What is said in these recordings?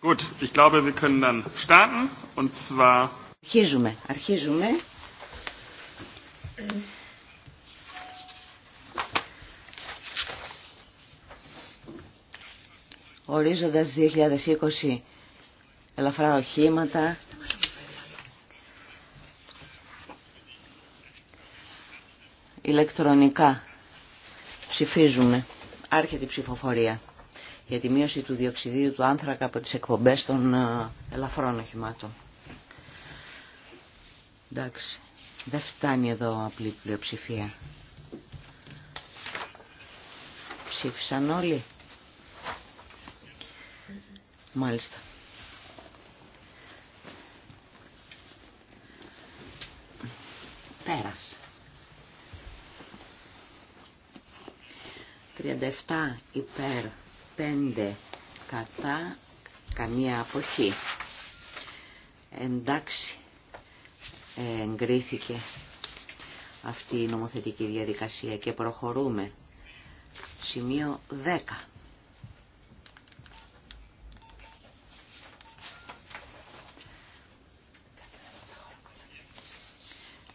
Gut, ich glaube, wir können dann starten und zwar... Αρχίζουμε, αρχίζουμε. Ορίζοντας 2020 ελαφρά οχήματα, ηλεκτρονικά ψηφίζουμε. Άρχεται η ψηφοφορία για τη μείωση του διοξιδίου του άνθρακα από τις εκπομπές των ε, ελαφρών οχημάτων. Εντάξει, δεν φτάνει εδώ απλή πλειοψηφία. Ψήφισαν όλοι. Μάλιστα. Πέρασε. 37 υπέρ 5 κατά καμία αποχή. Εντάξει, ε, εγκρίθηκε αυτή η νομοθετική διαδικασία και προχωρούμε. Σημείο 10.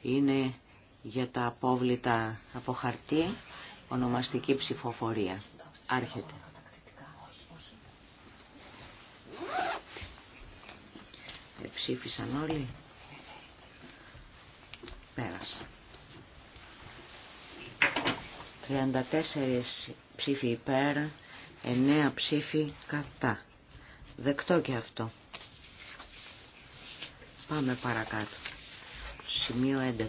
Είναι για τα απόβλητα από χαρτί ονομαστική ψηφοφορία. Άρχεται. Ψήφισαν όλοι. Πέρασε. 34 ψήφοι υπέρ, 9 ψήφοι κατά. Δεκτό και αυτό. Πάμε παρακάτω. Σημείο 11.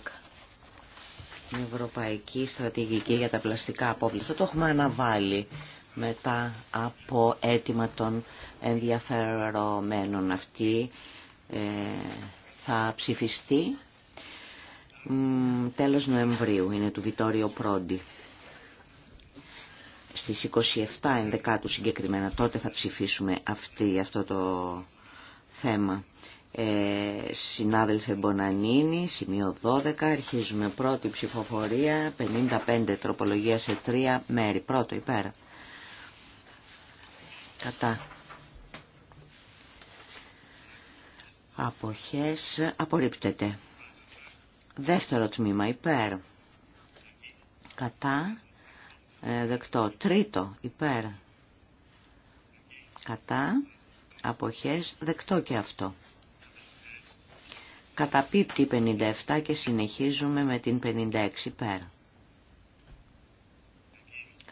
Ευρωπαϊκή Στρατηγική για τα Πλαστικά Απόβλητα. Το έχουμε αναβάλει μετά από αίτημα των ενδιαφερομένων αυτή ε, θα ψηφιστεί τέλος Νοεμβρίου, είναι του Βιτόριο Πρόντι. Στις 27 ενδεκάτου συγκεκριμένα, τότε θα ψηφίσουμε αυτή, αυτό το θέμα. Ε, συνάδελφε Μπονανίνη, σημείο 12, αρχίζουμε πρώτη ψηφοφορία, 55 τροπολογία σε τρία μέρη. Πρώτο υπέρα Κατά. Αποχές απορρίπτεται. Δεύτερο τμήμα υπέρ. Κατά. Ε, δεκτό. Τρίτο υπέρ. Κατά. Αποχές δεκτό και αυτό. Καταπίπτει 57 και συνεχίζουμε με την 56 υπέρ.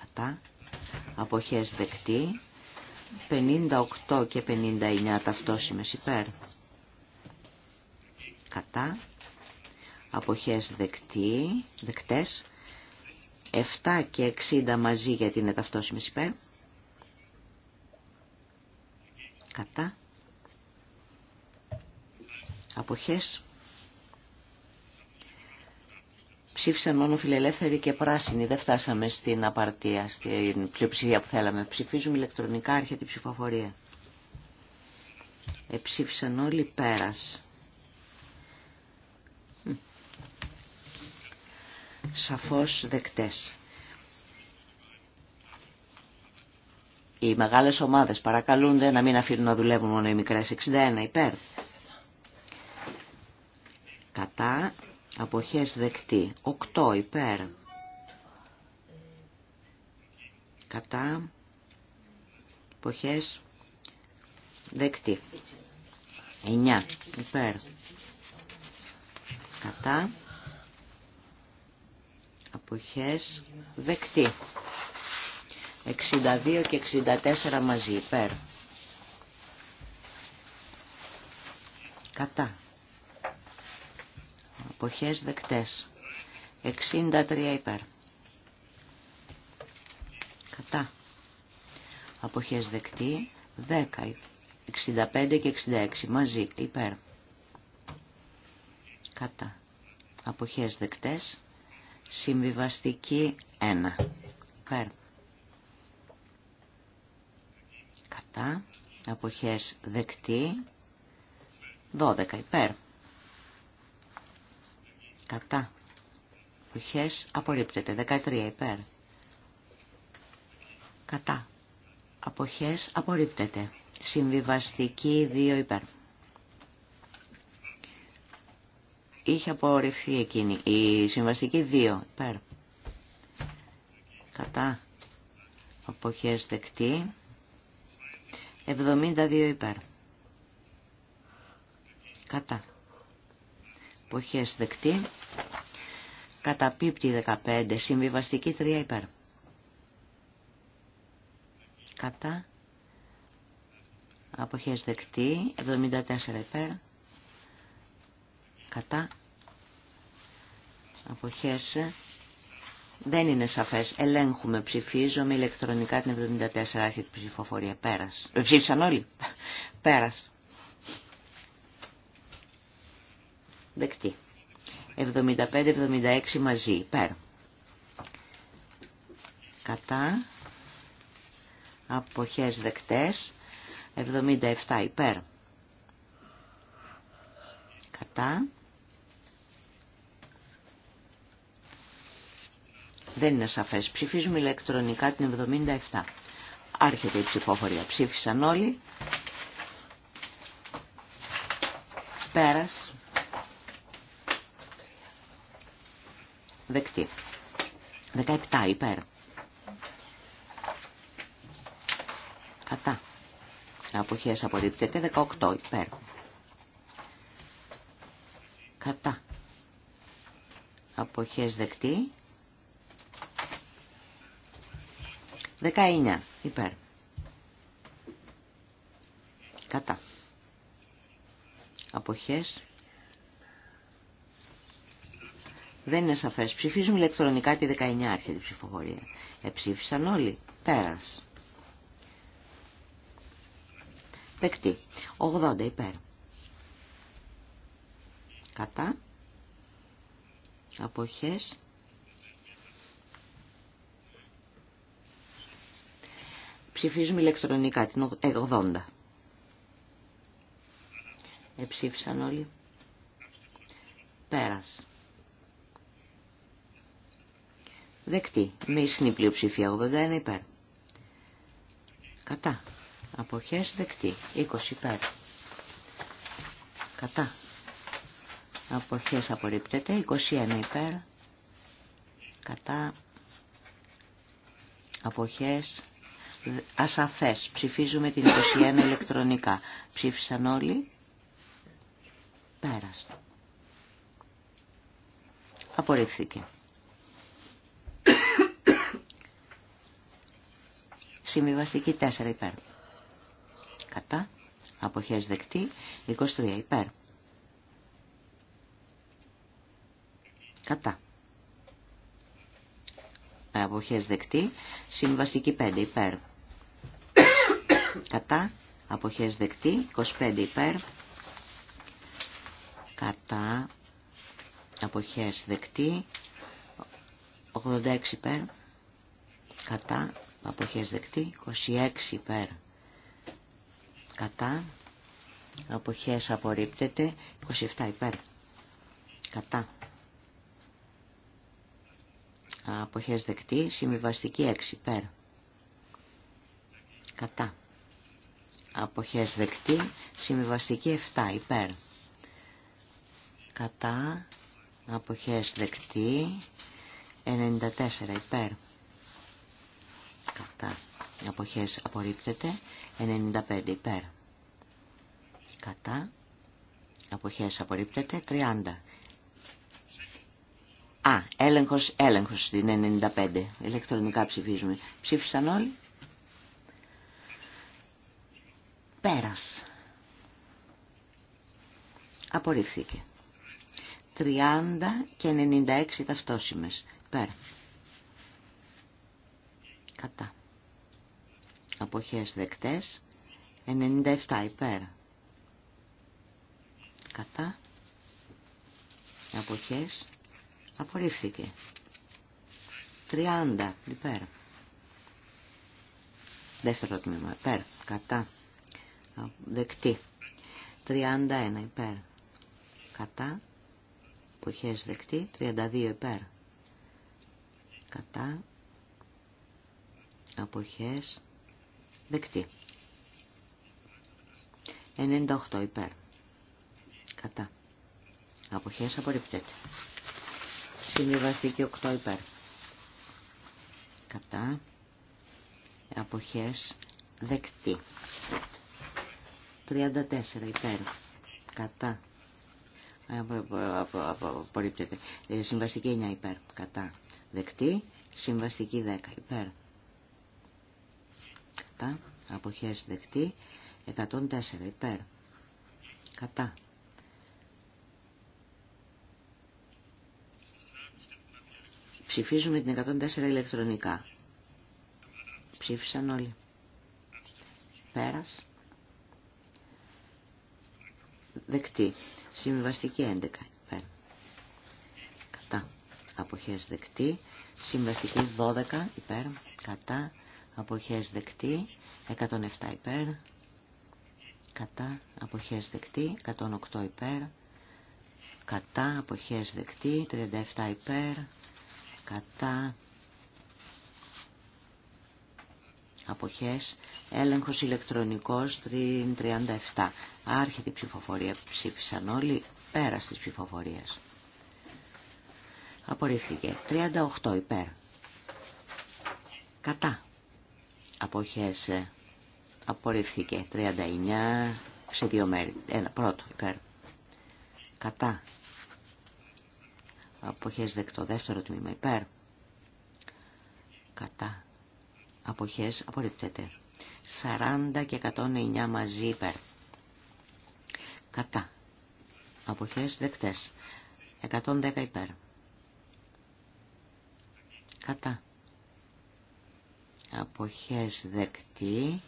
Κατά. Αποχές δεκτή. 58 και 59 ταυτόσημες υπέρ κατά αποχές δεκτή, δεκτές 7 και 60 μαζί γιατί είναι ταυτόσιμες υπέρ κατά αποχές ψήφισαν μόνο φιλελεύθεροι και πράσινοι δεν φτάσαμε στην απαρτία στην πλειοψηφία που θέλαμε ψηφίζουμε ηλεκτρονικά έρχεται η ψηφοφορία Εψήφισαν όλοι πέρας σαφώς δεκτές. Οι μεγάλες ομάδες παρακαλούνται να μην αφήνουν να δουλεύουν μόνο οι μικρές. 61 υπέρ. Κατά αποχές δεκτή. 8 υπέρ. Κατά αποχές δεκτή. 9 υπέρ. Κατά αποχές δεκτή 62 και 64 μαζί υπέρ κατά αποχές δεκτές 63 υπέρ κατά αποχές δεκτή 10 65 και 66 μαζί υπέρ κατά αποχές δεκτές Συμβιβαστική 1. Υπέρ. Κατά. Αποχές δεκτή. 12. Υπέρ. Κατά. Αποχές απορρίπτεται. 13. Υπέρ. Κατά. Αποχές απορρίπτεται. Συμβιβαστική 2 υπέρ. Είχε απορριφθεί εκείνη. Η συμβαστική 2. Υπέρ. Κατά. Αποχές δεκτή. 72 υπέρ. Κατά. Αποχές δεκτή. Καταπίπτει 15. Συμβιβαστική 3 υπέρ. Κατά. Αποχές δεκτή. 74 υπέρ. Κατά αποχές δεν είναι σαφέ Ελέγχουμε, ψηφίζουμε ηλεκτρονικά την 74 άρχη ψηφοφορία. Πέρας. Ε, ψήφισαν όλοι. Πέρας. Δεκτή. 75-76 μαζί. Υπέρ. Κατά. Αποχέ δεκτέ. 77 υπέρ. Κατά. Δεν είναι σαφές. Ψηφίζουμε ηλεκτρονικά την 77. Άρχεται η ψηφοφορία. Ψήφισαν όλοι. Πέρας. Δεκτή. 17 υπέρ. Κατά. Αποχές απορρίπτεται. 18 υπέρ. Κατά. Αποχές δεκτή. 19 υπέρ. Κατά. Αποχές. Δεν είναι σαφές. Ψηφίζουμε ηλεκτρονικά τη 19 άρχεται η ψηφοφορία. Εψήφισαν όλοι. Πέρας. Δεκτή. 80 υπέρ. Κατά. Αποχές. Ψηφίζουμε ηλεκτρονικά την 80. Εψήφισαν όλοι. Πέρας. Δεκτή. Με ισχνή πλειοψηφία. 81 υπέρ. Κατά. Αποχές δεκτή. 20 υπέρ. Κατά. Αποχές απορρίπτεται. 21 υπέρ. Κατά. Αποχές ασαφές. Ψηφίζουμε την 21 ηλεκτρονικά. Ψήφισαν όλοι. Πέρασε. Απορρίφθηκε. Συμβιβαστική 4 υπέρ. Κατά. Αποχές δεκτή. 23 υπέρ. Κατά. Αποχές δεκτή. Συμβαστική 5 υπέρ κατά αποχές δεκτή 25 υπέρ κατά αποχές δεκτή 86 υπέρ κατά αποχές δεκτή 26 υπέρ κατά αποχές απορρίπτεται 27 υπέρ κατά αποχές δεκτή συμβιβαστική 6 υπέρ κατά αποχές δεκτή, συμβιβαστική 7 υπέρ. Κατά, αποχές δεκτή, 94 υπέρ. Κατά, αποχές απορρίπτεται, 95 υπέρ. Κατά, αποχές απορρίπτεται, 30. Α, έλεγχος, έλεγχος, στην 95. Ηλεκτρονικά ψηφίζουμε. Ψήφισαν όλοι. Πέρας. Απορρίφθηκε. 30 και 96 ταυτόσημες. Πέρ. Κατά. Αποχές δεκτές. 97 υπέρ. Κατά. Αποχές. Απορρίφθηκε. 30 υπέρ. Δεύτερο τμήμα. Υπέρ. Κατά δεκτή 31 υπέρ κατά αποχές δεκτή 32 υπέρ κατά αποχές δεκτή 98 υπέρ κατά αποχές απορριπτέται συμβιβαστική 8 υπέρ κατά αποχές δεκτή 34 υπέρ. Κατά. Ε, απορρίπτεται. Ε, συμβαστική 9 υπέρ. Κατά. Δεκτή. Συμβαστική 10 υπέρ. Κατά. Αποχές δεκτή. 104 υπέρ. Κατά. Ψηφίζουμε την 104 ηλεκτρονικά. Ψήφισαν όλοι. Πέρας δεκτή. Συμβαστική 11 υπέρ. Κατά. Αποχές δεκτή. Συμβαστική 12 υπέρ. Κατά. Αποχές δεκτή. 107 υπέρ. Κατά. Αποχές δεκτή. 108 υπέρ. Κατά. Αποχές δεκτή. 37 υπέρ. Κατά. Αποχές. Έλεγχος ηλεκτρονικός 337. Άρχεται η ψηφοφορία. Ψήφισαν όλοι πέρα τις ψηφοφορίες. Απορρίφθηκε. 38 υπέρ. Κατά. Αποχές. Απορρίφθηκε. 39 σε δύο μέρη. Ένα πρώτο υπέρ. Κατά. Αποχές δεκτό. Δεύτερο τμήμα υπέρ. Κατά αποχές απορρίπτεται. 40 και 109 μαζί υπέρ. Κατά. Αποχές δεκτές. 110 υπέρ. Κατά. Αποχές δεκτή.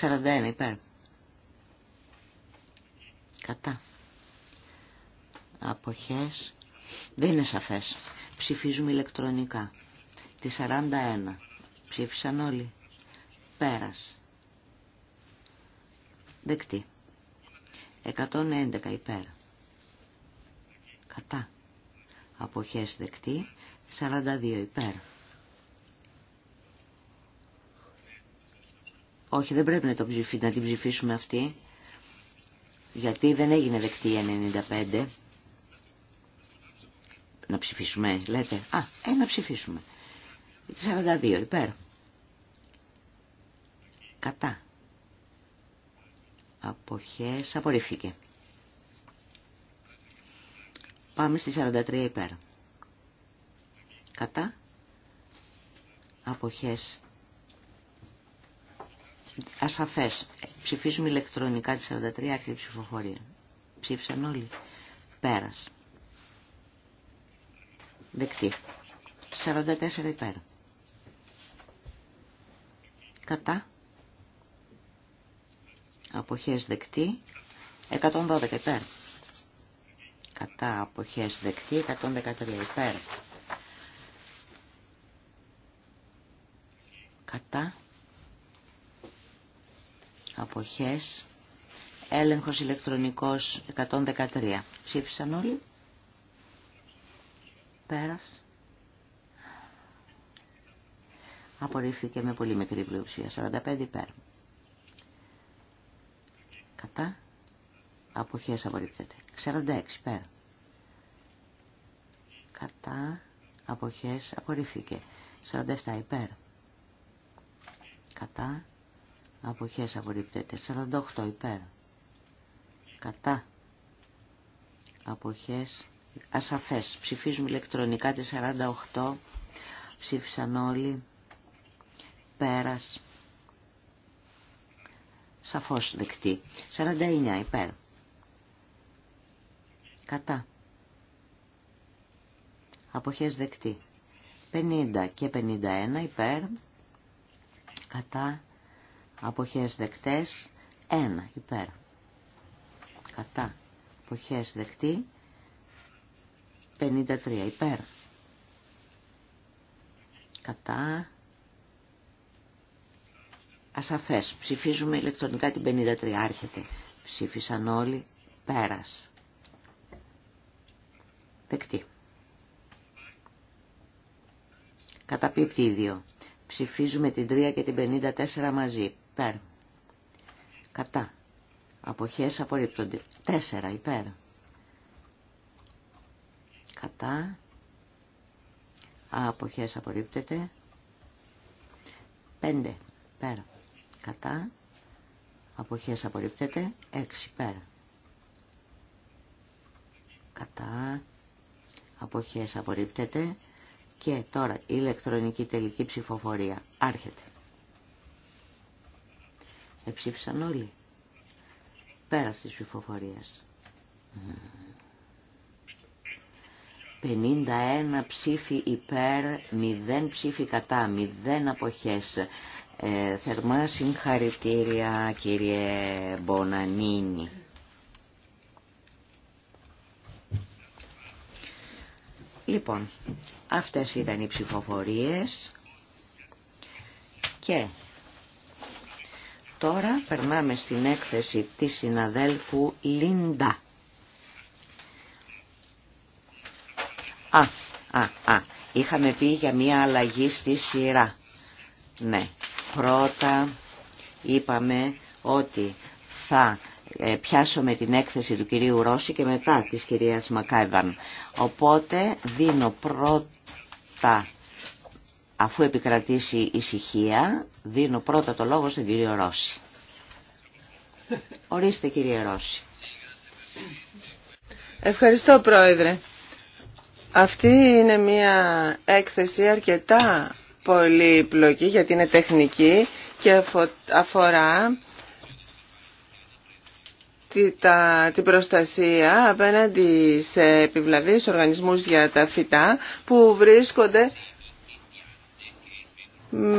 41 υπέρ. Κατά. Αποχές. Δεν είναι σαφές. Ψηφίζουμε ηλεκτρονικά. Τη 41. Ψήφισαν όλοι. Πέρας. Δεκτή. 111 υπέρ. Κατά. Αποχές δεκτή. 42 υπέρ. Όχι, δεν πρέπει να, το ψηφί, την ψηφίσουμε αυτή, γιατί δεν έγινε δεκτή η 95. Να ψηφίσουμε, λέτε. Α, ε, να ψηφίσουμε. 42, υπέρ. Κατά. Αποχές, απορρίφθηκε. Πάμε στη 43 υπέρ. Κατά. Αποχές Ασαφέ Ψηφίζουμε ηλεκτρονικά τη 43 άκρη ψηφοφορία. Ψήφισαν όλοι. Πέρας. Δεκτή. 44 υπέρ. Κατά. Αποχές δεκτή. 112 υπέρ. Κατά αποχές δεκτή. 113 υπέρ. Κατά αποχές, έλεγχος ηλεκτρονικός 113. Ψήφισαν όλοι. Πέρας. Απορρίφθηκε με πολύ μικρή πλειοψηφία, 45 υπέρ. Κατά. Αποχές απορρίπτεται. 46 υπέρ. Κατά. Αποχές απορρίφθηκε. 47 υπέρ. Κατά Αποχές απορρίπτεται. 48 υπέρ. Κατά. Αποχές. Ασαφές. Ψηφίζουμε ηλεκτρονικά τη 48. Ψήφισαν όλοι. Πέρας. Σαφώς δεκτή. 49 υπέρ. Κατά. Αποχές δεκτή. 50 και 51 υπέρ. Κατά αποχές δεκτές ένα υπέρ κατά αποχές δεκτή 53 υπέρ κατά ασαφές ψηφίζουμε ηλεκτρονικά την 53 άρχεται ψήφισαν όλοι πέρας δεκτή καταπίπτει οι δύο ψηφίζουμε την 3 και την 54 μαζί υπέρ. Κατά. Αποχές απορρίπτονται. Τέσσερα υπέρ. Κατά. Αποχές απορρίπτεται. Πέντε υπέρ. Κατά. Αποχές απορρίπτεται. Έξι υπέρ. Κατά. Αποχές απορρίπτεται. Και τώρα η ηλεκτρονική τελική ψηφοφορία άρχεται. Εψήφισαν όλοι. Πέρασε τη ψηφοφορία. 51 ψήφι υπέρ, 0 ψήφι κατά, 0 αποχές. Ε, θερμά συγχαρητήρια κύριε Μπονανίνη. Λοιπόν, αυτές ήταν οι ψηφοφορίες και Τώρα περνάμε στην έκθεση της συναδέλφου Λίντα. Α, α, α, είχαμε πει για μία αλλαγή στη σειρά. Ναι, πρώτα είπαμε ότι θα ε, πιάσω με την έκθεση του κυρίου Ρώση και μετά της κυρίας Μακάιβαν. Οπότε δίνω πρώτα Αφού επικρατήσει ησυχία, δίνω πρώτα το λόγο στον κύριο Ρώση. Ορίστε κύριε Ρώση. Ευχαριστώ πρόεδρε. Αυτή είναι μια έκθεση αρκετά πολύπλοκη γιατί είναι τεχνική και αφορά την προστασία απέναντι σε επιβλαβείς οργανισμούς για τα φυτά που βρίσκονται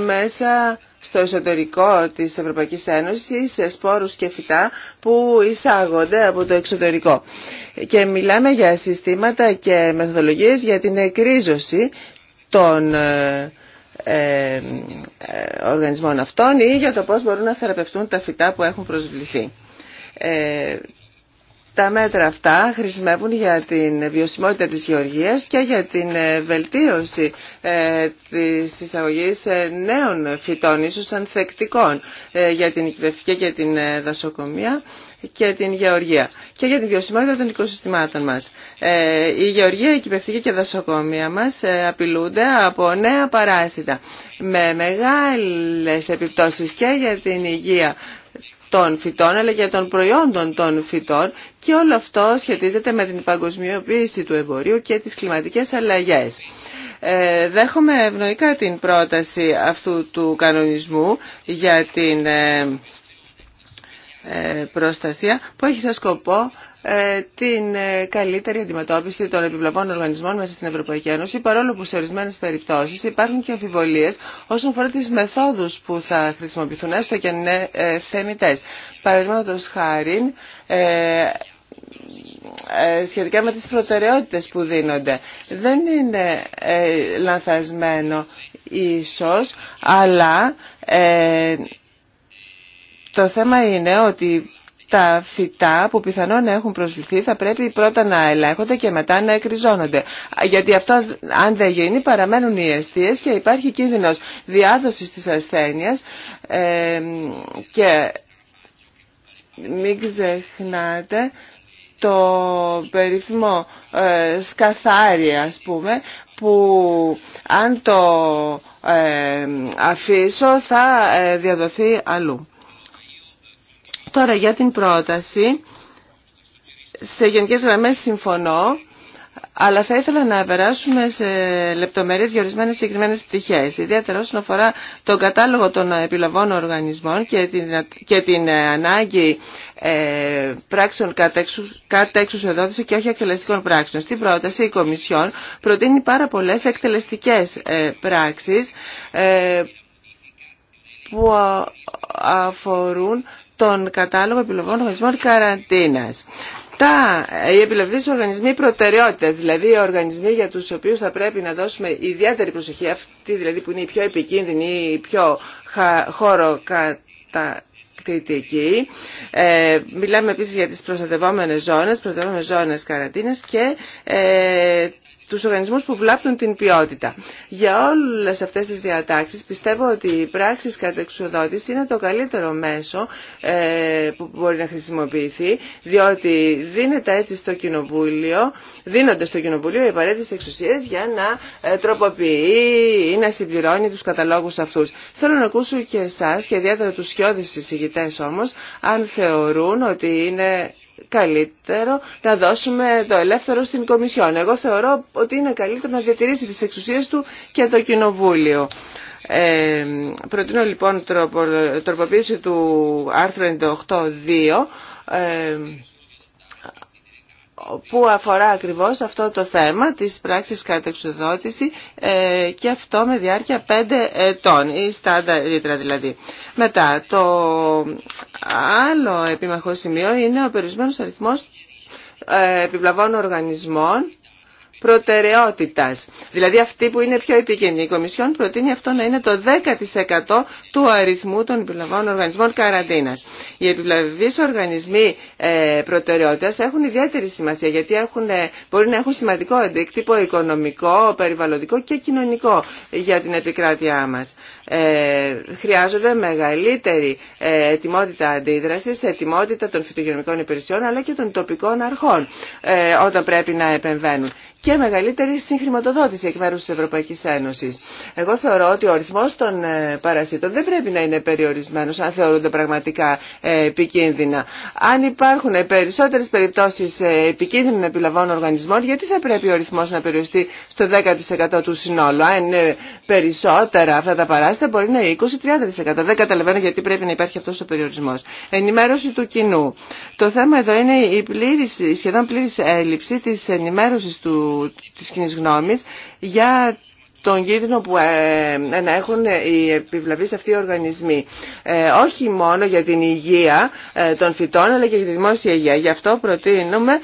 μέσα στο εσωτερικό της Ευρωπαϊκής Ένωσης σε σπόρους και φυτά που εισάγονται από το εξωτερικό. Και μιλάμε για συστήματα και μεθοδολογίες για την εκρίζωση των ε, ε, ε, οργανισμών αυτών ή για το πώς μπορούν να θεραπευτούν τα φυτά που έχουν προσβληθεί. Τα μέτρα αυτά χρησιμεύουν για την βιωσιμότητα της γεωργίας και για την ε, βελτίωση ε, της εισαγωγής ε, νέων φυτών, ίσως ανθεκτικών, για την οικηβευτική και την δασοκομεία και την γεωργία και για την βιωσιμότητα των οικοσυστημάτων μας. η γεωργία, η κυπευτική και η δασοκομεία μας απειλούνται από νέα παράσιτα με μεγάλες επιπτώσεις και για την υγεία των φυτών αλλά και των προϊόντων των φυτών και όλο αυτό σχετίζεται με την παγκοσμιοποίηση του εμπορίου και τις κλιματικές αλλαγές. Ε, δέχομαι ευνοϊκά την πρόταση αυτού του κανονισμού για την ε, ε, προστασία που έχει σαν σκοπό ε, την ε, καλύτερη αντιμετώπιση των επιβλαβών οργανισμών μέσα στην Ευρωπαϊκή Ένωση, παρόλο που σε ορισμένε περιπτώσει υπάρχουν και αμφιβολίε όσον αφορά τι μεθόδου που θα χρησιμοποιηθούν, έστω και αν είναι θεμητέ. Παραδείγματο χάρη, σχετικά με τις προτεραιότητες που δίνονται. Δεν είναι λανθασμένο ίσως, αλλά το θέμα είναι ότι τα φυτά που πιθανόν να έχουν προσβληθεί θα πρέπει πρώτα να ελέγχονται και μετά να εκριζώνονται. Γιατί αυτό αν δεν γίνει παραμένουν οι αιστείες και υπάρχει κίνδυνος διάδοσης της ασθένειας ε, και μην ξεχνάτε το περίφημο ε, σκαθάρι ας πούμε που αν το ε, αφήσω θα ε, διαδοθεί αλλού. Τώρα για την πρόταση, σε γενικές γραμμές συμφωνώ, αλλά θα ήθελα να περάσουμε σε λεπτομέρειες για ορισμένε συγκεκριμένε πτυχέ, ιδιαίτερα όσον αφορά τον κατάλογο των επιλογών οργανισμών και την, και την ε, ανάγκη ε, πράξεων κατά εξουσιοδότηση και όχι εκτελεστικών πράξεων. Στην πρόταση η Κομισιόν προτείνει πάρα πολλέ εκτελεστικέ ε, πράξει ε, που αφορούν τον κατάλογο επιλογών οργανισμών καραντίνας. Τα, οι επιλογές οργανισμοί προτεραιότητας, δηλαδή οι οργανισμοί για τους οποίους θα πρέπει να δώσουμε ιδιαίτερη προσοχή, αυτοί δηλαδή που είναι οι πιο επικίνδυνοι, η πιο χώρο κατα... Ε, μιλάμε επίσης για τις προστατευόμενες ζώνες, προστατευόμενες ζώνες καραντίνας και ε, τους οργανισμούς που βλάπτουν την ποιότητα. Για όλες αυτές τις διατάξεις πιστεύω ότι οι πράξεις εξοδότηση είναι το καλύτερο μέσο ε, που μπορεί να χρησιμοποιηθεί διότι δίνεται έτσι στο κοινοβούλιο, δίνονται στο κοινοβούλιο οι απαραίτητες εξουσίες για να ε, τροποποιεί ή να συμπληρώνει τους καταλόγους αυτούς. Θέλω να ακούσω και εσάς και ιδιαίτερα τους σιώδεις συζητητές όμως αν θεωρούν ότι είναι καλύτερο να δώσουμε το ελεύθερο στην Κομισιόν. Εγώ θεωρώ ότι είναι καλύτερο να διατηρήσει τις εξουσίες του και το Κοινοβούλιο. Ε, προτείνω λοιπόν τροποποίηση του άρθρου 98.2 που αφορά ακριβώς αυτό το θέμα της πράξης κατεξουδότηση ε, και αυτό με διάρκεια 5 ετών, η στάντα ρήτρα δηλαδή. Μετά, το άλλο επίμαχο σημείο είναι ο περιορισμένος αριθμός ε, επιβλαβών οργανισμών προτεραιότητας. Δηλαδή αυτή που είναι πιο επικίνδυνη. Η Κομισιόν προτείνει αυτό να είναι το 10% του αριθμού των επιβλαβών οργανισμών καραντίνας. Οι επιβλαβείς οργανισμοί ε, προτεραιότητας έχουν ιδιαίτερη σημασία γιατί έχουν, ε, μπορεί να έχουν σημαντικό αντίκτυπο οικονομικό, περιβαλλοντικό και κοινωνικό για την επικράτειά μας. Ε, χρειάζονται μεγαλύτερη ε, ετοιμότητα αντίδρασης, ετοιμότητα των φυτογενικών υπηρεσιών αλλά και των τοπικών αρχών όταν πρέπει να επεμβαίνουν και μεγαλύτερη συγχρηματοδότηση εκ μέρου τη Ευρωπαϊκή Ένωση. Εγώ θεωρώ ότι ο ρυθμό των ε, παρασύτων δεν πρέπει να είναι περιορισμένο, αν θεωρούνται πραγματικά ε, επικίνδυνα. Αν υπάρχουν περισσότερες περιπτώσεις ε, επικίνδυνων επιλαβών οργανισμών, γιατί θα πρέπει ο ρυθμός να περιοριστεί στο 10% του συνόλου. Αν είναι περισσότερα αυτά τα παράστα μπορεί να είναι 20-30%. Δεν καταλαβαίνω γιατί πρέπει να υπάρχει αυτό ο περιορισμό. Ενημέρωση του κοινού. Το θέμα εδώ είναι η πλήρης, σχεδόν πλήρη έλλειψη τη ενημέρωση του της κοινή γνώμη, για τον κίνδυνο που ε, ε, έχουν οι επιβλαβείς αυτοί οι οργανισμοί. Ε, όχι μόνο για την υγεία των φυτών, αλλά και για τη δημόσια υγεία. Γι' αυτό προτείνουμε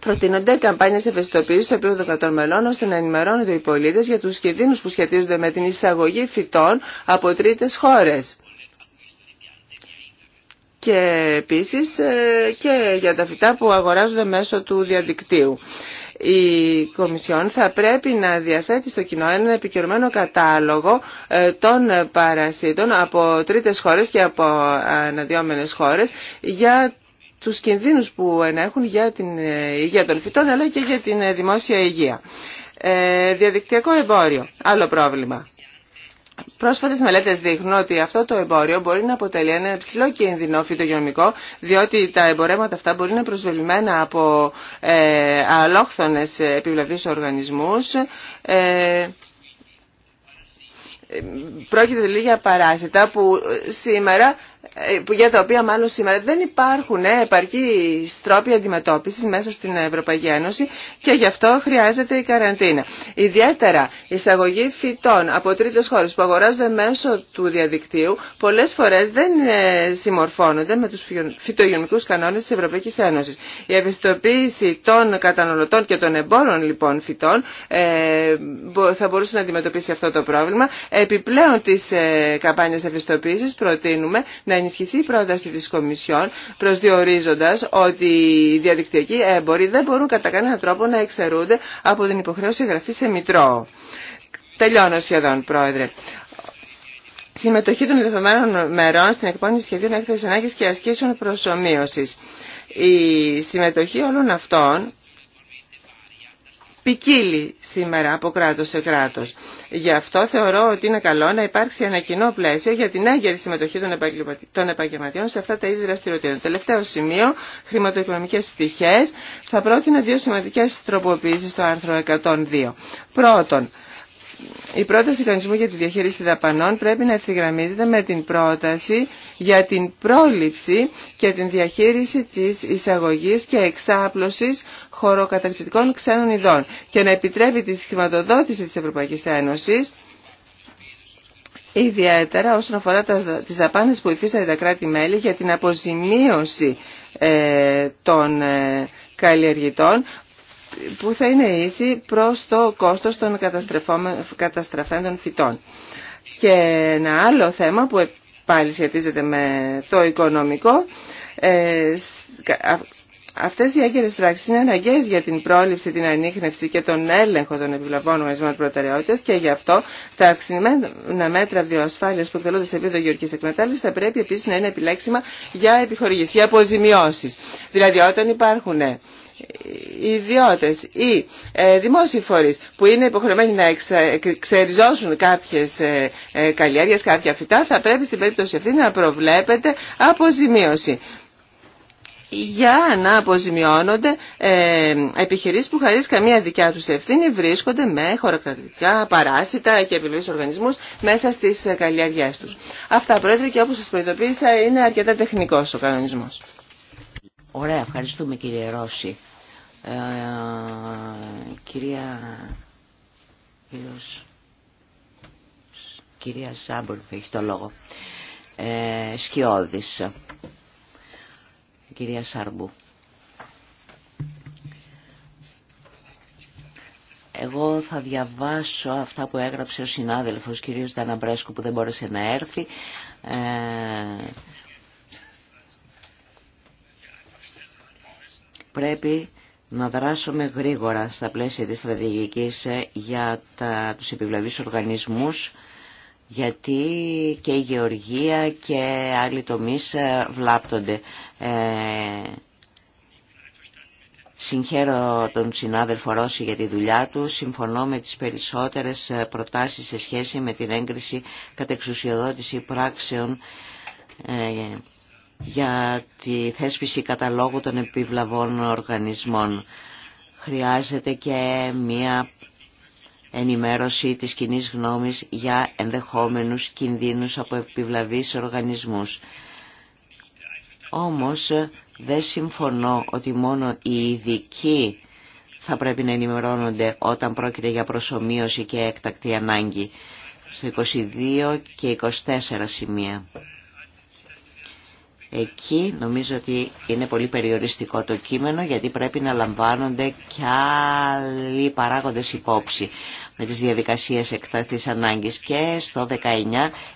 Προτείνονται καμπάνιε ευαισθητοποίηση στο επίπεδο των κρατών μελών ώστε να ενημερώνονται οι πολίτε για του κινδύνου που σχετίζονται με την εισαγωγή φυτών από τρίτε χώρε. Και επίση και για τα φυτά που αγοράζονται μέσω του διαδικτύου η Κομισιόν θα πρέπει να διαθέτει στο κοινό ένα επικαιρωμένο κατάλογο ε, των παρασίτων από τρίτες χώρες και από αναδυόμενες χώρες για τους κινδύνους που ενέχουν για την ε, υγεία των φυτών αλλά και για την ε, δημόσια υγεία. Ε, διαδικτυακό εμπόριο, άλλο πρόβλημα. Πρόσφατες μελέτες δείχνουν ότι αυτό το εμπόριο μπορεί να αποτελεί ένα ψηλό κίνδυνο φυτογενομικό, διότι τα εμπορέματα αυτά μπορεί να είναι από ε, αλόχθονες επιβλαβείς οργανισμούς, ε, ε Πρόκειται λίγα δηλαδή παράσιτα που σήμερα ε, για τα οποία μάλλον σήμερα δεν υπάρχουν ε, επαρκή τρόποι αντιμετώπιση μέσα στην Ευρωπαϊκή Ένωση και γι' αυτό χρειάζεται η καραντίνα. Ιδιαίτερα η εισαγωγή φυτών από τρίτε χώρε που αγοράζονται μέσω του διαδικτύου πολλέ φορέ δεν ε, συμμορφώνονται με του φυτογενικού κανόνε τη Ευρωπαϊκή Ένωση. Η ευαισθητοποίηση των καταναλωτών και των εμπόρων λοιπόν φυτών θα μπορούσε να αντιμετωπίσει αυτό το πρόβλημα. Επιπλέον ευαισθητοποίηση προτείνουμε να να ενισχυθεί η πρόταση της Κομισιόν προσδιορίζοντας ότι οι διαδικτυακοί έμποροι δεν μπορούν κατά κανέναν τρόπο να εξαιρούνται από την υποχρέωση εγγραφή σε Μητρό. Τελειώνω σχεδόν, Πρόεδρε. Συμμετοχή των δεδομένων μερών στην εκπόνηση σχεδίων έκθεση ανάγκη και ασκήσεων προσωμείωση. Η συμμετοχή όλων αυτών ποικίλει σήμερα από κράτος σε κράτος. Γι' αυτό θεωρώ ότι είναι καλό να υπάρξει ένα κοινό πλαίσιο για την έγκαιρη συμμετοχή των επαγγελματιών σε αυτά τα είδη δραστηριοτήτων. Τελευταίο σημείο, χρηματοοικονομικές πτυχές, θα πρότεινα δύο σημαντικές τροποποιήσεις στο άρθρο 102. Πρώτον, η πρόταση κανονισμού για τη διαχείριση δαπανών πρέπει να ευθυγραμμίζεται με την πρόταση για την πρόληψη και την διαχείριση της εισαγωγής και εξάπλωσης χωροκατακτητικών ξένων ειδών και να επιτρέπει τη χρηματοδότηση της Ευρωπαϊκής Ένωσης ιδιαίτερα όσον αφορά τις δαπάνες που υφίσταται τα κράτη-μέλη για την αποζημίωση ε, των ε, καλλιεργητών που θα είναι ίση προς το κόστος των καταστραφέντων φυτών. Και ένα άλλο θέμα που πάλι σχετίζεται με το οικονομικό, ε, Αυτές οι έγκαιρες πράξεις είναι αναγκαίες για την πρόληψη, την ανείχνευση και τον έλεγχο των επιβλαβών οργανισμών προτεραιότητας και γι' αυτό τα αυξημένα μέτρα βιοασφάλειας που εκτελούνται σε επίπεδο γεωργικής εκμετάλλευσης θα πρέπει επίσης να είναι επιλέξιμα για επιχορηγήσεις, για αποζημιώσεις. Δηλαδή όταν υπάρχουν ε, οι ιδιώτες ή ε, δημόσιοι φορείς που είναι υποχρεωμένοι να εξεριζώσουν κάποιες ε, ε, καλλιέργειες, κάποια φυτά, θα πρέπει στην περίπτωση αυτή να προβλέπεται αποζημίωση για να αποζημιώνονται ε, επιχειρήσεις που χαρίζει καμία δικιά τους ευθύνη βρίσκονται με χωροκρατικά παράσιτα και επιλογή οργανισμούς μέσα στις καλλιέργειες τους. Αυτά πρόεδρε και όπως σας προειδοποίησα είναι αρκετά τεχνικός ο κανονισμός. Ωραία, ευχαριστούμε κύριε Ρώση. Ε, κυρία... Κύριος... Κυρία Σάμπορφ έχει το λόγο. Ε, Σκιώδης. Κυρία Σάρμπου. Εγώ θα διαβάσω αυτά που έγραψε ο συνάδελφος, κυρίως Δαναμπρέσκου, που δεν μπόρεσε να έρθει. Ε, Πρέπει να δράσουμε γρήγορα στα πλαίσια της στρατηγικής ε, για τα, τους επιβλαβείς οργανισμούς γιατί και η γεωργία και άλλοι τομείς ε, βλάπτονται. Ε, συγχαίρω τον συνάδελφο Ρώση για τη δουλειά του. Συμφωνώ με τις περισσότερες ε, προτάσεις σε σχέση με την έγκριση κατεξουσιοδότηση πράξεων ε, για τη θέσπιση καταλόγου των επιβλαβών οργανισμών. Χρειάζεται και μία ενημέρωση της κοινή γνώμης για ενδεχόμενους κινδύνους από επιβλαβείς οργανισμούς. Όμως δεν συμφωνώ ότι μόνο οι ειδικοί θα πρέπει να ενημερώνονται όταν πρόκειται για προσωμείωση και έκτακτη ανάγκη. Στο 22 και 24 σημεία. Εκεί νομίζω ότι είναι πολύ περιοριστικό το κείμενο γιατί πρέπει να λαμβάνονται και άλλοι παράγοντες υπόψη με τις διαδικασίες εκτάθης ανάγκης και στο 19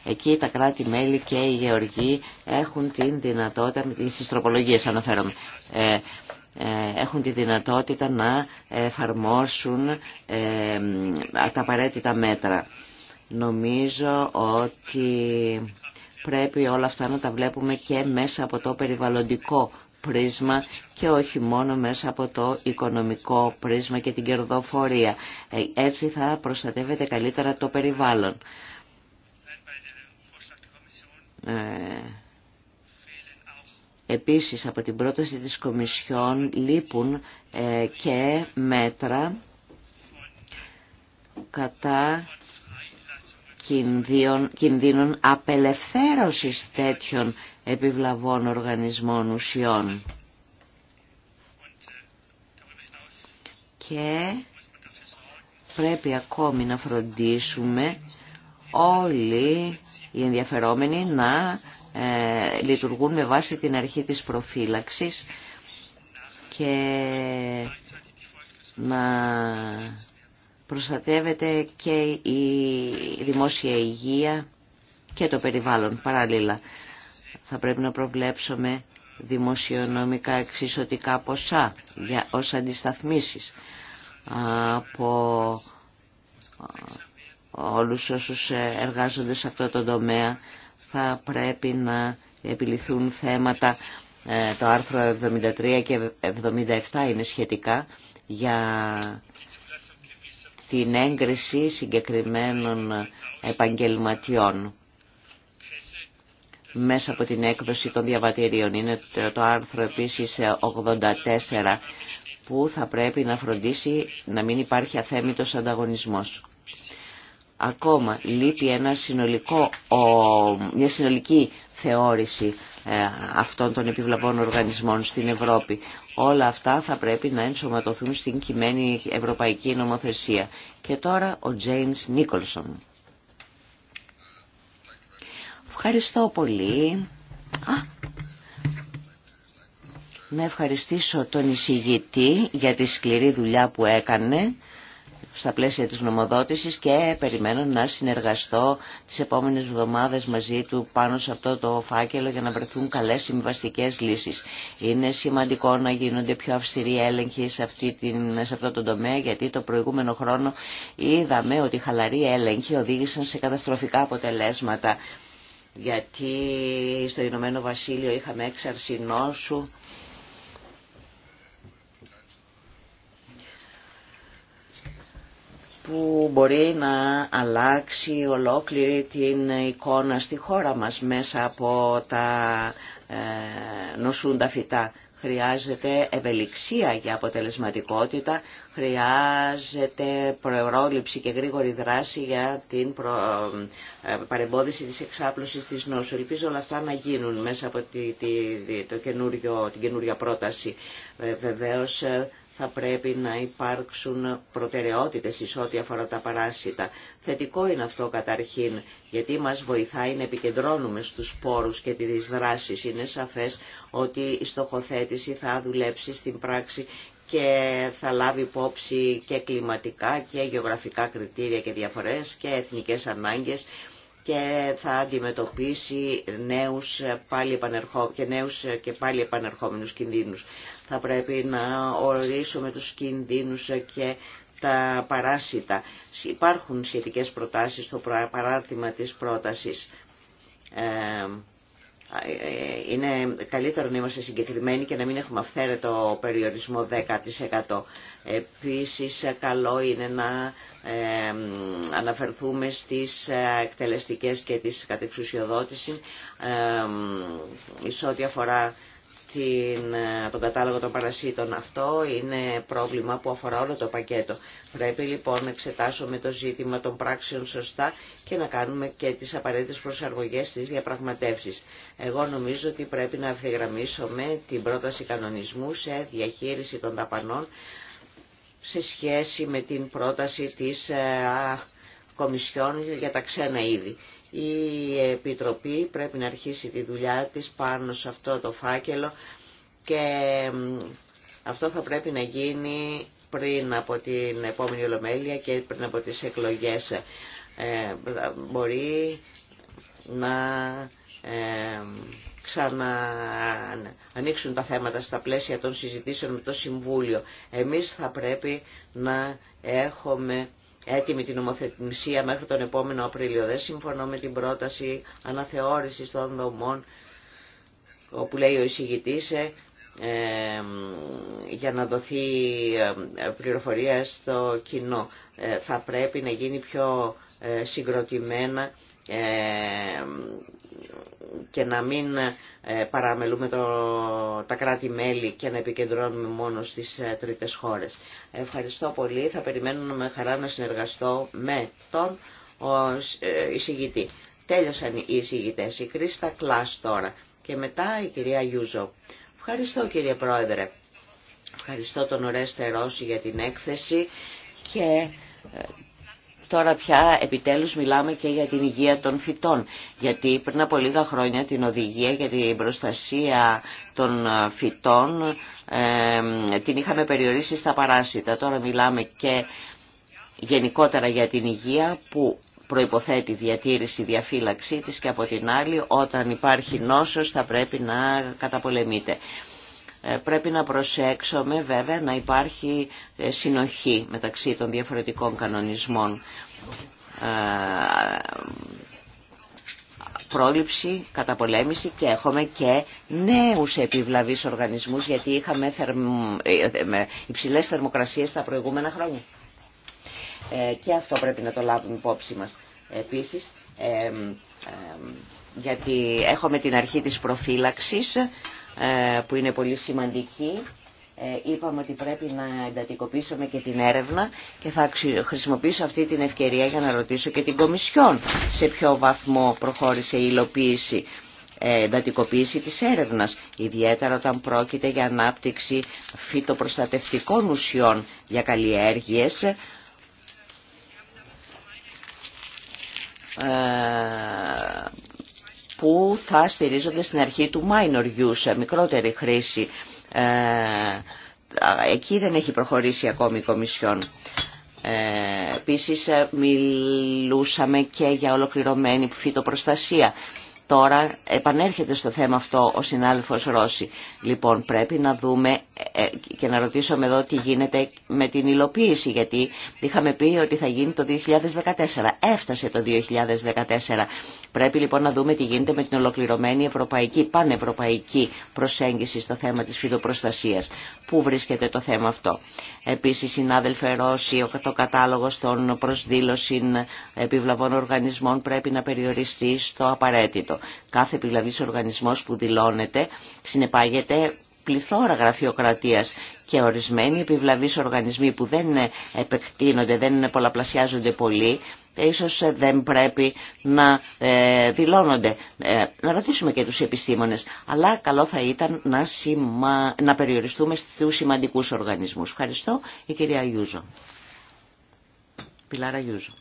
εκεί τα κράτη-μέλη και οι γεωργοί έχουν την δυνατότητα, τις τροπολογίες αναφέρομαι, ε, ε, έχουν τη δυνατότητα να εφαρμόσουν ε, τα απαραίτητα μέτρα. Νομίζω ότι πρέπει όλα αυτά να τα βλέπουμε και μέσα από το περιβαλλοντικό πρίσμα και όχι μόνο μέσα από το οικονομικό πρίσμα και την κερδοφορία. Ε, έτσι θα προστατεύεται καλύτερα το περιβάλλον. Ε, επίσης από την πρόταση της Κομισιόν λείπουν ε, και μέτρα κατά κινδύνων απελευθέρωσης τέτοιων επιβλαβών οργανισμών ουσιών. Και πρέπει ακόμη να φροντίσουμε όλοι οι ενδιαφερόμενοι να ε, λειτουργούν με βάση την αρχή της προφύλαξης και να προστατεύεται και η δημόσια υγεία και το περιβάλλον παράλληλα. Θα πρέπει να προβλέψουμε δημοσιονομικά εξισωτικά ποσά για, ως αντισταθμίσεις από όλους όσους ε, εργάζονται σε αυτό το τομέα θα πρέπει να επιληθούν θέματα ε, το άρθρο 73 και 77 είναι σχετικά για την έγκριση συγκεκριμένων επαγγελματιών μέσα από την έκδοση των διαβατηρίων. Είναι το άρθρο επίσης 84 που θα πρέπει να φροντίσει να μην υπάρχει αθέμητος ανταγωνισμός. Ακόμα λείπει ένα συνολικό, μια συνολική θεώρηση ε, αυτών των επιβλαβών οργανισμών στην Ευρώπη. Όλα αυτά θα πρέπει να ενσωματωθούν στην κειμένη ευρωπαϊκή νομοθεσία. Και τώρα ο Τζέιμς Νίκολσον. Ευχαριστώ πολύ. να ευχαριστήσω τον εισηγητή για τη σκληρή δουλειά που έκανε στα πλαίσια της γνωμοδότησης και περιμένω να συνεργαστώ τις επόμενες εβδομάδες μαζί του πάνω σε αυτό το φάκελο για να βρεθούν καλές συμβαστικέ λύσεις. Είναι σημαντικό να γίνονται πιο αυστηροί έλεγχοι σε, αυτή την, σε αυτό το τομέα γιατί το προηγούμενο χρόνο είδαμε ότι οι χαλαροί έλεγχοι οδήγησαν σε καταστροφικά αποτελέσματα γιατί στο Ηνωμένο Βασίλειο είχαμε έξαρση νόσου που μπορεί να αλλάξει ολόκληρη την εικόνα στη χώρα μας μέσα από τα ε, νοσούντα φυτά. Χρειάζεται ευελιξία για αποτελεσματικότητα, χρειάζεται προερόληψη και γρήγορη δράση για την προ... Ε, παρεμπόδιση της εξάπλωσης της νόσου. Ελπίζω όλα αυτά να γίνουν μέσα από τη, το καινούριο, την καινούρια πρόταση. Ε, βεβαίως θα πρέπει να υπάρξουν προτεραιότητες εις ό,τι αφορά τα παράσιτα. Θετικό είναι αυτό καταρχήν, γιατί μας βοηθάει να επικεντρώνουμε στους πόρους και τις δράσεις. Είναι σαφές ότι η στοχοθέτηση θα δουλέψει στην πράξη και θα λάβει υπόψη και κλιματικά και γεωγραφικά κριτήρια και διαφορές και εθνικές ανάγκες και θα αντιμετωπίσει νέους πάλι και νέους και πάλι επανερχόμενους κινδύνους. Θα πρέπει να ορίσουμε τους κινδύνους και τα παράσιτα. Υπάρχουν σχετικές προτάσεις στο παράρτημα της πρότασης. Ε, ε, είναι καλύτερο να είμαστε συγκεκριμένοι και να μην έχουμε αυθαίρετο περιορισμό 10%. Επίσης καλό είναι να ε, αναφερθούμε στις ε, εκτελεστικές και τις κατεξουσιοδότηση ε, σε ό,τι αφορά στην, ε, τον κατάλογο των παρασίτων. Αυτό είναι πρόβλημα που αφορά όλο το πακέτο. Πρέπει λοιπόν να εξετάσουμε το ζήτημα των πράξεων σωστά και να κάνουμε και τις απαραίτητες προσαρμογές στις διαπραγματεύσεις. Εγώ νομίζω ότι πρέπει να αυθυγραμμίσουμε την πρόταση κανονισμού σε διαχείριση των δαπανών σε σχέση με την πρόταση της ε, Κομισιόν για τα ξένα είδη. Η Επιτροπή πρέπει να αρχίσει τη δουλειά της πάνω σε αυτό το φάκελο και αυτό θα πρέπει να γίνει πριν από την επόμενη Ολομέλεια και πριν από τις εκλογές. Ε, μπορεί να ε, ανοίξουν τα θέματα στα πλαίσια των συζητήσεων με το Συμβούλιο. Εμείς θα πρέπει να έχουμε έτοιμη την νομοθεσία μέχρι τον επόμενο Απρίλιο. Δεν συμφωνώ με την πρόταση αναθεώρησης των δομών όπου λέει ο εισηγητής ε, για να δοθεί ε, πληροφορία στο κοινό. Ε, θα πρέπει να γίνει πιο ε, συγκροτημένα και να μην ε, παραμελούμε το, τα κράτη-μέλη και να επικεντρώνουμε μόνο στις ε, τρίτες χώρες. Ευχαριστώ πολύ. Θα περιμένω με χαρά να συνεργαστώ με τον ε, εισηγητή. Τέλειωσαν οι εισηγητές. Η Κρίστα Κλάς τώρα και μετά η κυρία Γιούζο. Ευχαριστώ κύριε Πρόεδρε. Ευχαριστώ τον Ορέστερό για την έκθεση και Τώρα πια επιτέλους μιλάμε και για την υγεία των φυτών, γιατί πριν από λίγα χρόνια την οδηγία για την προστασία των ε, φυτών την είχαμε περιορίσει στα παράσιτα. Τώρα μιλάμε και γενικότερα για την υγεία που προϋποθέτει διατήρηση, διαφύλαξή της και από την άλλη όταν υπάρχει νόσος θα πρέπει να καταπολεμείται. Ε, πρέπει να προσέξουμε βέβαια να υπάρχει ε, συνοχή μεταξύ των διαφορετικών κανονισμών. Ε, πρόληψη, καταπολέμηση και έχουμε και νέους επιβλαβείς οργανισμούς γιατί είχαμε θερμ... υψηλές θερμοκρασίες τα προηγούμενα χρόνια. και αυτό πρέπει να το λάβουμε υπόψη μας. Επίσης, γιατί έχουμε την αρχή της προφύλαξης ε, που είναι πολύ σημαντική. Ε, είπαμε ότι πρέπει να εντατικοποιήσουμε και την έρευνα και θα χρησιμοποιήσω αυτή την ευκαιρία για να ρωτήσω και την Κομισιόν σε ποιο βαθμό προχώρησε η υλοποίηση ε, εντατικοποίηση της έρευνας, ιδιαίτερα όταν πρόκειται για ανάπτυξη φυτοπροστατευτικών ουσιών για καλλιέργειες, που θα στηρίζονται στην αρχή του minor use, ε, μικρότερη χρήση. Ε, εκεί δεν έχει προχωρήσει ακόμη η Κομισιόν. Ε, Επίση ε, μιλούσαμε και για ολοκληρωμένη φυτοπροστασία. Τώρα επανέρχεται στο θέμα αυτό ο συνάδελφος Ρώση. Λοιπόν πρέπει να δούμε ε, και να ρωτήσουμε εδώ τι γίνεται με την υλοποίηση γιατί είχαμε πει ότι θα γίνει το 2014. Έφτασε το 2014. Πρέπει λοιπόν να δούμε τι γίνεται με την ολοκληρωμένη ευρωπαϊκή, πανευρωπαϊκή προσέγγιση στο θέμα της φυτοπροστασίας. Πού βρίσκεται το θέμα αυτό. Επίσης συνάδελφε Ρώση, το κατάλογο των προσδήλωση επιβλαβών οργανισμών πρέπει να περιοριστεί στο απαραίτητο. Κάθε επιβλαβής δηλαδή οργανισμός που δηλώνεται συνεπάγεται πληθώρα γραφειοκρατίας και ορισμένοι επιβλαβείς οργανισμοί που δεν επεκτείνονται, δεν πολλαπλασιάζονται πολύ, ίσως δεν πρέπει να ε, δηλώνονται. Ε, να ρωτήσουμε και τους επιστήμονες, αλλά καλό θα ήταν να, να περιοριστούμε στους σημαντικούς οργανισμούς. Ευχαριστώ. Η κυρία Γιούζο. Πιλάρα Γιούζο.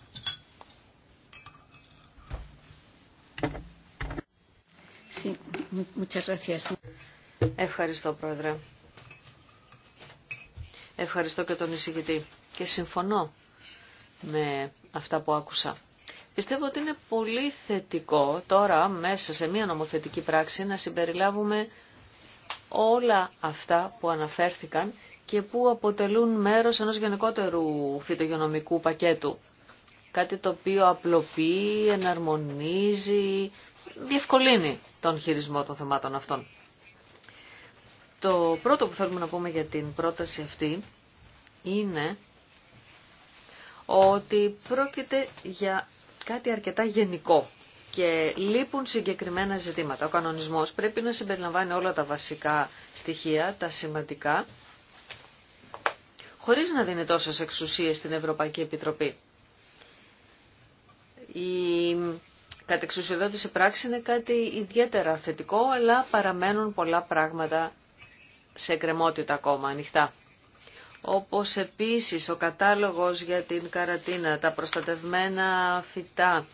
Ευχαριστώ, Πρόεδρε. Ευχαριστώ και τον εισηγητή. Και συμφωνώ με αυτά που άκουσα. Πιστεύω ότι είναι πολύ θετικό τώρα μέσα σε μια νομοθετική πράξη να συμπεριλάβουμε όλα αυτά που αναφέρθηκαν και που αποτελούν μέρος ενός γενικότερου φυτογενομικού πακέτου. Κάτι το οποίο απλοποιεί, εναρμονίζει, διευκολύνει τον χειρισμό των θεμάτων αυτών. Το πρώτο που θέλουμε να πούμε για την πρόταση αυτή είναι ότι πρόκειται για κάτι αρκετά γενικό και λείπουν συγκεκριμένα ζητήματα. Ο κανονισμός πρέπει να συμπεριλαμβάνει όλα τα βασικά στοιχεία, τα σημαντικά, χωρίς να δίνει τόσες εξουσίες στην Ευρωπαϊκή Επιτροπή κατ' εξουσιοδότηση πράξη είναι κάτι ιδιαίτερα θετικό, αλλά παραμένουν πολλά πράγματα σε εκκρεμότητα ακόμα ανοιχτά. Όπως επίσης ο κατάλογος για την καρατίνα, τα προστατευμένα φυτά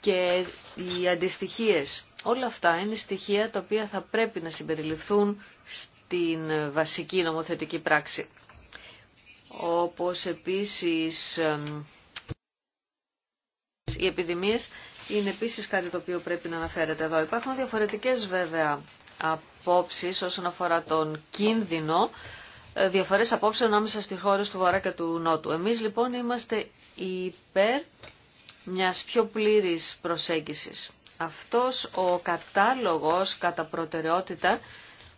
και οι αντιστοιχίες. Όλα αυτά είναι στοιχεία τα οποία θα πρέπει να συμπεριληφθούν στην βασική νομοθετική πράξη. Όπως επίσης οι επιδημίε είναι επίση κάτι το οποίο πρέπει να αναφέρεται εδώ. Υπάρχουν διαφορετικές βέβαια απόψεις όσον αφορά τον κίνδυνο, ε, διαφορέ απόψεων ανάμεσα στις χώρες του Βορρά και του Νότου. Εμείς λοιπόν είμαστε υπέρ μιας πιο πλήρης προσέγγισης. Αυτός ο κατάλογος κατά προτεραιότητα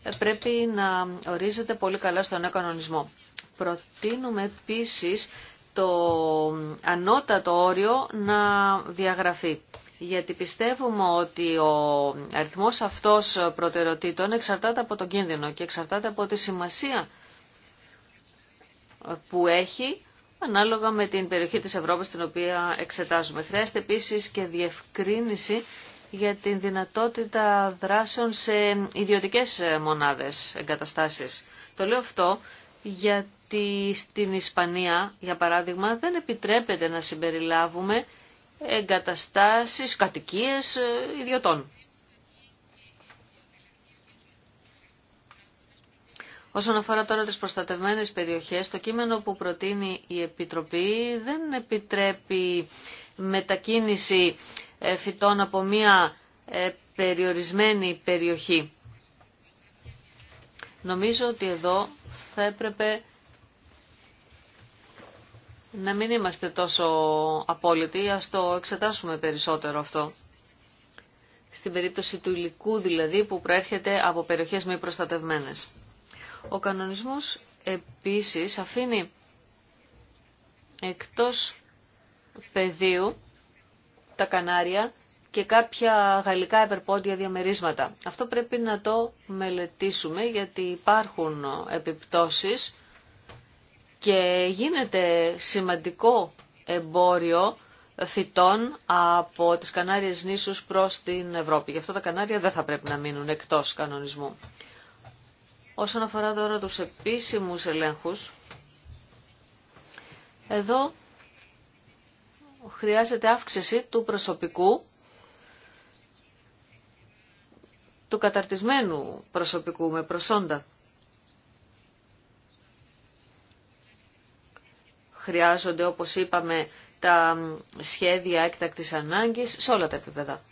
ε, πρέπει να ορίζεται πολύ καλά στον νέο κανονισμό. Προτείνουμε επίσης το ανώτατο όριο να διαγραφεί. Γιατί πιστεύουμε ότι ο αριθμός αυτός προτεραιοτήτων εξαρτάται από τον κίνδυνο και εξαρτάται από τη σημασία που έχει ανάλογα με την περιοχή της Ευρώπης την οποία εξετάζουμε. Χρειάζεται επίσης και διευκρίνηση για την δυνατότητα δράσεων σε ιδιωτικές μονάδες εγκαταστάσεις. Το λέω αυτό γιατί ότι στην Ισπανία, για παράδειγμα, δεν επιτρέπεται να συμπεριλάβουμε εγκαταστάσεις, κατοικίες ε, ιδιωτών. Όσον αφορά τώρα τις προστατευμένες περιοχές, το κείμενο που προτείνει η Επιτροπή δεν επιτρέπει μετακίνηση ε, φυτών από μία ε, περιορισμένη περιοχή. Νομίζω ότι εδώ θα έπρεπε να μην είμαστε τόσο απόλυτοι, ας το εξετάσουμε περισσότερο αυτό. Στην περίπτωση του υλικού δηλαδή που προέρχεται από περιοχές μη προστατευμένες. Ο κανονισμός επίσης αφήνει εκτός πεδίου τα Κανάρια και κάποια γαλλικά επερπόντια διαμερίσματα. Αυτό πρέπει να το μελετήσουμε γιατί υπάρχουν επιπτώσεις και γίνεται σημαντικό εμπόριο φυτών από τις Κανάριες νήσους προς την Ευρώπη. Γι' αυτό τα Κανάρια δεν θα πρέπει να μείνουν εκτός κανονισμού. Όσον αφορά τώρα τους επίσημους ελέγχους, εδώ χρειάζεται αύξηση του προσωπικού, του καταρτισμένου προσωπικού με προσόντα. χρειάζονται, όπως είπαμε, τα σχέδια έκτακτης ανάγκης σε όλα τα επίπεδα.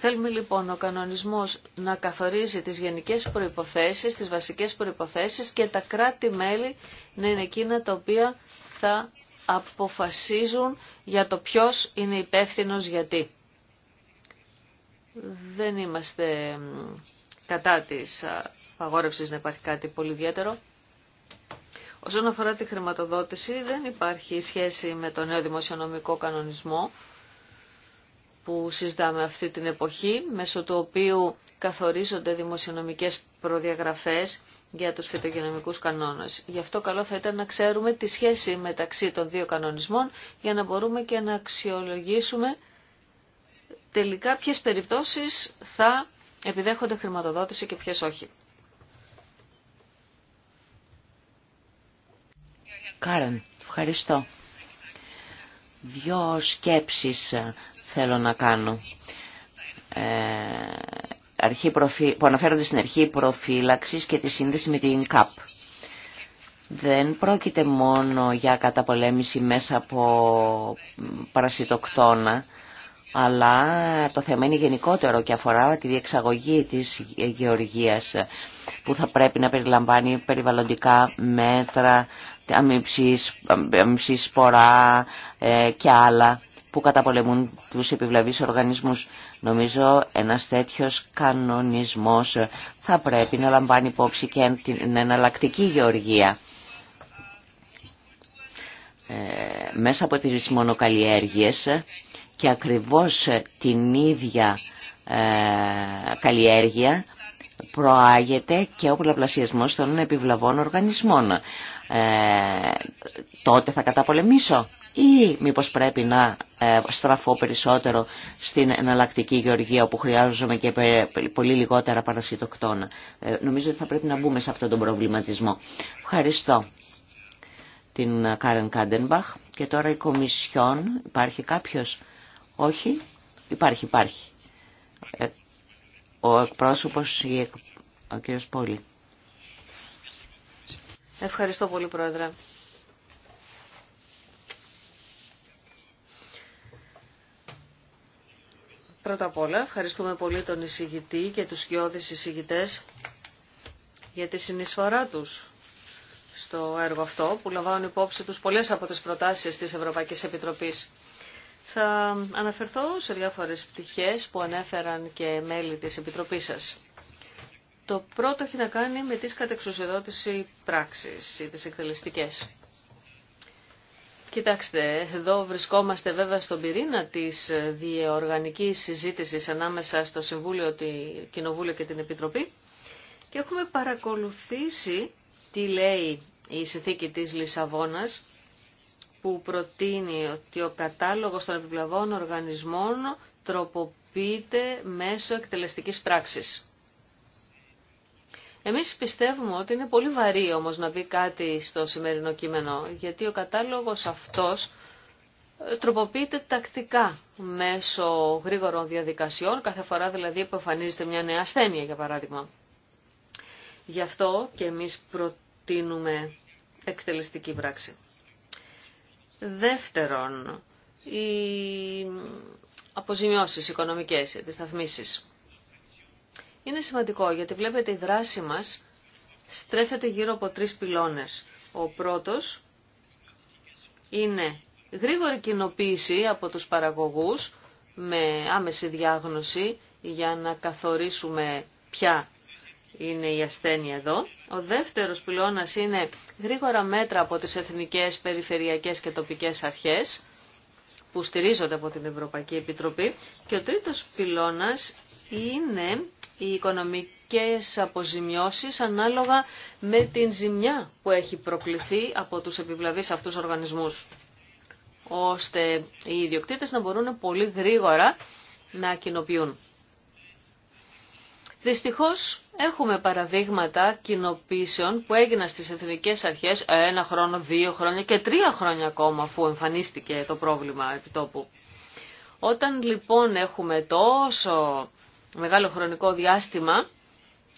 Θέλουμε λοιπόν ο κανονισμός να καθορίζει τις γενικές προϋποθέσεις, τις βασικές προϋποθέσεις και τα κράτη-μέλη να είναι εκείνα τα οποία θα αποφασίζουν για το ποιος είναι υπεύθυνο γιατί. Δεν είμαστε κατά της αγόρευσης να υπάρχει κάτι πολύ ιδιαίτερο. Όσον αφορά τη χρηματοδότηση δεν υπάρχει σχέση με τον νέο δημοσιονομικό κανονισμό που συζητάμε αυτή την εποχή, μέσω του οποίου καθορίζονται δημοσιονομικές προδιαγραφές για τους φυτογενομικούς κανόνες. Γι' αυτό καλό θα ήταν να ξέρουμε τη σχέση μεταξύ των δύο κανονισμών για να μπορούμε και να αξιολογήσουμε τελικά ποιες περιπτώσεις θα επιδέχονται χρηματοδότηση και ποιες όχι. Κάρεν, ευχαριστώ. Δυο σκέψεις ε, θέλω να κάνω. Ε, αρχή προφυ... που αναφέρονται στην αρχή προφύλαξης και τη σύνδεση με την ΚΑΠ. Δεν πρόκειται μόνο για καταπολέμηση μέσα από παρασιτοκτόνα, αλλά το θέμα είναι γενικότερο και αφορά τη διεξαγωγή της γεωργίας που θα πρέπει να περιλαμβάνει περιβαλλοντικά μέτρα, αμυψή σπορά ε, και άλλα που καταπολεμούν τους επιβλαβείς οργανισμούς. Νομίζω ένας τέτοιος κανονισμός θα πρέπει να λαμβάνει υπόψη και την εναλλακτική γεωργία. Ε, μέσα από τις μονοκαλλιέργειες και ακριβώς την ίδια ε, καλλιέργεια προάγεται και ο πλαπλασιασμός των επιβλαβών οργανισμών. Ε, τότε θα καταπολεμήσω ή μήπως πρέπει να ε, στραφώ περισσότερο στην εναλλακτική γεωργία όπου χρειάζομαι και πολύ λιγότερα παρασιτοκτόνα. Ε, νομίζω ότι θα πρέπει να μπούμε σε αυτόν τον προβληματισμό. Ευχαριστώ την Κάρεν Κάντενμπαχ και τώρα η Κομισιόν. Υπάρχει κάποιος? Όχι. Υπάρχει, υπάρχει. ο εκπρόσωπος, ο κύριος Πόλη. Ευχαριστώ πολύ, Πρόεδρε. Πρώτα απ' όλα, ευχαριστούμε πολύ τον εισηγητή και τους σκιώδεις εισηγητές για τη συνεισφορά τους στο έργο αυτό, που λαμβάνουν υπόψη τους πολλές από τις προτάσεις της Ευρωπαϊκής Επιτροπής. Θα αναφερθώ σε διάφορες πτυχές που ανέφεραν και μέλη της Επιτροπής σας. Το πρώτο έχει να κάνει με τις κατεξουσιοδότηση πράξεις ή τις εκτελεστικές. Κοιτάξτε, εδώ βρισκόμαστε βέβαια στον πυρήνα της διοργανικής συζήτησης ανάμεσα στο Συμβούλιο, τη Κοινοβούλιο και την Επιτροπή και έχουμε παρακολουθήσει τι λέει η συνθήκη της Λισαβόνας που προτείνει ότι ο κατάλογος των επιβλαβών οργανισμών τροποποιείται μέσω εκτελεστικής πράξης. Εμείς πιστεύουμε ότι είναι πολύ βαρύ όμως να μπει κάτι στο σημερινό κείμενο, γιατί ο κατάλογος αυτός ε, τροποποιείται τακτικά μέσω γρήγορων διαδικασιών, κάθε φορά δηλαδή που εμφανίζεται μια νέα ασθένεια για παράδειγμα. Γι' αυτό και εμείς προτείνουμε εκτελεστική πράξη. Δεύτερον, οι αποζημιώσεις οικονομικές, τις σταθμίσεις. Είναι σημαντικό γιατί βλέπετε η δράση μας στρέφεται γύρω από τρεις πυλώνες. Ο πρώτος είναι γρήγορη κοινοποίηση από τους παραγωγούς με άμεση διάγνωση για να καθορίσουμε ποια είναι η ασθένεια εδώ. Ο δεύτερος πυλώνας είναι γρήγορα μέτρα από τις εθνικές, περιφερειακές και τοπικές αρχές που στηρίζονται από την Ευρωπαϊκή Επιτροπή και ο τρίτος πυλώνας είναι οι οικονομικές αποζημιώσεις ανάλογα με την ζημιά που έχει προκληθεί από τους επιβλαβείς αυτούς οργανισμούς ώστε οι ιδιοκτήτες να μπορούν πολύ γρήγορα να κοινοποιούν. Δυστυχώς έχουμε παραδείγματα κοινοποίησεων που έγιναν στις εθνικές αρχές ένα χρόνο, δύο χρόνια και τρία χρόνια ακόμα αφού εμφανίστηκε το πρόβλημα επιτόπου. Όταν λοιπόν έχουμε τόσο μεγάλο χρονικό διάστημα,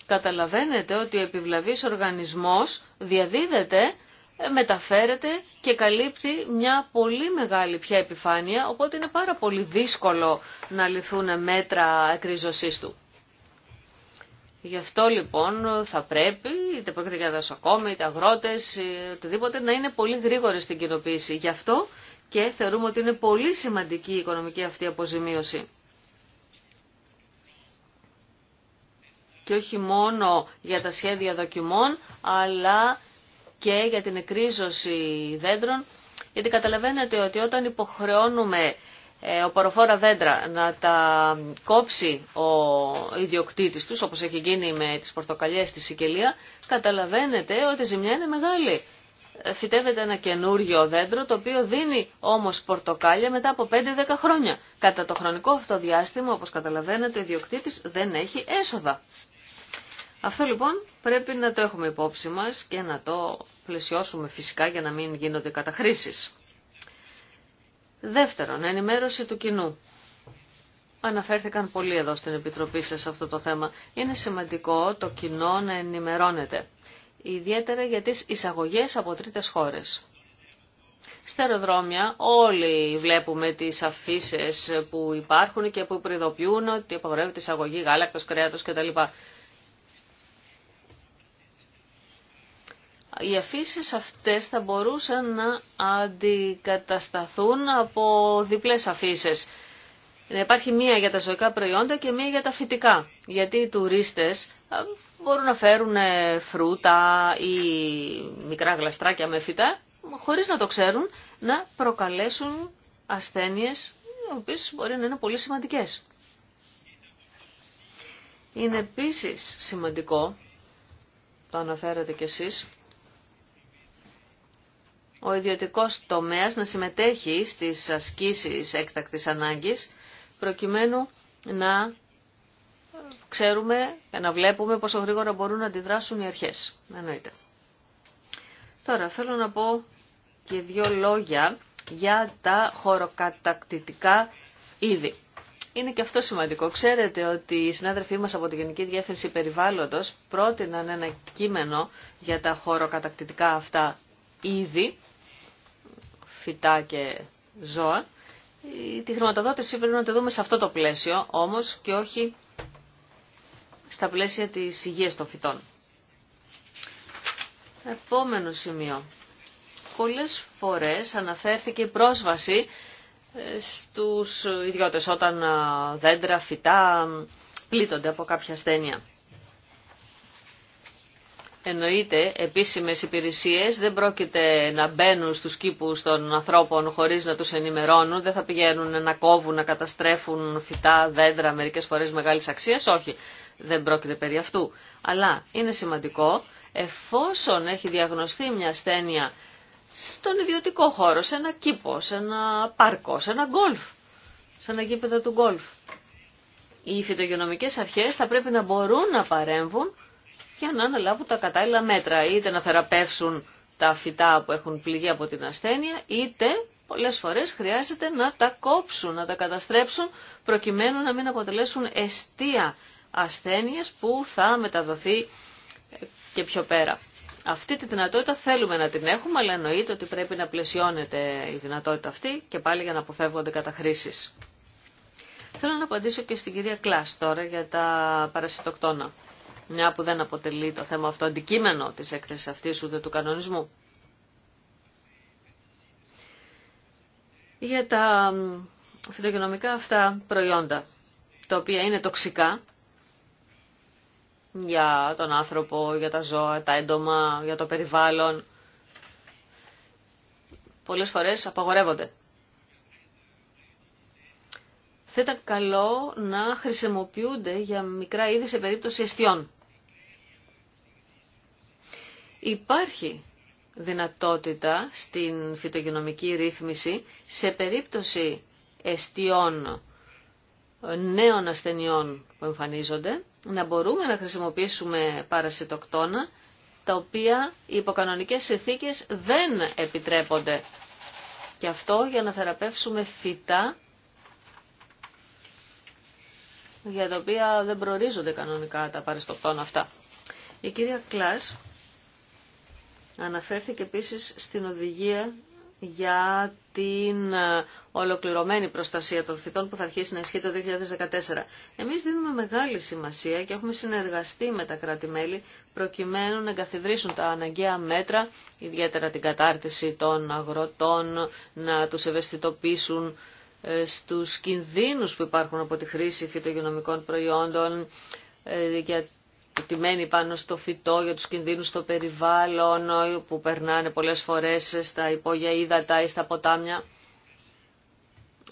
καταλαβαίνετε ότι ο επιβλαβής οργανισμός διαδίδεται, ε, μεταφέρεται και καλύπτει μια πολύ μεγάλη πια επιφάνεια, οπότε είναι πάρα πολύ δύσκολο να λυθούν μέτρα εκρίζωσής του. Γι' αυτό λοιπόν θα πρέπει, είτε πρόκειται για δασοκόμη, είτε αγρότε, ε, οτιδήποτε, να είναι πολύ γρήγοροι στην κοινοποίηση. Γι' αυτό και θεωρούμε ότι είναι πολύ σημαντική η οικονομική αυτή αποζημίωση. Και όχι μόνο για τα σχέδια δοκιμών, αλλά και για την εκρίζωση δέντρων, γιατί καταλαβαίνετε ότι όταν υποχρεώνουμε ε, ο παροφόρα δέντρα να τα κόψει ο ιδιοκτήτης τους, όπως έχει γίνει με τις πορτοκαλιές στη Σικελία, καταλαβαίνετε ότι η ζημιά είναι μεγάλη. Ε, φυτεύεται ένα καινούριο δέντρο, το οποίο δίνει όμως πορτοκάλια μετά από 5-10 χρόνια. Κατά το χρονικό αυτό διάστημα, όπως καταλαβαίνετε, ο ιδιοκτήτης δεν έχει έσοδα. Αυτό λοιπόν πρέπει να το έχουμε υπόψη μας και να το πλαισιώσουμε φυσικά για να μην γίνονται καταχρήσεις. Δεύτερον, ενημέρωση του κοινού. Αναφέρθηκαν πολλοί εδώ στην Επιτροπή σας αυτό το θέμα. Είναι σημαντικό το κοινό να ενημερώνεται, ιδιαίτερα για τις εισαγωγές από τρίτες χώρες. Στα αεροδρόμια όλοι βλέπουμε τις αφήσει που υπάρχουν και που προειδοποιούν ότι απαγορεύεται εισαγωγή γάλακτος, κρέατος κτλ. οι αφήσει αυτές θα μπορούσαν να αντικατασταθούν από διπλές αφήσει. Να υπάρχει μία για τα ζωικά προϊόντα και μία για τα φυτικά. Γιατί οι τουρίστες μπορούν να φέρουν ε, φρούτα ή μικρά γλαστράκια με φυτά, χωρίς να το ξέρουν, να προκαλέσουν ασθένειες, οι οποίες μπορεί να είναι πολύ σημαντικές. Είναι επίσης σημαντικό, το αναφέρατε κι εσείς, ο ιδιωτικός τομέας να συμμετέχει στις ασκήσεις έκτακτης ανάγκης προκειμένου να ξέρουμε και να βλέπουμε πόσο γρήγορα μπορούν να αντιδράσουν οι αρχές. Εννοείται. Τώρα θέλω να πω και δύο λόγια για τα χωροκατακτητικά είδη. Είναι και αυτό σημαντικό. Ξέρετε ότι οι συνάδελφοί μας από τη Γενική Διεύθυνση Περιβάλλοντος πρότειναν ένα κείμενο για τα χωροκατακτητικά αυτά είδη φυτά και ζώα. Τη χρηματοδότηση πρέπει να τη δούμε σε αυτό το πλαίσιο, όμως και όχι στα πλαίσια της υγείας των φυτών. Επόμενο σημείο. Πολλέ φορές αναφέρθηκε η πρόσβαση ε, στους ιδιώτες όταν δέντρα, φυτά πλήττονται από κάποια ασθένεια. Εννοείται, επίσημες υπηρεσίες δεν πρόκειται να μπαίνουν στους κήπους των ανθρώπων χωρίς να τους ενημερώνουν, δεν θα πηγαίνουν να κόβουν, να καταστρέφουν φυτά, δέντρα, μερικές φορές μεγάλης αξίας, όχι, δεν πρόκειται περί αυτού. Αλλά είναι σημαντικό, εφόσον έχει διαγνωστεί μια ασθένεια στον ιδιωτικό χώρο, σε ένα κήπο, σε ένα πάρκο, σε ένα γκολφ, σε ένα γήπεδο του γκολφ. Οι φυτογενομικές αρχές θα πρέπει να μπορούν να παρέμβουν για να αναλάβουν τα κατάλληλα μέτρα, είτε να θεραπεύσουν τα φυτά που έχουν πληγεί από την ασθένεια, είτε πολλές φορές χρειάζεται να τα κόψουν, να τα καταστρέψουν, προκειμένου να μην αποτελέσουν εστία ασθένειες που θα μεταδοθεί ε, και πιο πέρα. Αυτή τη δυνατότητα θέλουμε να την έχουμε, αλλά εννοείται ότι πρέπει να πλαισιώνεται η δυνατότητα αυτή και πάλι για να αποφεύγονται καταχρήσεις. Θέλω να απαντήσω και στην κυρία Κλάς τώρα για τα παρασιτοκτόνα μια που δεν αποτελεί το θέμα αυτό αντικείμενο της έκθεσης αυτής ούτε του κανονισμού. Για τα φυτογενομικά αυτά προϊόντα, τα οποία είναι τοξικά για τον άνθρωπο, για τα ζώα, τα έντομα, για το περιβάλλον, πολλές φορές απαγορεύονται. Θα ήταν καλό να χρησιμοποιούνται για μικρά είδη σε περίπτωση αιστιών. Υπάρχει δυνατότητα στην φυτογενομική ρύθμιση σε περίπτωση εστιών νέων ασθενειών που εμφανίζονται να μπορούμε να χρησιμοποιήσουμε παρασιτοκτόνα τα οποία οι υποκανονικές συνθήκες δεν επιτρέπονται. Και αυτό για να θεραπεύσουμε φυτά για τα οποία δεν προορίζονται κανονικά τα παρασυτοκτόνα αυτά. Η κυρία Κλάς Αναφέρθηκε επίσης στην οδηγία για την ε, ολοκληρωμένη προστασία των φυτών που θα αρχίσει να ισχύει το 2014. Εμείς δίνουμε μεγάλη σημασία και έχουμε συνεργαστεί με τα κράτη-μέλη προκειμένου να εγκαθιδρύσουν τα αναγκαία μέτρα, ιδιαίτερα την κατάρτιση των αγροτών, να τους ευαισθητοποιήσουν ε, στους κινδύνους που υπάρχουν από τη χρήση φυτογενομικών προϊόντων, ε, τιμένοι πάνω στο φυτό για τους κινδύνους στο περιβάλλον που περνάνε πολλές φορές στα υπόγεια ύδατα ή στα ποτάμια.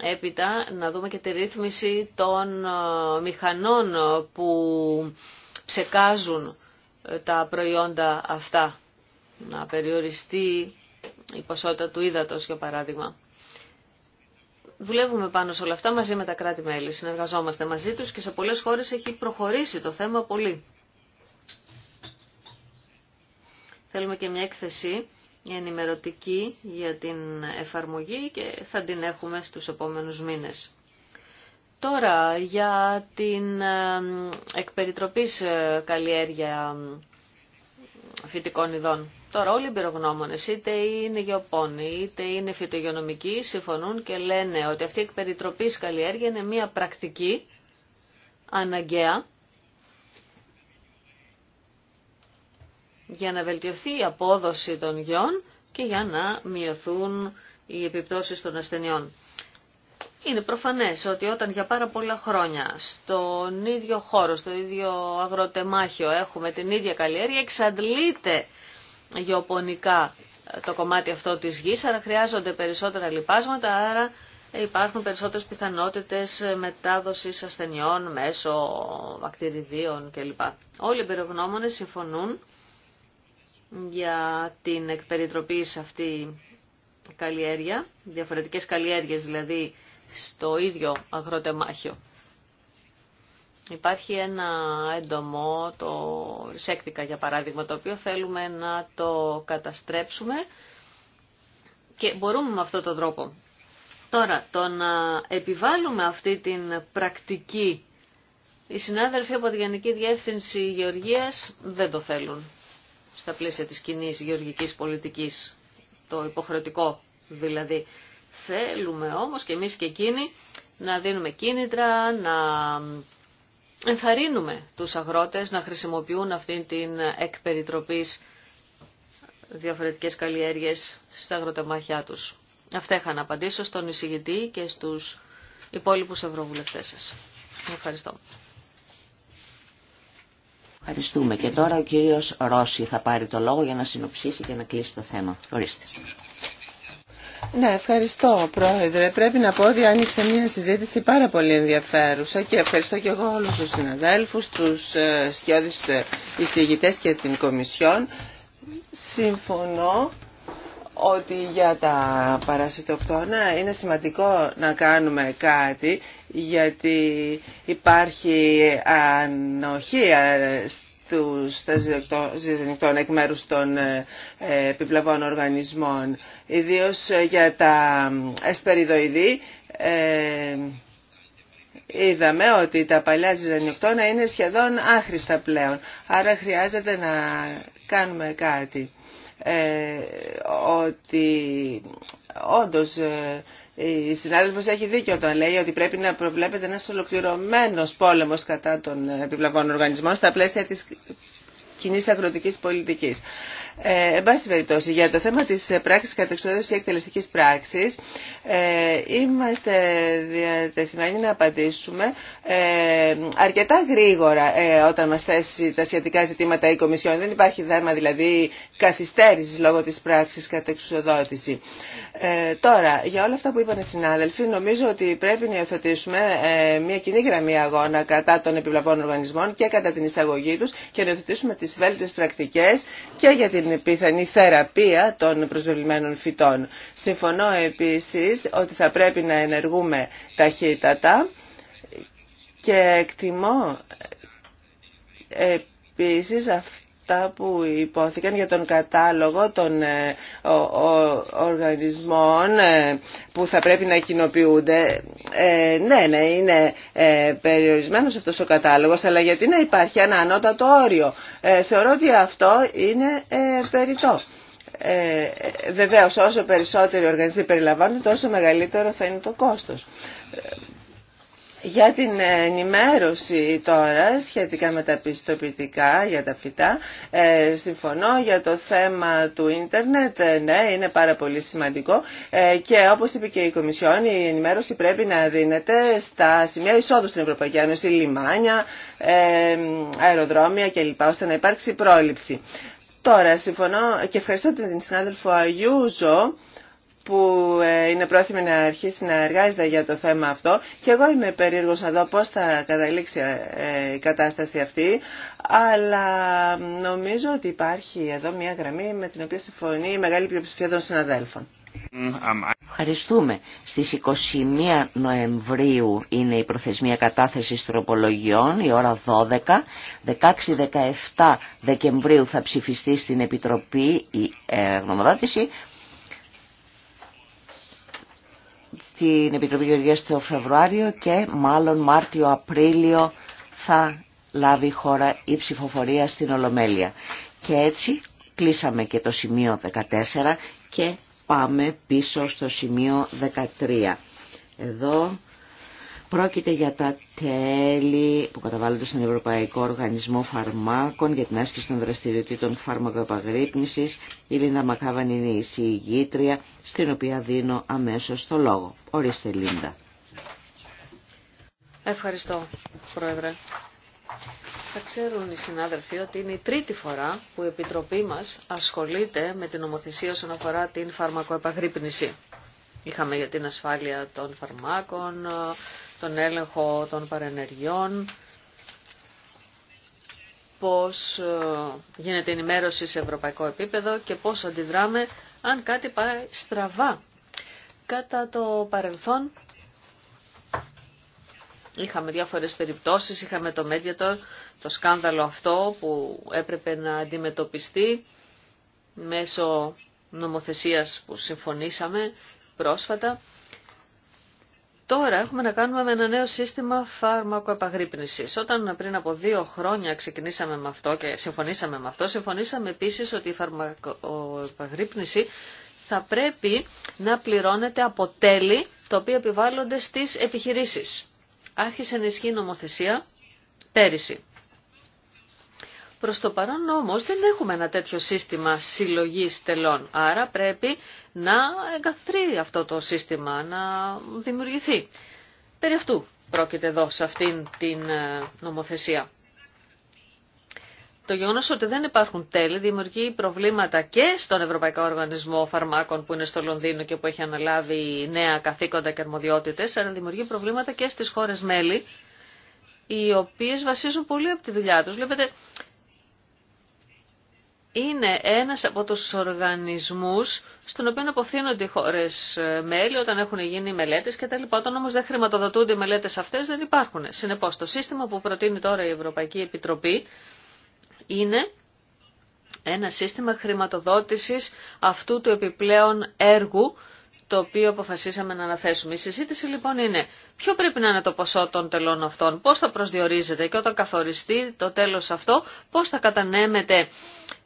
Έπειτα να δούμε και τη ρύθμιση των ε, μηχανών που ψεκάζουν ε, τα προϊόντα αυτά. Να περιοριστεί η ποσότητα του ύδατος για παράδειγμα. Δουλεύουμε πάνω σε όλα αυτά μαζί με τα κράτη-μέλη. Συνεργαζόμαστε μαζί τους και σε πολλές χώρες έχει προχωρήσει το θέμα πολύ. Θέλουμε και μια έκθεση ενημερωτική για την εφαρμογή και θα την έχουμε στους επόμενους μήνες. Τώρα για την εκπεριτροπής ε, καλλιέργεια φυτικών ειδών. Τώρα όλοι οι πυρογνώμονες, είτε είναι γεωπόνοι, είτε είναι φυτογειονομικοί, συμφωνούν και λένε ότι αυτή η εκπεριτροπής καλλιέργεια είναι μια πρακτική αναγκαία για να βελτιωθεί η απόδοση των γιών και για να μειωθούν οι επιπτώσεις των ασθενειών. Είναι προφανές ότι όταν για πάρα πολλά χρόνια στον ίδιο χώρο, στο ίδιο αγροτεμάχιο έχουμε την ίδια καλλιέργεια, εξαντλείται γεωπονικά το κομμάτι αυτό της γης, άρα χρειάζονται περισσότερα λοιπάσματα, άρα υπάρχουν περισσότερες πιθανότητες μετάδοσης ασθενειών μέσω βακτηριδίων κλπ. Όλοι οι συμφωνούν για την εκπεριτροπή σε αυτή καλλιέργεια, διαφορετικές καλλιέργειες δηλαδή στο ίδιο αγροτεμάχιο. Υπάρχει ένα έντομο, το σέκτικα για παράδειγμα, το οποίο θέλουμε να το καταστρέψουμε και μπορούμε με αυτόν τον τρόπο. Τώρα, το να επιβάλλουμε αυτή την πρακτική, οι συνάδελφοι από τη Γενική Διεύθυνση Γεωργίας δεν το θέλουν στα πλαίσια της κοινή γεωργικής πολιτικής, το υποχρεωτικό δηλαδή. Θέλουμε όμως και εμείς και εκείνοι να δίνουμε κίνητρα, να ενθαρρύνουμε τους αγρότες να χρησιμοποιούν αυτήν την εκπεριτροπής διαφορετικές καλλιέργειες στα αγροτεμάχια τους. Αυτά είχα να απαντήσω στον εισηγητή και στους υπόλοιπους ευρωβουλευτές σας. Ευχαριστώ. Ευχαριστούμε. Και τώρα ο κύριος Ρώση θα πάρει το λόγο για να συνοψίσει και να κλείσει το θέμα. Ορίστε. Ναι, ευχαριστώ Πρόεδρε. Πρέπει να πω ότι άνοιξε μια συζήτηση πάρα πολύ ενδιαφέρουσα και ευχαριστώ και εγώ όλους τους συναδέλφους, τους ε, σκιώδεις ε, εισηγητές και την Κομισιόν. Συμφωνώ ότι για τα παρασιτοκτόνα είναι σημαντικό να κάνουμε κάτι γιατί υπάρχει ανοχή ε, στους ζυζανικτών εκ μέρους των ε, επιβλαβών οργανισμών. Ιδίως για τα εσπεριδοειδή ε, είδαμε ότι τα παλιά ζυζανικτόνα είναι σχεδόν άχρηστα πλέον. Άρα χρειάζεται να κάνουμε κάτι. Ε, ότι όντως ε, η συνάδελφος έχει δίκιο όταν λέει ότι πρέπει να προβλέπεται ένας ολοκληρωμένος πόλεμος κατά των επιβλαβών οργανισμών στα πλαίσια της κοινή αγροτικής πολιτικής. Ε, εν πάση περιπτώσει, για το θέμα της ε, πράξης κατεξοδότησης ή εκτελεστικής πράξης, ε, είμαστε διατεθειμένοι να απαντήσουμε ε, αρκετά γρήγορα ε, όταν μας θέσει τα σχετικά ζητήματα η Κομισιόν. Δεν υπάρχει θέμα δηλαδή καθυστέρησης λόγω της πράξης κατεξοδότηση. Ε, τώρα, για όλα αυτά που είπαν οι συνάδελφοι, νομίζω ότι πρέπει να υιοθετήσουμε ε, μια κοινή γραμμή αγώνα κατά των επιβλαβών οργανισμών και κατά την εισαγωγή τους και να υιοθετήσουμε τις βέλτιες πρακτικές και για την την πιθανή θεραπεία των προσβεβλημένων φυτών. Συμφωνώ επίσης ότι θα πρέπει να ενεργούμε ταχύτατα και εκτιμώ επίσης αυτό αυτά που υπόθηκαν για τον κατάλογο των ε, οργανισμών ε, που θα πρέπει να κοινοποιούνται. Ε, ναι, ναι, είναι περιορισμένος αυτός ο κατάλογος, αλλά γιατί να υπάρχει ένα ανώτατο όριο. Θεωρώ ότι αυτό είναι περιττό. Ε, βεβαίως όσο περισσότεροι οργανισμοί περιλαμβάνονται τόσο μεγαλύτερο θα είναι το κόστος. Για την ενημέρωση τώρα σχετικά με τα πιστοποιητικά για τα φυτά, ε, συμφωνώ για το θέμα του ίντερνετ, ε, ναι, είναι πάρα πολύ σημαντικό ε, και όπως είπε και η Κομισιόν, η ενημέρωση πρέπει να δίνεται στα σημεία εισόδου στην Ευρωπαϊκή Ένωση, λιμάνια, ε, αεροδρόμια κλπ, ώστε να υπάρξει πρόληψη. Τώρα, συμφωνώ και ευχαριστώ την συνάδελφο Αγιούζο, που ε, είναι πρόθυμη να αρχίσει να εργάζεται για το θέμα αυτό και εγώ είμαι περίεργος να δω πώς θα καταλήξει ε, η κατάσταση αυτή αλλά νομίζω ότι υπάρχει εδώ μια γραμμή με την οποία συμφωνεί η μεγάλη πλειοψηφία των συναδέλφων. Ευχαριστούμε. Στις 21 Νοεμβρίου είναι η προθεσμία κατάθεσης τροπολογιών, η ώρα 12. 16-17 Δεκεμβρίου θα ψηφιστεί στην Επιτροπή η ε, γνωμοδότηση στην Επιτροπή Γεωργίας το Φεβρουάριο και μάλλον Μάρτιο-Απρίλιο θα λάβει η χώρα η ψηφοφορία στην Ολομέλεια. Και έτσι κλείσαμε και το σημείο 14 και πάμε πίσω στο σημείο 13. Εδώ Πρόκειται για τα τέλη που καταβάλλονται στον Ευρωπαϊκό Οργανισμό Φαρμάκων για την άσκηση των δραστηριοτήτων φάρμακοεπαγρύπνησης. Η Λίντα Μακάβαν είναι η συγγήτρια, στην οποία δίνω αμέσως το λόγο. Ορίστε Λίντα. Ευχαριστώ, Πρόεδρε. Θα ξέρουν οι συνάδελφοι ότι είναι η τρίτη φορά που η Επιτροπή μας ασχολείται με την νομοθεσία όσον αφορά την φαρμακοεπαγρύπνηση. Είχαμε για την ασφάλεια των φαρμάκων, τον έλεγχο των παρενεργειών, πώς ε, γίνεται η ενημέρωση σε ευρωπαϊκό επίπεδο και πώς αντιδράμε αν κάτι πάει στραβά. Κατά το παρελθόν είχαμε διάφορες περιπτώσεις, είχαμε το Mediator, το σκάνδαλο αυτό που έπρεπε να αντιμετωπιστεί μέσω νομοθεσίας που συμφωνήσαμε πρόσφατα Τώρα έχουμε να κάνουμε με ένα νέο σύστημα φάρμακο Όταν πριν από δύο χρόνια ξεκινήσαμε με αυτό και συμφωνήσαμε με αυτό, συμφωνήσαμε επίσης ότι η φαρμακοεπαγρύπνηση θα πρέπει να πληρώνεται από τέλη τα οποία επιβάλλονται στις επιχειρήσεις. Άρχισε να ισχύει νομοθεσία πέρυσι. Προς το παρόν όμως δεν έχουμε ένα τέτοιο σύστημα συλλογής τελών, άρα πρέπει να εγκαθρεί αυτό το σύστημα, να δημιουργηθεί. Περί αυτού πρόκειται εδώ, σε αυτήν την ε, νομοθεσία. Το γεγονό ότι δεν υπάρχουν τέλη δημιουργεί προβλήματα και στον Ευρωπαϊκό Οργανισμό Φαρμάκων που είναι στο Λονδίνο και που έχει αναλάβει νέα καθήκοντα και αρμοδιότητε, αλλά δημιουργεί προβλήματα και στι χώρε μέλη, οι οποίες βασίζουν πολύ από τη δουλειά του. Βλέπετε, είναι ένας από τους οργανισμούς στον οποίο αποθύνονται οι χώρες ε, μέλη όταν έχουν γίνει μελέτες και τα λοιπά. Όταν όμως δεν χρηματοδοτούνται οι μελέτες αυτές δεν υπάρχουν. Συνεπώς το σύστημα που προτείνει τώρα η Ευρωπαϊκή Επιτροπή είναι ένα σύστημα χρηματοδότησης αυτού του επιπλέον έργου το οποίο αποφασίσαμε να αναθέσουμε. Η συζήτηση λοιπόν είναι Ποιο πρέπει να είναι το ποσό των τελών αυτών, πώς θα προσδιορίζεται και όταν καθοριστεί το τέλος αυτό, πώς θα κατανέμεται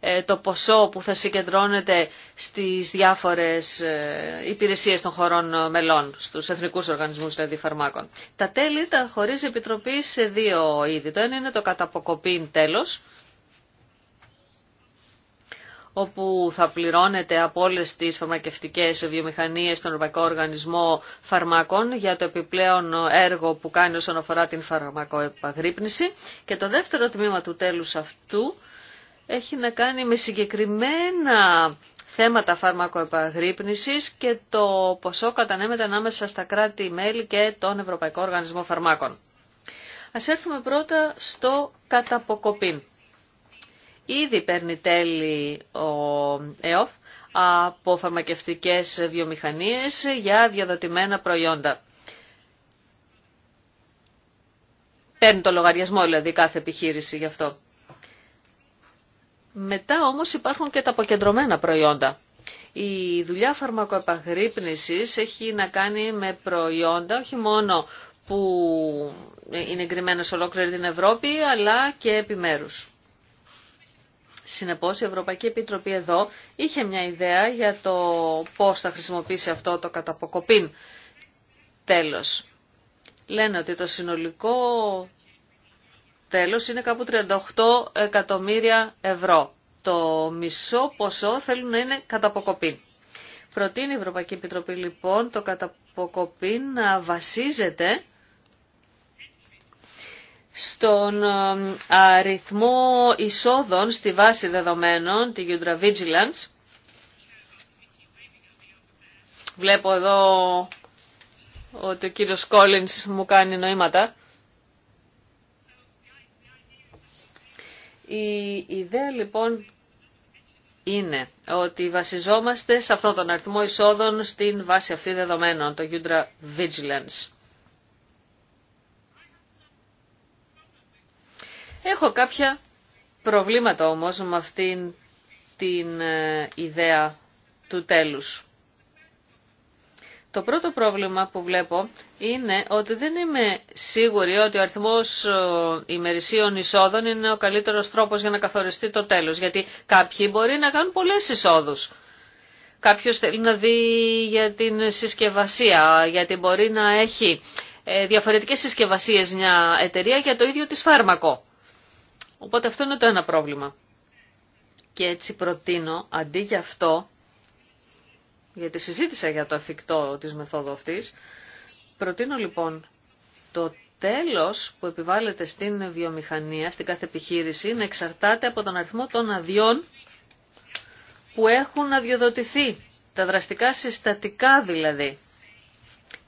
ε, το ποσό που θα συγκεντρώνεται στις διάφορες ε, υπηρεσίες των χωρών μελών, στους εθνικούς οργανισμούς δηλαδή φαρμάκων. Τα τέλη τα χωρίζει η Επιτροπή σε δύο είδη. Το ένα είναι το καταποκοπήν τέλος, όπου θα πληρώνεται από όλε τι φαρμακευτικέ βιομηχανίε στον Ευρωπαϊκό Οργανισμό Φαρμάκων για το επιπλέον έργο που κάνει όσον αφορά την φαρμακοεπαγρύπνηση. Και το δεύτερο τμήμα του τέλου αυτού έχει να κάνει με συγκεκριμένα θέματα φαρμακοεπαγρύπνησης και το ποσό κατανέμεται ανάμεσα στα κράτη-μέλη και τον Ευρωπαϊκό Οργανισμό Φαρμάκων. Ας έρθουμε πρώτα στο καταποκοπή. Ήδη παίρνει τέλη ο ΕΟΦ από φαρμακευτικές βιομηχανίες για διαδοτημένα προϊόντα. Παίρνει το λογαριασμό δηλαδή κάθε επιχείρηση γι' αυτό. Μετά όμως υπάρχουν και τα αποκεντρωμένα προϊόντα. Η δουλειά φαρμακοεπαγρύπνησης έχει να κάνει με προϊόντα όχι μόνο που είναι εγκριμένα σε ολόκληρη την Ευρώπη αλλά και επιμέρους. Συνεπώς η Ευρωπαϊκή Επιτροπή εδώ είχε μια ιδέα για το πώς θα χρησιμοποιήσει αυτό το καταποκοπήν τέλος. Λένε ότι το συνολικό τέλος είναι κάπου 38 εκατομμύρια ευρώ. Το μισό ποσό θέλουν να είναι καταποκοπήν. Προτείνει η Ευρωπαϊκή Επιτροπή λοιπόν το καταποκοπήν να βασίζεται στον αριθμό εισόδων στη βάση δεδομένων, τη Udra Vigilance. Βλέπω εδώ ότι ο κύριος κόλινς μου κάνει νοήματα. Η ιδέα λοιπόν είναι ότι βασιζόμαστε σε αυτόν τον αριθμό εισόδων στην βάση αυτή δεδομένων, το Udra Vigilance. Έχω κάποια προβλήματα όμως με αυτήν την ε, ιδέα του τέλους. Το πρώτο πρόβλημα που βλέπω είναι ότι δεν είμαι σίγουρη ότι ο αριθμός ε, ημερησίων εισόδων είναι ο καλύτερος τρόπος για να καθοριστεί το τέλος. Γιατί κάποιοι μπορεί να κάνουν πολλές εισόδους. Κάποιος θέλει να δει για την συσκευασία, γιατί μπορεί να έχει ε, διαφορετικές συσκευασίες μια εταιρεία για το ίδιο της φάρμακο. Οπότε αυτό είναι το ένα πρόβλημα. Και έτσι προτείνω, αντί για αυτό, γιατί συζήτησα για το εφικτό της μεθόδου αυτής, προτείνω λοιπόν το τέλος που επιβάλλεται στην βιομηχανία, στην κάθε επιχείρηση, να εξαρτάται από τον αριθμό των αδειών που έχουν αδειοδοτηθεί. Τα δραστικά συστατικά δηλαδή.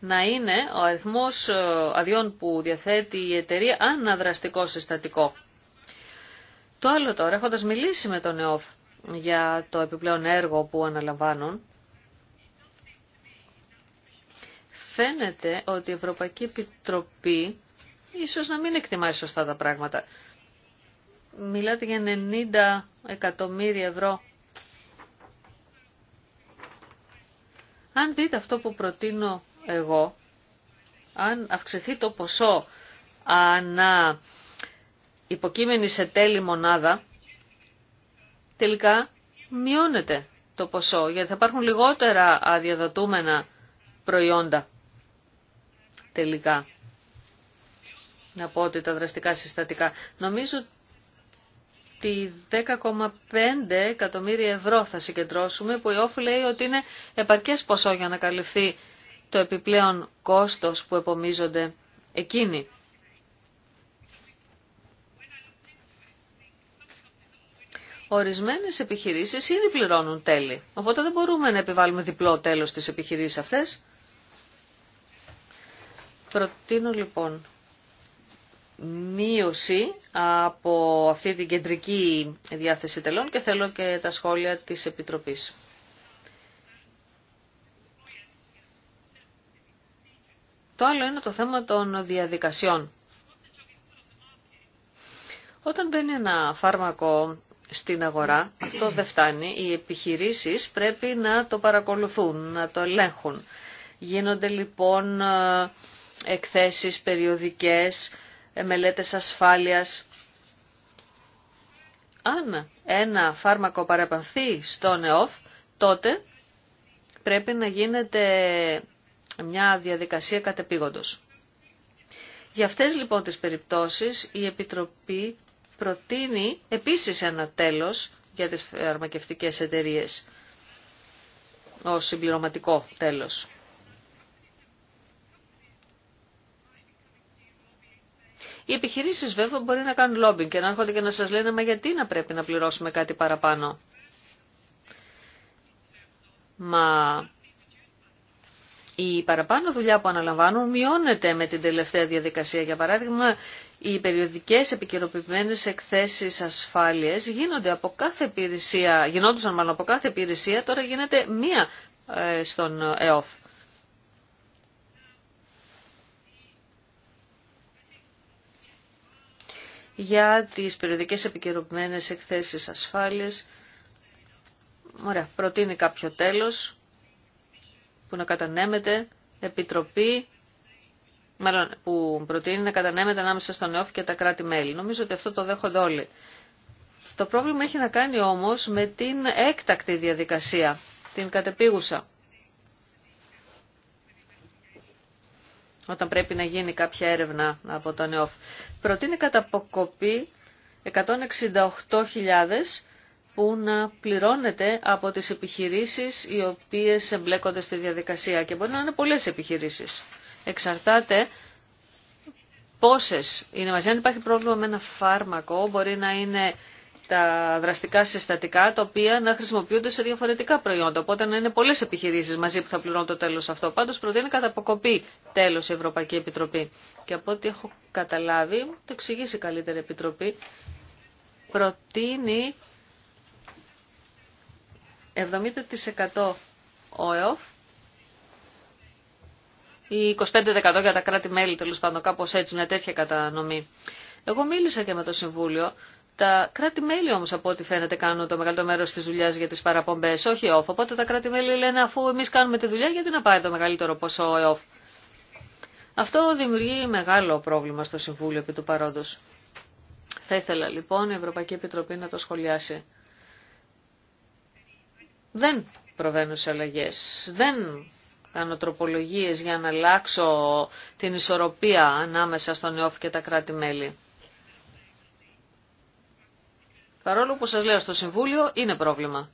Να είναι ο αριθμός ε, αδειών που διαθέτει η εταιρεία αναδραστικό συστατικό. Το άλλο τώρα, έχοντας μιλήσει με τον ΕΟΦ για το επιπλέον έργο που αναλαμβάνουν, φαίνεται ότι η Ευρωπαϊκή Επιτροπή ίσως να μην εκτιμάει σωστά τα πράγματα. Μιλάτε για 90 εκατομμύρια ευρώ. Αν δείτε αυτό που προτείνω εγώ, αν αυξηθεί το ποσό ανά υποκείμενη σε τέλη μονάδα, τελικά μειώνεται το ποσό, γιατί θα υπάρχουν λιγότερα αδιαδοτούμενα προϊόντα τελικά. Να πω ότι τα δραστικά συστατικά. Νομίζω ότι 10,5 εκατομμύρια ευρώ θα συγκεντρώσουμε, που η Όφη λέει ότι είναι επαρκές ποσό για να καλυφθεί το επιπλέον κόστος που επομίζονται εκείνοι. Ορισμένε επιχειρήσεις ήδη πληρώνουν τέλη, οπότε δεν μπορούμε να επιβάλλουμε διπλό τέλος στις επιχειρήσεις αυτές. Προτείνω λοιπόν μείωση από αυτή την κεντρική διάθεση τελών και θέλω και τα σχόλια της Επιτροπής. Το άλλο είναι το θέμα των διαδικασιών. Όταν μπαίνει ένα φάρμακο στην αγορά. Αυτό δεν φτάνει. Οι επιχειρήσεις πρέπει να το παρακολουθούν, να το ελέγχουν. Γίνονται λοιπόν ε, εκθέσεις περιοδικές, ε, μελέτες ασφάλειας. Αν ένα φάρμακο παραπανθεί στον ΕΟΦ, τότε πρέπει να γίνεται μια διαδικασία κατεπήγοντος. Για αυτές λοιπόν τις περιπτώσεις η Επιτροπή προτείνει επίσης ένα τέλος για τις φαρμακευτικές εταιρείες ως συμπληρωματικό τέλος. Οι επιχειρήσεις βέβαια μπορεί να κάνουν λόμπινγκ και να έρχονται και να σας λένε «Μα γιατί να πρέπει να πληρώσουμε κάτι παραπάνω». Μα η παραπάνω δουλειά που αναλαμβάνουν μειώνεται με την τελευταία διαδικασία. Για παράδειγμα, οι περιοδικές επικαιροποιημένες εκθέσεις ασφάλεια γίνονται από κάθε υπηρεσία, γινόντουσαν μάλλον από κάθε υπηρεσία, τώρα γίνεται μία ε, στον ΕΟΦ. για τις περιοδικές επικαιροποιημένες εκθέσεις ασφάλειας. Ωραία, προτείνει κάποιο τέλος που να κατανέμεται, επιτροπή μάλλον που προτείνει να κατανέμεται ανάμεσα στον ΕΟΦ και τα κράτη-μέλη. Νομίζω ότι αυτό το δέχονται όλοι. Το πρόβλημα έχει να κάνει όμως με την έκτακτη διαδικασία, την κατεπίγουσα. Όταν πρέπει να γίνει κάποια έρευνα από τον ΕΟΦ. Προτείνει κατά αποκοπή 168.000 που να πληρώνεται από τις επιχειρήσεις οι οποίες εμπλέκονται στη διαδικασία και μπορεί να είναι πολλές επιχειρήσεις εξαρτάται πόσες είναι μαζί. Αν υπάρχει πρόβλημα με ένα φάρμακο, μπορεί να είναι τα δραστικά συστατικά, τα οποία να χρησιμοποιούνται σε διαφορετικά προϊόντα. Οπότε να είναι πολλές επιχειρήσεις μαζί που θα πληρώνουν το τέλος αυτό. Πάντως προτείνει κατά αποκοπή τέλος η Ευρωπαϊκή Επιτροπή. Και από ό,τι έχω καταλάβει, το εξηγήσει καλύτερη Επιτροπή, προτείνει 70% ΟΕΟΦ ή 25% για τα κράτη-μέλη, τέλο πάντων, κάπως έτσι, μια τέτοια κατανομή. Εγώ μίλησα και με το Συμβούλιο. Τα κράτη-μέλη όμως από ό,τι φαίνεται κάνουν το μεγαλύτερο μέρο τη δουλειά για τις παραπομπές, όχι off. Οπότε τα κράτη-μέλη λένε αφού εμείς κάνουμε τη δουλειά γιατί να πάει το μεγαλύτερο ποσό off. Αυτό δημιουργεί μεγάλο πρόβλημα στο Συμβούλιο επί του παρόντο. Θα ήθελα λοιπόν η Ευρωπαϊκή Επιτροπή να το σχολιάσει. Δεν προβαίνουν σε αλλαγέ. Δεν κάνω για να αλλάξω την ισορροπία ανάμεσα στον ΕΟΦ και τα κράτη-μέλη. Παρόλο που σας λέω στο Συμβούλιο, είναι πρόβλημα.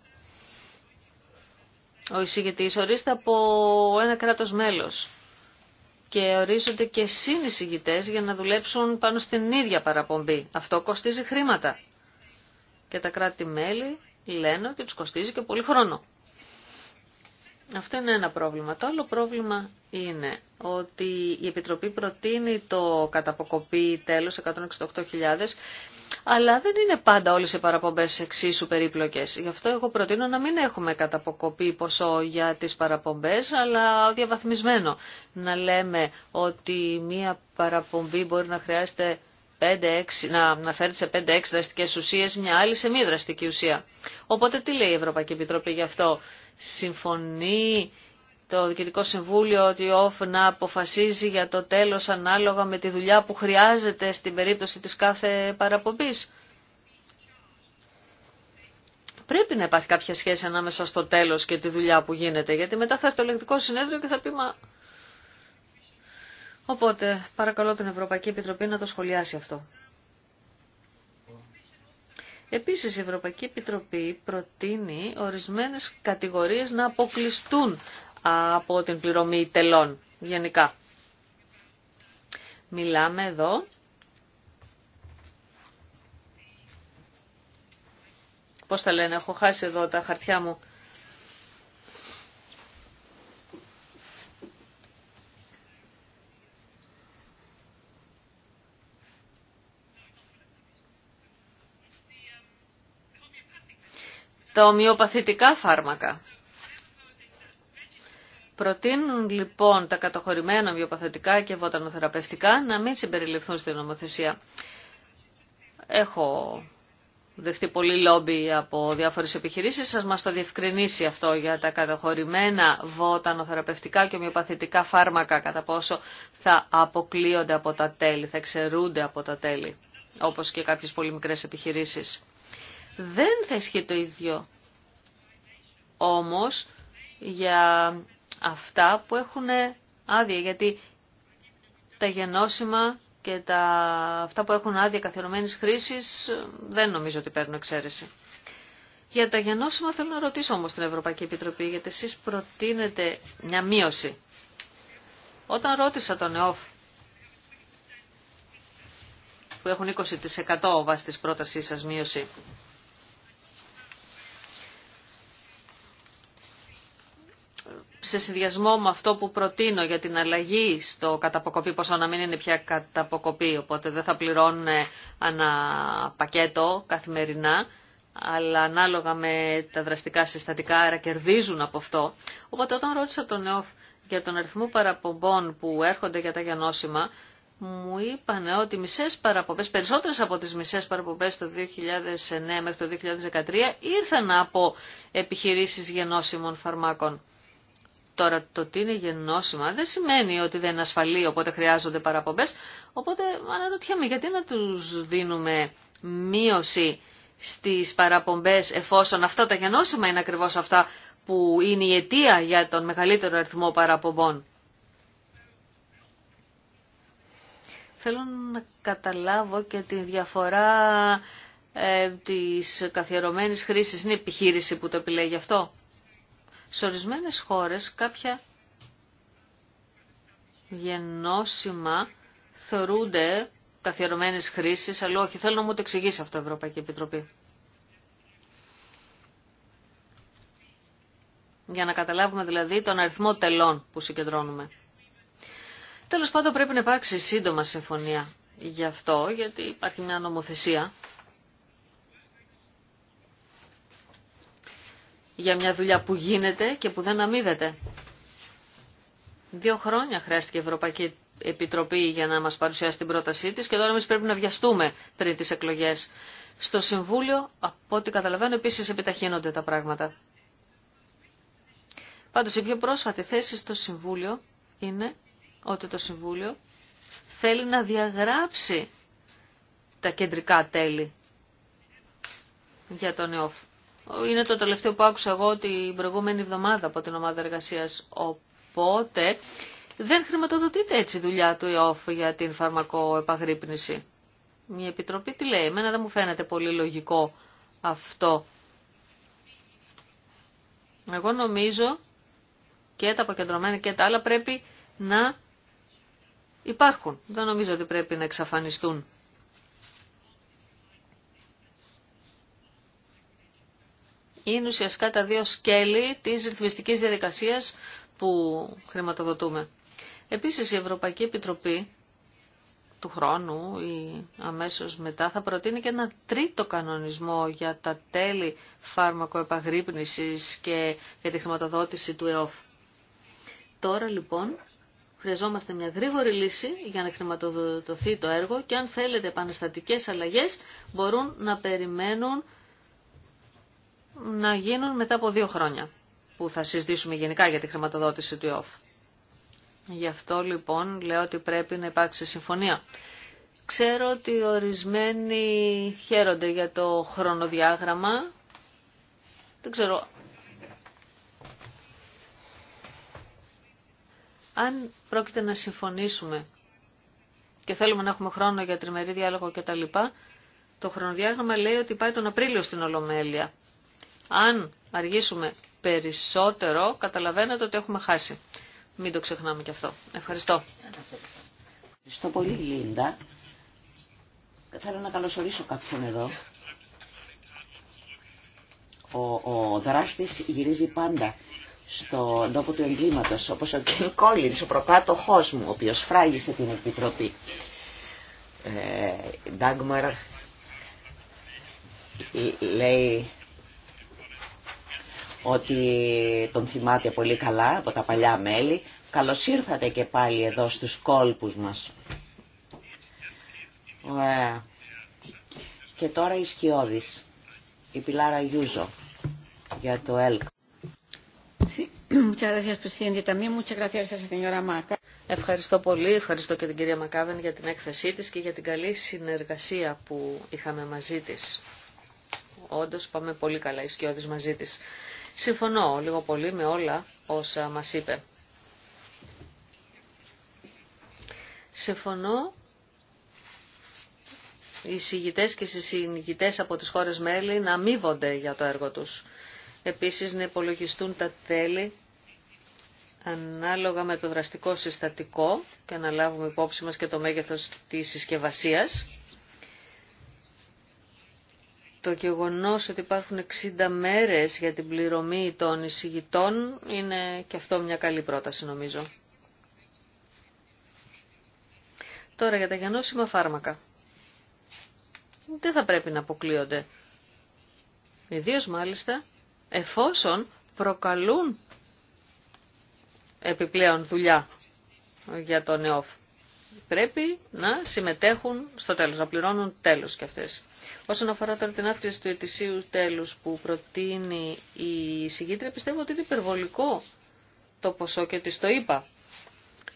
Ο εισηγητής ορίζεται από ένα κράτος μέλος και ορίζονται και συνεισηγητές για να δουλέψουν πάνω στην ίδια παραπομπή. Αυτό κοστίζει χρήματα. Και τα κράτη-μέλη λένε ότι τους κοστίζει και πολύ χρόνο. Αυτό είναι ένα πρόβλημα. Το άλλο πρόβλημα είναι ότι η Επιτροπή προτείνει το καταποκοπή τέλος 168.000, αλλά δεν είναι πάντα όλες οι παραπομπές εξίσου περίπλοκες. Γι' αυτό εγώ προτείνω να μην έχουμε καταποκοπή ποσό για τις παραπομπές, αλλά διαβαθμισμένο. Να λέμε ότι μία παραπομπή μπορεί να χρειάζεται 5, 6, να φέρει σε 5-6 δραστικέ ουσίε, μια άλλη σε μη δραστική ουσία. Οπότε τι λέει η Ευρωπαϊκή Επιτροπή γι' αυτό. Συμφωνεί το Διοικητικό Συμβούλιο ότι ο ΟΦ να αποφασίζει για το τέλο ανάλογα με τη δουλειά που χρειάζεται στην περίπτωση τη κάθε παραπομπής. Πρέπει να υπάρχει κάποια σχέση ανάμεσα στο τέλο και τη δουλειά που γίνεται, γιατί μετά θα έρθει το ελεγκτικό συνέδριο και θα πει μα Οπότε παρακαλώ την Ευρωπαϊκή Επιτροπή να το σχολιάσει αυτό. Επίσης η Ευρωπαϊκή Επιτροπή προτείνει ορισμένες κατηγορίες να αποκλειστούν από την πληρωμή τελών γενικά. Μιλάμε εδώ πώς τα λένε, έχω χάσει εδώ τα χαρτιά μου, τα ομοιοπαθητικά φάρμακα. Προτείνουν λοιπόν τα κατοχωρημένα ομοιοπαθητικά και βοτανοθεραπευτικά να μην συμπεριληφθούν στην νομοθεσία. Έχω δεχτεί πολλοί λόμπι από διάφορες επιχειρήσεις. Σας μας το διευκρινίσει αυτό για τα καταχωρημένα βοτανοθεραπευτικά και ομοιοπαθητικά φάρμακα κατά πόσο θα αποκλείονται από τα τέλη, θα εξαιρούνται από τα τέλη, όπως και κάποιες πολύ μικρές επιχειρήσεις δεν θα ισχύει το ίδιο. Όμως για αυτά που έχουν άδεια, γιατί τα γενώσιμα και τα... αυτά που έχουν άδεια καθιερωμένης χρήσης δεν νομίζω ότι παίρνουν εξαίρεση. Για τα γενώσιμα θέλω να ρωτήσω όμως την Ευρωπαϊκή Επιτροπή, γιατί εσείς προτείνετε μια μείωση. Όταν ρώτησα τον ΕΟΦ, που έχουν 20% βάσει της πρότασής σας μείωση, σε συνδυασμό με αυτό που προτείνω για την αλλαγή στο καταποκοπή ποσό να μην είναι πια καταποκοπή, οπότε δεν θα πληρώνουν ένα πακέτο καθημερινά, αλλά ανάλογα με τα δραστικά συστατικά, άρα κερδίζουν από αυτό. Οπότε όταν ρώτησα τον ΕΟΦ για τον αριθμό παραπομπών που έρχονται για τα γενώσιμα, μου είπαν ότι μισές παραπομπές, περισσότερες από τις μισές παραπομπές το 2009 μέχρι το 2013 ήρθαν από επιχειρήσεις γενώσιμων φαρμάκων. Τώρα το ότι είναι γεννόσιμα δεν σημαίνει ότι δεν είναι ασφαλή, οπότε χρειάζονται παραπομπές. Οπότε αναρωτιέμαι γιατί να τους δίνουμε μείωση στις παραπομπές εφόσον αυτά τα γεννόσιμα είναι ακριβώς αυτά που είναι η αιτία για τον μεγαλύτερο αριθμό παραπομπών. Θέλω να καταλάβω και τη διαφορά ε, της καθιερωμένης χρήσης. Είναι επιχείρηση που το επιλέγει αυτό. Σε ορισμένες χώρες κάποια γενώσιμα θεωρούνται καθιερωμένες χρήσεις, αλλά όχι, θέλω να μου το εξηγήσει αυτό η Ευρωπαϊκή Επιτροπή. Για να καταλάβουμε δηλαδή τον αριθμό τελών που συγκεντρώνουμε. Τέλος πάντων πρέπει να υπάρξει σύντομα συμφωνία γι' αυτό, γιατί υπάρχει μια νομοθεσία για μια δουλειά που γίνεται και που δεν αμείβεται. Δύο χρόνια χρειάστηκε η Ευρωπαϊκή Επιτροπή για να μας παρουσιάσει την πρότασή της και τώρα εμείς πρέπει να βιαστούμε πριν τις εκλογές. Στο Συμβούλιο, από ό,τι καταλαβαίνω, επίσης επιταχύνονται τα πράγματα. Πάντως, η πιο πρόσφατη θέση στο Συμβούλιο είναι ότι το Συμβούλιο θέλει να διαγράψει τα κεντρικά τέλη για τον ΕΟΦ. Είναι το τελευταίο που άκουσα εγώ την προηγούμενη εβδομάδα από την ομάδα εργασία. Οπότε δεν χρηματοδοτείται έτσι η δουλειά του ΙΟΦ για την φαρμακοεπαγρύπνηση. μια Επιτροπή τι λέει, εμένα δεν μου φαίνεται πολύ λογικό αυτό. Εγώ νομίζω και τα αποκεντρωμένα και τα άλλα πρέπει να υπάρχουν. Δεν νομίζω ότι πρέπει να εξαφανιστούν. είναι ουσιαστικά τα δύο σκέλη της ρυθμιστικής διαδικασίας που χρηματοδοτούμε. Επίσης η Ευρωπαϊκή Επιτροπή του χρόνου ή αμέσως μετά θα προτείνει και ένα τρίτο κανονισμό για τα τέλη φάρμακο επαγρύπνησης και για τη χρηματοδότηση του ΕΟΦ. Τώρα λοιπόν χρειαζόμαστε μια γρήγορη λύση για να χρηματοδοτηθεί το έργο και αν θέλετε επαναστατικές αλλαγές μπορούν να περιμένουν να γίνουν μετά από δύο χρόνια που θα συζητήσουμε γενικά για τη χρηματοδότηση του ΙΟΦ. Γι' αυτό λοιπόν λέω ότι πρέπει να υπάρξει συμφωνία. Ξέρω ότι ορισμένοι χαίρονται για το χρονοδιάγραμμα. Δεν ξέρω. Αν πρόκειται να συμφωνήσουμε και θέλουμε να έχουμε χρόνο για τριμερή διάλογο κτλ. Το χρονοδιάγραμμα λέει ότι πάει τον Απρίλιο στην Ολομέλεια. Αν αργήσουμε περισσότερο, καταλαβαίνετε ότι έχουμε χάσει. Μην το ξεχνάμε και αυτό. Ευχαριστώ. Ευχαριστώ πολύ, Λίντα. Θέλω να καλωσορίσω κάποιον εδώ. Ο, ο δράστης γυρίζει πάντα στον τόπο του εγκλήματος, όπως ο Κιν Κόλλινς, ο προκάτοχός μου, ο οποίος φράγησε την Επιτροπή. Ε, ε λέει ότι τον θυμάται πολύ καλά από τα παλιά μέλη. Καλώς ήρθατε και πάλι εδώ στους κόλπους μας. Και τώρα η Σκιώδης, η Πιλάρα Γιούζο για το ΕΛΚ. Ευχαριστώ πολύ, ευχαριστώ και την κυρία Μακάβεν για την έκθεσή της και για την καλή συνεργασία που είχαμε μαζί της. Όντως πάμε πολύ καλά οι Σκιώδης μαζί της. Συμφωνώ λίγο πολύ με όλα όσα μας είπε. Συμφωνώ οι συγητές και οι συγητές από τις χώρες μέλη να αμείβονται για το έργο τους. Επίσης να υπολογιστούν τα τέλη ανάλογα με το δραστικό συστατικό και να λάβουμε υπόψη μας και το μέγεθος της συσκευασίας το γεγονός ότι υπάρχουν 60 μέρες για την πληρωμή των εισηγητών είναι και αυτό μια καλή πρόταση νομίζω. Τώρα για τα γενώσιμα φάρμακα. Δεν θα πρέπει να αποκλείονται. Ιδίως μάλιστα εφόσον προκαλούν επιπλέον δουλειά για τον ΕΟΦ. Πρέπει να συμμετέχουν στο τέλος, να πληρώνουν τέλος και αυτές. Όσον αφορά τώρα την αύξηση του ετησίου τέλους που προτείνει η συγκήτρια, πιστεύω ότι είναι υπερβολικό το ποσό και τη το είπα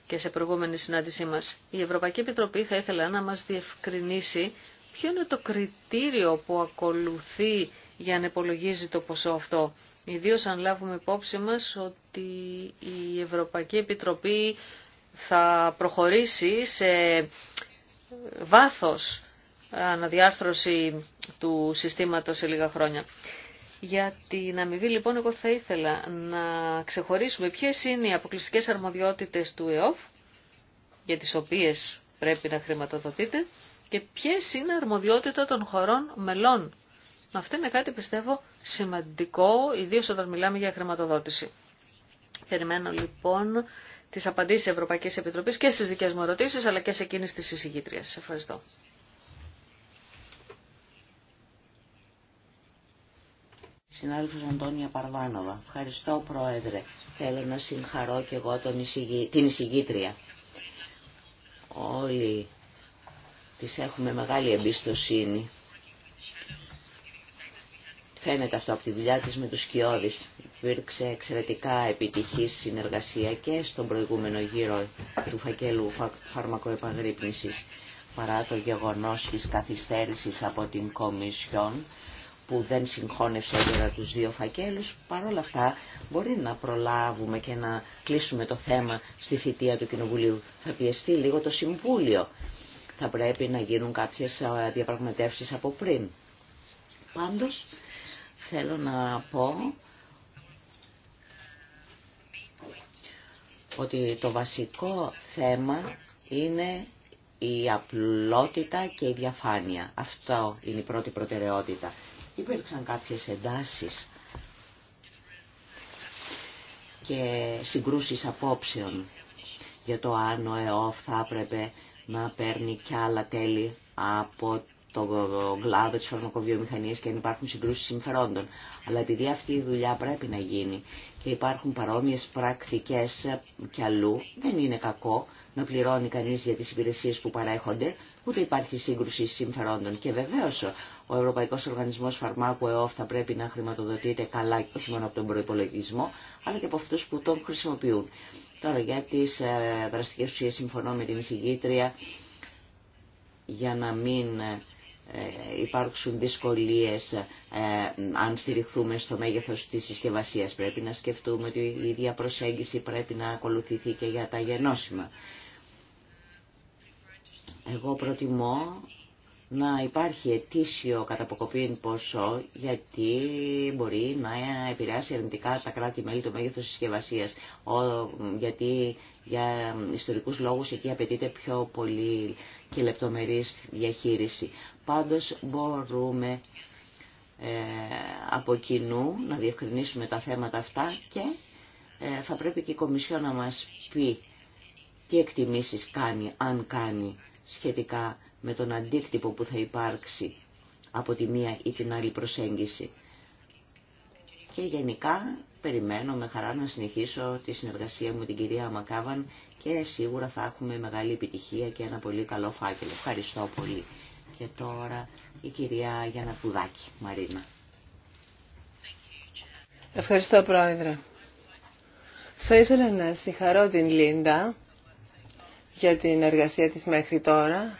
και σε προηγούμενη συνάντησή μας. Η Ευρωπαϊκή Επιτροπή θα ήθελα να μας διευκρινίσει ποιο είναι το κριτήριο που ακολουθεί για να υπολογίζει το ποσό αυτό. ιδίω αν λάβουμε υπόψη μα ότι η Ευρωπαϊκή Επιτροπή θα προχωρήσει σε βάθος αναδιάρθρωση του συστήματος σε λίγα χρόνια. Για την αμοιβή λοιπόν εγώ θα ήθελα να ξεχωρίσουμε ποιες είναι οι αποκλειστικές αρμοδιότητες του ΕΟΦ για τις οποίες πρέπει να χρηματοδοτείτε και ποιες είναι αρμοδιότητα των χωρών μελών. Αυτό είναι κάτι πιστεύω σημαντικό, ιδίω όταν μιλάμε για χρηματοδότηση. Περιμένω λοιπόν τις απαντήσεις Ευρωπαϊκής Επιτροπής και στις δικές μου ερωτήσεις αλλά και σε εκείνες της εισηγήτριας. Ευχαριστώ. Συνάδελφος Αντώνια Παρβάνοβα. Ευχαριστώ Πρόεδρε. Θέλω να συγχαρώ και εγώ τον την εισηγήτρια. Όλοι της έχουμε μεγάλη εμπιστοσύνη. Φαίνεται αυτό από τη δουλειά της με τους Σκιώδης. Υπήρξε εξαιρετικά επιτυχής συνεργασία και στον προηγούμενο γύρο του φακέλου φαρμακοεπαγρύπνησης παρά το γεγονός της καθυστέρησης από την Κομισιόν που δεν συγχώνευσε έγκαιρα τους δύο φακέλους, παρόλα αυτά μπορεί να προλάβουμε και να κλείσουμε το θέμα στη θητεία του Κοινοβουλίου. Θα πιεστεί λίγο το Συμβούλιο. Θα πρέπει να γίνουν κάποιες διαπραγματεύσεις από πριν. Πάντως, θέλω να πω ότι το βασικό θέμα είναι η απλότητα και η διαφάνεια. Αυτό είναι η πρώτη προτεραιότητα υπήρξαν κάποιες εντάσεις και συγκρούσεις απόψεων για το αν ο ΕΟΦ θα έπρεπε να παίρνει κι άλλα τέλη από το κλάδο της φαρμακοβιομηχανίας και αν υπάρχουν συγκρούσεις συμφερόντων. Αλλά επειδή αυτή η δουλειά πρέπει να γίνει και υπάρχουν παρόμοιες πρακτικές κι αλλού, δεν είναι κακό να πληρώνει κανείς για τις υπηρεσίες που παρέχονται, ούτε υπάρχει σύγκρουση συμφερόντων. Και βεβαίως ο Ευρωπαϊκός Οργανισμός Φαρμάκου ΕΟΦ θα πρέπει να χρηματοδοτείται καλά όχι μόνο από τον προϋπολογισμό, αλλά και από αυτούς που τον χρησιμοποιούν. Τώρα για τις ε, δραστικές ουσίες συμφωνώ με την εισηγήτρια για να μην ε, ε, υπάρξουν δυσκολίες αν στηριχθούμε στο μέγεθος της συσκευασίας. Πρέπει να σκεφτούμε ότι η ίδια προσέγγιση πρέπει να ακολουθηθεί και για τα γενώσιμα. Εγώ προτιμώ να υπάρχει ετήσιο καταποκοπήν ποσό, γιατί μπορεί να επηρεάσει αρνητικά τα κράτη-μέλη το μέγεθος συσκευασία. Γιατί για ιστορικούς λόγους εκεί απαιτείται πιο πολύ και λεπτομερής διαχείριση. Πάντω μπορούμε ε, από κοινού να διευκρινίσουμε τα θέματα αυτά και ε, θα πρέπει και η Κομισιό να μας πει τι εκτιμήσεις κάνει, αν κάνει σχετικά με τον αντίκτυπο που θα υπάρξει από τη μία ή την άλλη προσέγγιση. Και γενικά περιμένω με χαρά να συνεχίσω τη συνεργασία μου την κυρία Μακάβαν και σίγουρα θα έχουμε μεγάλη επιτυχία και ένα πολύ καλό φάκελο. Ευχαριστώ πολύ. Και τώρα η κυρία Γιανακουδάκη Μαρίνα. Ευχαριστώ Πρόεδρε. Θα ήθελα να συγχαρώ την Λίντα για την εργασία της μέχρι τώρα.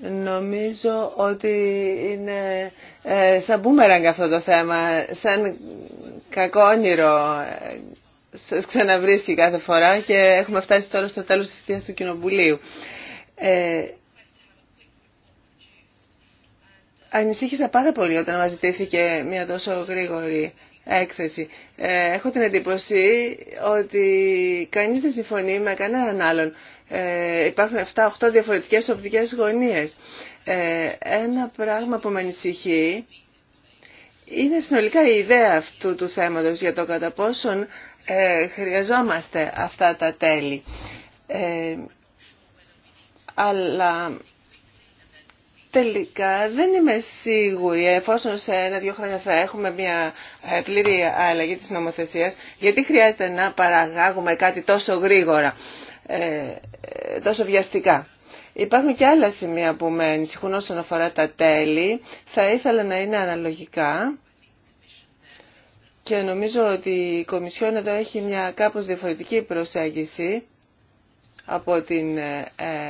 Νομίζω ότι είναι ε, σαν μπούμεραγκ αυτό το θέμα, σαν κακό όνειρο. Ε, σας ξαναβρίσκει κάθε φορά και έχουμε φτάσει τώρα στο τέλος της θητείας του Κοινοβουλίου. Ε, ανησύχησα πάρα πολύ όταν μας ζητήθηκε μια τόσο γρήγορη έκθεση. Ε, έχω την εντύπωση ότι κανείς δεν συμφωνεί με κανέναν άλλον. Ε, υπάρχουν 7-8 διαφορετικές οπτικές γωνίες. Ε, ένα πράγμα που με ανησυχεί είναι συνολικά η ιδέα αυτού του θέματος για το κατά πόσον χρειαζόμαστε αυτά τα τέλη. αλλά τελικά δεν είμαι σίγουρη εφόσον σε ένα-δύο χρόνια θα έχουμε μια ε, πλήρη αλλαγή της νομοθεσίας γιατί χρειάζεται να παραγάγουμε κάτι τόσο γρήγορα, ε, τόσο βιαστικά. Υπάρχουν και άλλα σημεία που με ανησυχούν όσον αφορά τα τέλη. Θα ήθελα να είναι αναλογικά και νομίζω ότι η Κομισιόν εδώ έχει μια κάπως διαφορετική προσέγγιση από την ε,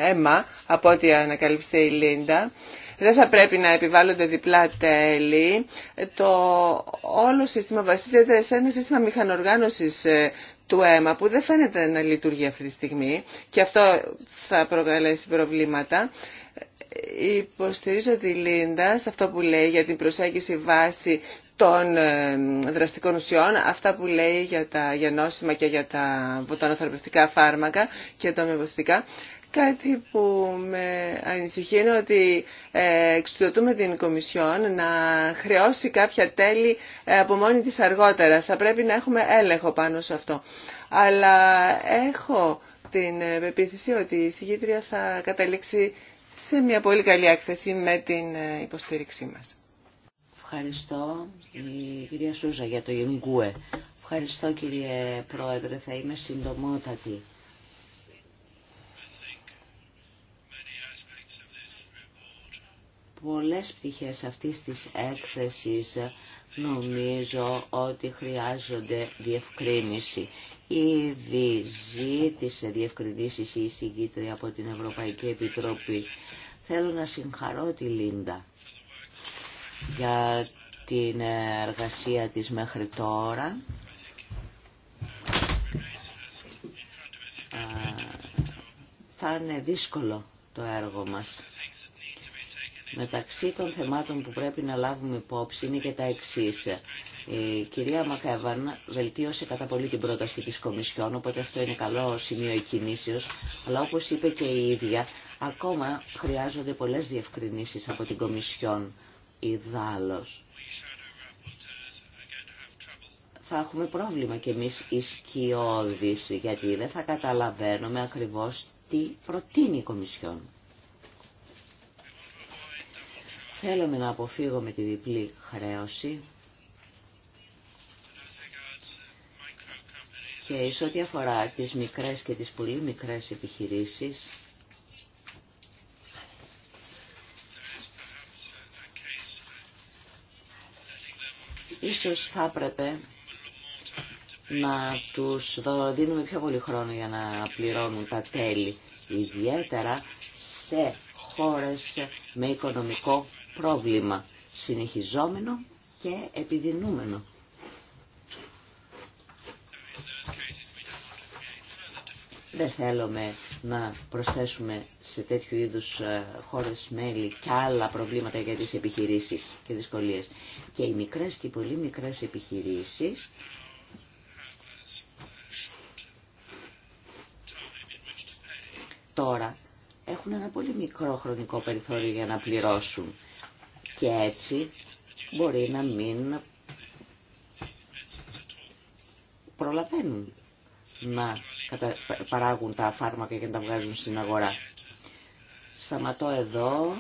αίμα, από ό,τι ανακαλύψε η Λίντα. Δεν θα πρέπει να επιβάλλονται διπλά τέλη. Το όλο σύστημα βασίζεται σε ένα σύστημα μηχανοργάνωσης ε, του αίμα που δεν φαίνεται να λειτουργεί αυτή τη στιγμή και αυτό θα προκαλέσει προβλήματα. Ε, υποστηρίζω τη Λίντα σε αυτό που λέει για την προσέγγιση βάση των ε, δραστικών ουσιών, αυτά που λέει για τα γενώσιμα και για τα βοτανοθεραπευτικά φάρμακα και τα μεβοθητικά. Κάτι που με ανησυχεί είναι ότι ε, εξουδοτούμε την Κομισιόν να χρεώσει κάποια τέλη ε, από μόνη της αργότερα. Θα πρέπει να έχουμε έλεγχο πάνω σε αυτό. Αλλά έχω την πεποίθηση ότι η συγκήτρια θα καταλήξει σε μια πολύ καλή έκθεση με την υποστήριξή μας. Ευχαριστώ η κυρία Σούζα για το Ιγκούε. Ευχαριστώ κύριε Πρόεδρε, θα είμαι συντομότατη. Πολλές πτυχές αυτής της έκθεσης νομίζω ότι χρειάζονται διευκρίνηση. Ήδη ζήτησε διευκρινήσεις η εισηγήτρια από την Ευρωπαϊκή Επιτροπή. Θέλω να συγχαρώ τη Λίντα για την εργασία της μέχρι τώρα. Θα είναι δύσκολο το έργο μας. Μεταξύ των θεμάτων που πρέπει να λάβουμε υπόψη είναι και τα εξή. Η κυρία Μακέβαν βελτίωσε κατά πολύ την πρόταση της Κομισιόν, οπότε αυτό είναι καλό σημείο εκκινήσεως, αλλά όπως είπε και η ίδια, ακόμα χρειάζονται πολλές διευκρινήσεις από την Κομισιόν Ιδάλος. Θα έχουμε πρόβλημα κι εμείς η σκιωδηση γιατί δεν θα καταλαβαίνουμε ακριβώς τι προτείνει η Κομισιόν. Θέλουμε να αποφύγουμε τη διπλή χρέωση και εις ό,τι αφορά τις μικρές και τις πολύ μικρές επιχειρήσεις, Ίσως θα έπρεπε να τους δίνουμε πιο πολύ χρόνο για να πληρώνουν τα τέλη, ιδιαίτερα σε χώρες με οικονομικό πρόβλημα, συνεχιζόμενο και επιδεινούμενο. Δεν θέλουμε να προσθέσουμε σε τέτοιου είδους ε, χώρες μέλη και άλλα προβλήματα για τις επιχειρήσεις και δυσκολίες. Και οι μικρές και οι πολύ μικρές επιχειρήσεις τώρα έχουν ένα πολύ μικρό χρονικό περιθώριο για να πληρώσουν. Και έτσι μπορεί να μην προλαβαίνουν να παράγουν τα φάρμακα και να τα βγάζουν στην αγορά. Σταματώ εδώ,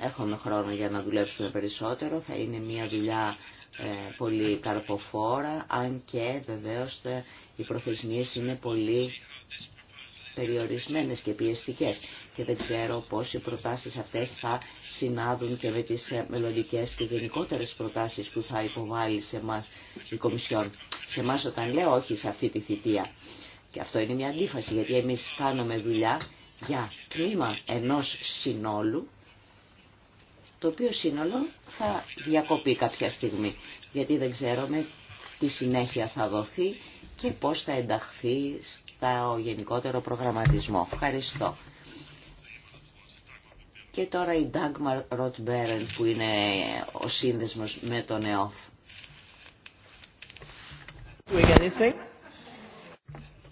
έχουμε χρόνο για να δουλέψουμε περισσότερο, θα είναι μια δουλειά ε, πολύ καρποφόρα, αν και βεβαίως ε, οι προθεσμίες είναι πολύ περιορισμένες και πιεστικές και δεν ξέρω πώς οι προτάσεις αυτές θα συνάδουν και με τις ε, μελλοντικέ και γενικότερες προτάσεις που θα υποβάλει σε εμάς η Κομισιόν. Σε εμάς όταν λέω όχι σε αυτή τη θητεία. Και αυτό είναι μια αντίφαση, γιατί εμείς κάνουμε δουλειά για τμήμα ενός συνόλου, το οποίο σύνολο θα διακοπεί κάποια στιγμή, γιατί δεν ξέρουμε τι συνέχεια θα δοθεί και πώς θα ενταχθεί στο γενικότερο προγραμματισμό. Ευχαριστώ. Και τώρα η Dagmar Ροτμπέρεν που είναι ο σύνδεσμος με τον ΕΟΦ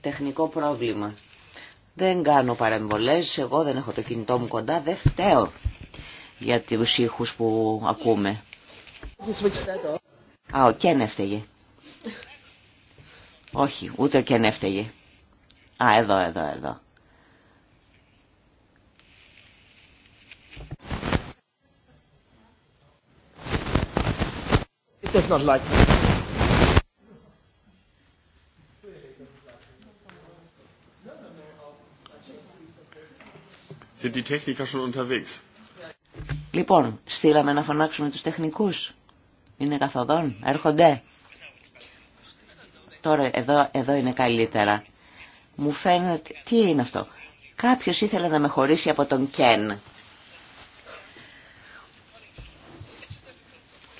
τεχνικό πρόβλημα. Δεν κάνω παρεμβολές, εγώ δεν έχω το κινητό μου κοντά, δεν φταίω για τους ήχους που ακούμε. Α, ο Κέν έφταιγε. Όχι, ούτε ο Κέν έφταιγε. Α, εδώ, εδώ, εδώ. It does not Sind unterwegs? Λοιπόν, στείλαμε να φωνάξουμε τους τεχνικούς. Είναι καθοδόν, έρχονται. Τώρα εδώ, εδώ είναι καλύτερα. Μου φαίνεται, τι είναι αυτό. Κάποιος ήθελε να με χωρίσει από τον Κεν.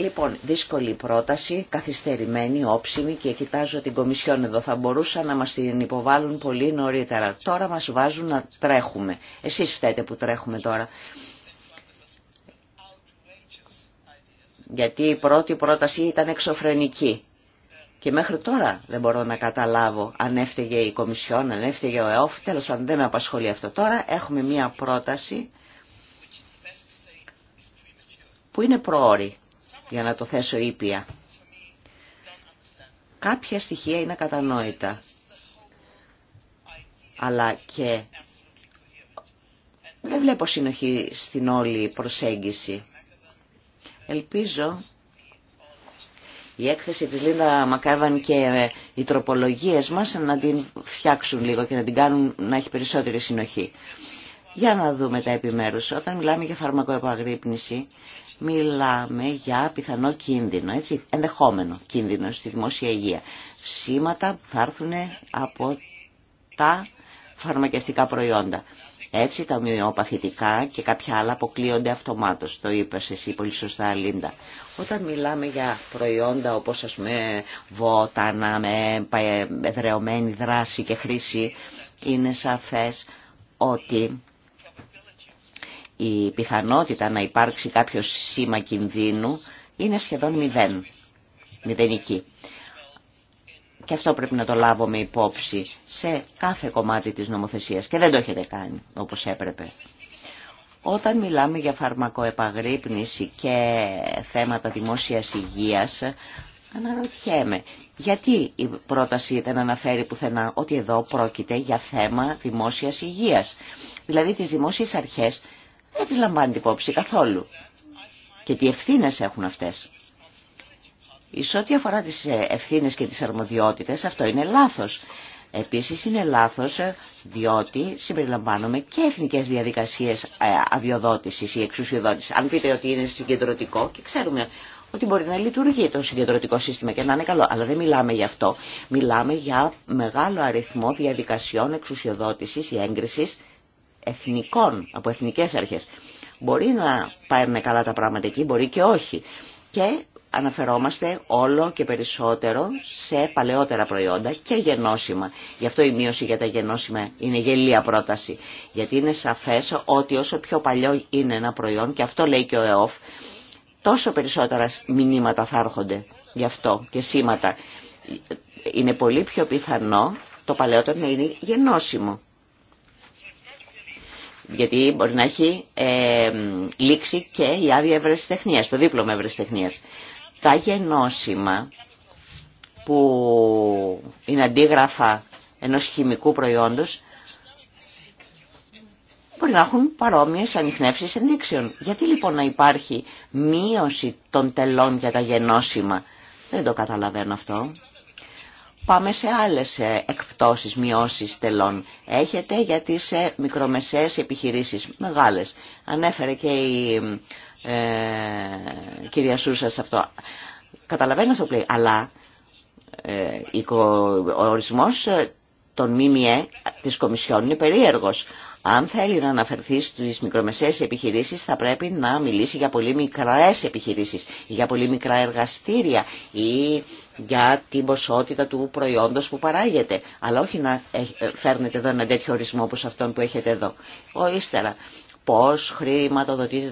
Λοιπόν, δύσκολη πρόταση, καθυστερημένη, όψιμη και κοιτάζω την Κομισιόν εδώ. Θα μπορούσαν να μας την υποβάλουν πολύ νωρίτερα. Τώρα μας βάζουν να τρέχουμε. Εσείς φταίτε που τρέχουμε τώρα. Γιατί η πρώτη πρόταση ήταν εξωφρενική. Και μέχρι τώρα δεν μπορώ να καταλάβω αν έφταιγε η Κομισιόν, αν έφταιγε ο ΕΟΦ. Τέλος πάντων δεν με απασχολεί αυτό. Τώρα έχουμε μία πρόταση που είναι προώρη για να το θέσω ήπια. Κάποια στοιχεία είναι κατανόητα, αλλά και δεν βλέπω συνοχή στην όλη προσέγγιση. Ελπίζω η έκθεση της Λίντα Μακάβαν και οι τροπολογίες μας να την φτιάξουν λίγο και να την κάνουν να έχει περισσότερη συνοχή. Για να δούμε τα επιμέρους. Όταν μιλάμε για φαρμακοεπαγρύπνηση, μιλάμε για πιθανό κίνδυνο, έτσι, ενδεχόμενο κίνδυνο στη δημόσια υγεία. Σήματα που θα έρθουν από τα φαρμακευτικά προϊόντα. Έτσι τα ομοιοπαθητικά και κάποια άλλα αποκλείονται αυτομάτως. Το είπες εσύ πολύ σωστά Λίντα. Όταν μιλάμε για προϊόντα όπως ας πούμε βότανα με εδρεωμένη δράση και χρήση είναι σαφές ότι η πιθανότητα να υπάρξει κάποιο σήμα κινδύνου είναι σχεδόν μηδέν, μηδενική. Και αυτό πρέπει να το λάβουμε υπόψη σε κάθε κομμάτι της νομοθεσίας και δεν το έχετε κάνει όπως έπρεπε. Όταν μιλάμε για φαρμακοεπαγρύπνηση και θέματα δημόσιας υγείας, αναρωτιέμαι γιατί η πρόταση δεν αναφέρει πουθενά ότι εδώ πρόκειται για θέμα δημόσιας υγείας. Δηλαδή τις δημόσιες αρχές δεν τις λαμβάνει υπόψη καθόλου. Και τι ευθύνες έχουν αυτές. Η ό,τι αφορά τις ε, ευθύνες και τις αρμοδιότητες, αυτό είναι λάθος. Επίσης είναι λάθος ε, διότι συμπεριλαμβάνουμε και εθνικές διαδικασίες ε, αδειοδότησης ή εξουσιοδότησης. Αν πείτε ότι είναι συγκεντρωτικό και ξέρουμε ότι μπορεί να λειτουργεί το συγκεντρωτικό σύστημα και να είναι καλό. Αλλά δεν μιλάμε γι' αυτό. Μιλάμε για μεγάλο αριθμό διαδικασιών εξουσιοδότησης ή έγκρισης εθνικών, από εθνικές αρχές. Μπορεί να πάρουν καλά τα πράγματα εκεί, μπορεί και όχι. Και αναφερόμαστε όλο και περισσότερο σε παλαιότερα προϊόντα και γενώσιμα. Γι' αυτό η μείωση για τα γενώσιμα είναι γελία πρόταση. Γιατί είναι σαφές ότι όσο πιο παλιό είναι ένα προϊόν, και αυτό λέει και ο ΕΟΦ, τόσο περισσότερα μηνύματα θα έρχονται γι' αυτό και σήματα. Είναι πολύ πιο πιθανό το παλαιότερο να είναι γενώσιμο γιατί μπορεί να έχει ε, λήξει και η άδεια ευρεσιτεχνίας, το δίπλωμα ευρεσιτεχνίας. Τα γενώσιμα που είναι αντίγραφα ενός χημικού προϊόντος μπορεί να έχουν παρόμοιες ανιχνεύσεις ενδείξεων. Γιατί λοιπόν να υπάρχει μείωση των τελών για τα γενώσιμα. Δεν το καταλαβαίνω αυτό πάμε σε άλλες ε, εκπτώσεις, μειώσεις τελών. Έχετε για σε μικρομεσαίες επιχειρήσεις, μεγάλες. Ανέφερε και η ε, κυρία Σούσα αυτό. Καταλαβαίνω αυτό που αλλά ε, ο ορισμός ε, των ΜΜΕ της Κομισιόν είναι περίεργος. Αν θέλει να αναφερθεί στις μικρομεσαίες επιχειρήσεις θα πρέπει να μιλήσει για πολύ μικρές επιχειρήσεις, για πολύ μικρά εργαστήρια ή για την ποσότητα του προϊόντος που παράγεται. Αλλά όχι να ε, φέρνετε εδώ ένα τέτοιο ορισμό όπως αυτόν που έχετε εδώ. Ο ύστερα, πώς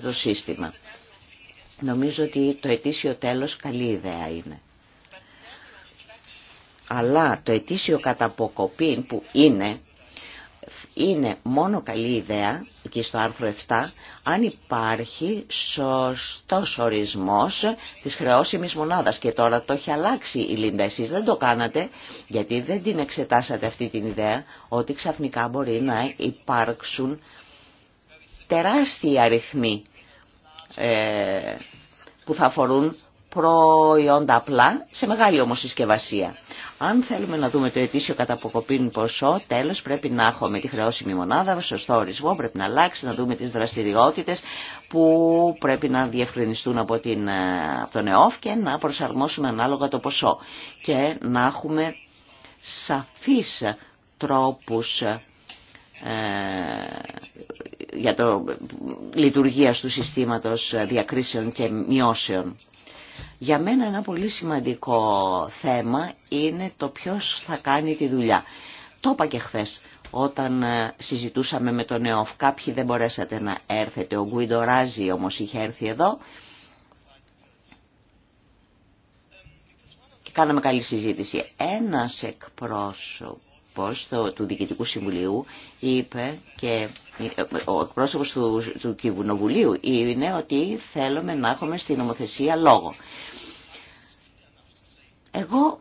το σύστημα. Νομίζω ότι το ετήσιο τέλος καλή ιδέα είναι. Αλλά το ετήσιο καταποκοπή που είναι είναι μόνο καλή ιδέα, εκεί στο άρθρο 7, αν υπάρχει σωστός ορισμός της χρεώσιμης μονάδας. Και τώρα το έχει αλλάξει η Λίντα. Εσείς δεν το κάνατε, γιατί δεν την εξετάσατε αυτή την ιδέα, ότι ξαφνικά μπορεί να υπάρξουν τεράστιοι αριθμοί ε, που θα αφορούν προϊόντα απλά σε μεγάλη όμως συσκευασία. Αν θέλουμε να δούμε το ετήσιο κατά αποκοπήν ποσό, τέλος πρέπει να έχουμε τη χρεώσιμη μονάδα, σωστό ορισμό, πρέπει να αλλάξει, να δούμε τις δραστηριότητες που πρέπει να διευκρινιστούν από, την, ε, από τον ΕΟΦ και να προσαρμόσουμε ανάλογα το ποσό και να έχουμε σαφείς τρόπους ε, για το ε, λειτουργία του συστήματος διακρίσεων και μειώσεων. Για μένα ένα πολύ σημαντικό θέμα είναι το ποιος θα κάνει τη δουλειά. Το είπα και χθες όταν ε, συζητούσαμε με τον ΕΟΦ. Κάποιοι δεν μπορέσατε να έρθετε. Ο Γκουίντο Ράζι όμως είχε έρθει εδώ. Και κάναμε καλή συζήτηση. Ένας εκπρόσωπος του Διοικητικού Συμβουλίου είπε και ο εκπρόσωπος του, του Κοινοβουλίου είναι ότι θέλουμε να έχουμε στην νομοθεσία λόγο. Εγώ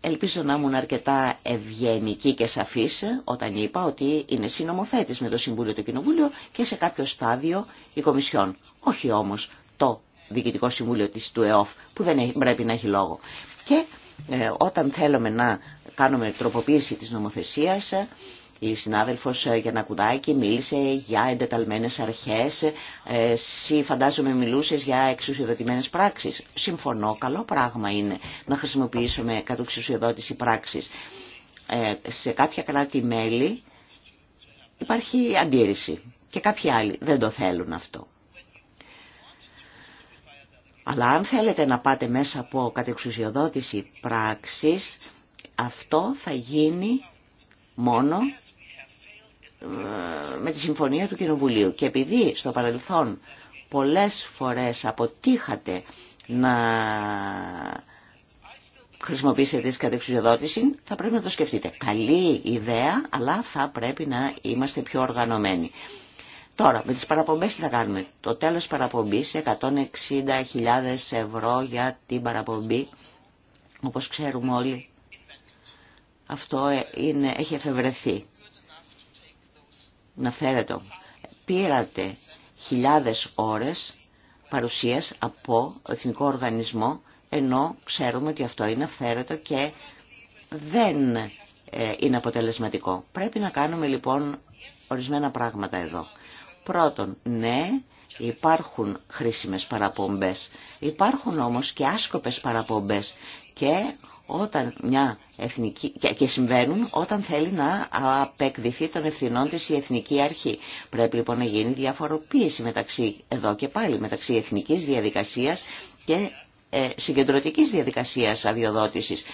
ελπίζω να ήμουν αρκετά ευγενική και σαφής όταν είπα ότι είναι συνομοθέτης με το Συμβούλιο του Κοινοβούλιο και σε κάποιο στάδιο η Κομισιόν. Όχι όμως το Διοικητικό Συμβούλιο της του ΕΟΦ που δεν πρέπει να έχει λόγο. Και ε, όταν θέλουμε να κάνουμε τροποποίηση της νομοθεσίας. Η συνάδελφος Γιάννα Κουδάκη μίλησε για εντεταλμένες αρχές, ε, φαντάζομαι μιλούσες για εξουσιοδοτημένες πράξεις. Συμφωνώ, καλό πράγμα είναι να χρησιμοποιήσουμε κατ' εξουσιοδότηση πράξεις. Ε, σε κάποια κράτη-μέλη υπάρχει αντίρρηση και κάποιοι άλλοι δεν το θέλουν αυτό. Αλλά αν θέλετε να πάτε μέσα από κατεξουσιοδότηση πράξης, αυτό θα γίνει μόνο ε, με τη συμφωνία του Κοινοβουλίου. Και επειδή στο παρελθόν πολλές φορές αποτύχατε να χρησιμοποιήσετε τις κατεξουσιοδότηση, θα πρέπει να το σκεφτείτε. Καλή ιδέα, αλλά θα πρέπει να είμαστε πιο οργανωμένοι. Τώρα, με τις παραπομπές τι θα κάνουμε. Το τέλος παραπομπής, 160.000 ευρώ για την παραπομπή, όπως ξέρουμε όλοι, αυτό ε, είναι, έχει εφευρεθεί. Να φέρετο. Πήρατε χιλιάδες ώρες παρουσίας από εθνικό οργανισμό, ενώ ξέρουμε ότι αυτό είναι αυθαίρετο και δεν ε, είναι αποτελεσματικό. Πρέπει να κάνουμε λοιπόν ορισμένα πράγματα εδώ. Πρώτον, ναι, υπάρχουν χρήσιμες παραπομπές. Υπάρχουν όμως και άσκοπες παραπομπές και όταν μια εθνική, και συμβαίνουν όταν θέλει να απεκδηθεί των ευθυνών της η εθνική αρχή. Πρέπει λοιπόν να γίνει διαφοροποίηση μεταξύ, εδώ και πάλι, μεταξύ εθνικής διαδικασίας και ε, συγκεντρωτικής διαδικασίας αδειοδότησης.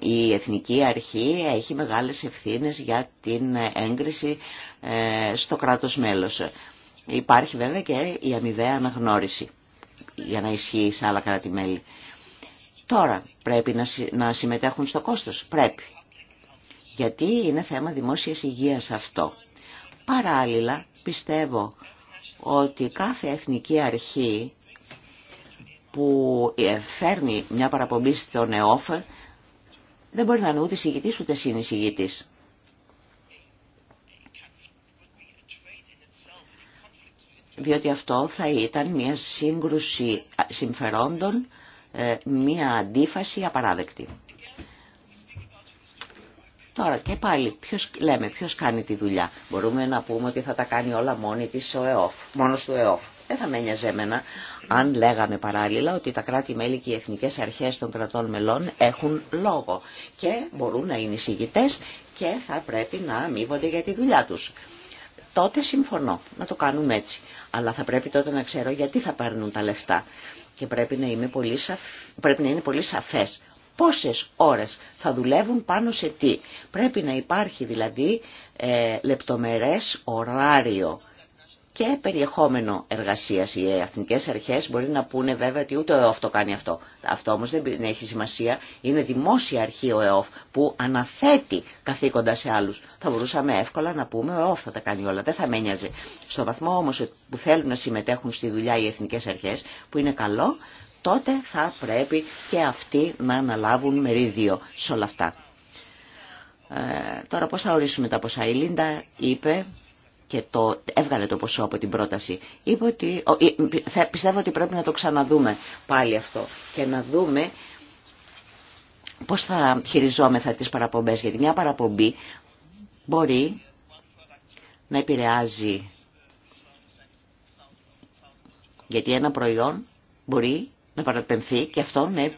Η Εθνική Αρχή έχει μεγάλες ευθύνες για την έγκριση ε, στο κράτος μέλος. Υπάρχει βέβαια και η αμοιβαία αναγνώριση για να ισχύει σε άλλα κράτη-μέλη. Τώρα πρέπει να συμμετέχουν στο κόστος. Πρέπει. Γιατί είναι θέμα δημόσιας υγείας αυτό. Παράλληλα πιστεύω ότι κάθε εθνική αρχή που φέρνει μια παραπομπή στον ΕΟΦ δεν μπορεί να είναι ούτε συγητής ούτε Διότι αυτό θα ήταν μια σύγκρουση συμφερόντων ε, μία αντίφαση απαράδεκτη. Τώρα και πάλι, ποιος, λέμε, ποιος κάνει τη δουλειά. Μπορούμε να πούμε ότι θα τα κάνει όλα μόνη της ο ΕΟΦ, μόνος του ΕΟΦ. Δεν θα με εμένα αν λέγαμε παράλληλα ότι τα κράτη-μέλη και οι εθνικές αρχές των κρατών μελών έχουν λόγο και μπορούν να είναι εισηγητές και θα πρέπει να αμείβονται για τη δουλειά τους. Τότε συμφωνώ να το κάνουμε έτσι, αλλά θα πρέπει τότε να ξέρω γιατί θα παίρνουν τα λεφτά. Και πρέπει να, είμαι πολύ σαφ... πρέπει να είναι πολύ σαφές πόσες ώρες θα δουλεύουν πάνω σε τι. Πρέπει να υπάρχει δηλαδή ε, λεπτομερές ωράριο και περιεχόμενο εργασίας. Οι εθνικές αρχές μπορεί να πούνε βέβαια ότι ούτε ο ΕΟΦ το κάνει αυτό. Αυτό όμως δεν έχει σημασία. Είναι δημόσια αρχή ο ΕΟΦ που αναθέτει καθήκοντα σε άλλους. Θα μπορούσαμε εύκολα να πούμε ο ΕΟΦ θα τα κάνει όλα. Δεν θα με νοιάζει. Στο βαθμό όμως που θέλουν να συμμετέχουν στη δουλειά οι εθνικές αρχές που είναι καλό τότε θα πρέπει και αυτοί να αναλάβουν μερίδιο σε όλα αυτά. Ε, τώρα πώς θα ορίσουμε τα ποσά. Η Λίντα είπε και το, έβγαλε το ποσό από την πρόταση. Είπε πιστεύω ότι πρέπει να το ξαναδούμε πάλι αυτό και να δούμε πώς θα χειριζόμεθα τις παραπομπές. Γιατί μια παραπομπή μπορεί να επηρεάζει γιατί ένα προϊόν μπορεί να παραπενθεί και αυτό ναι,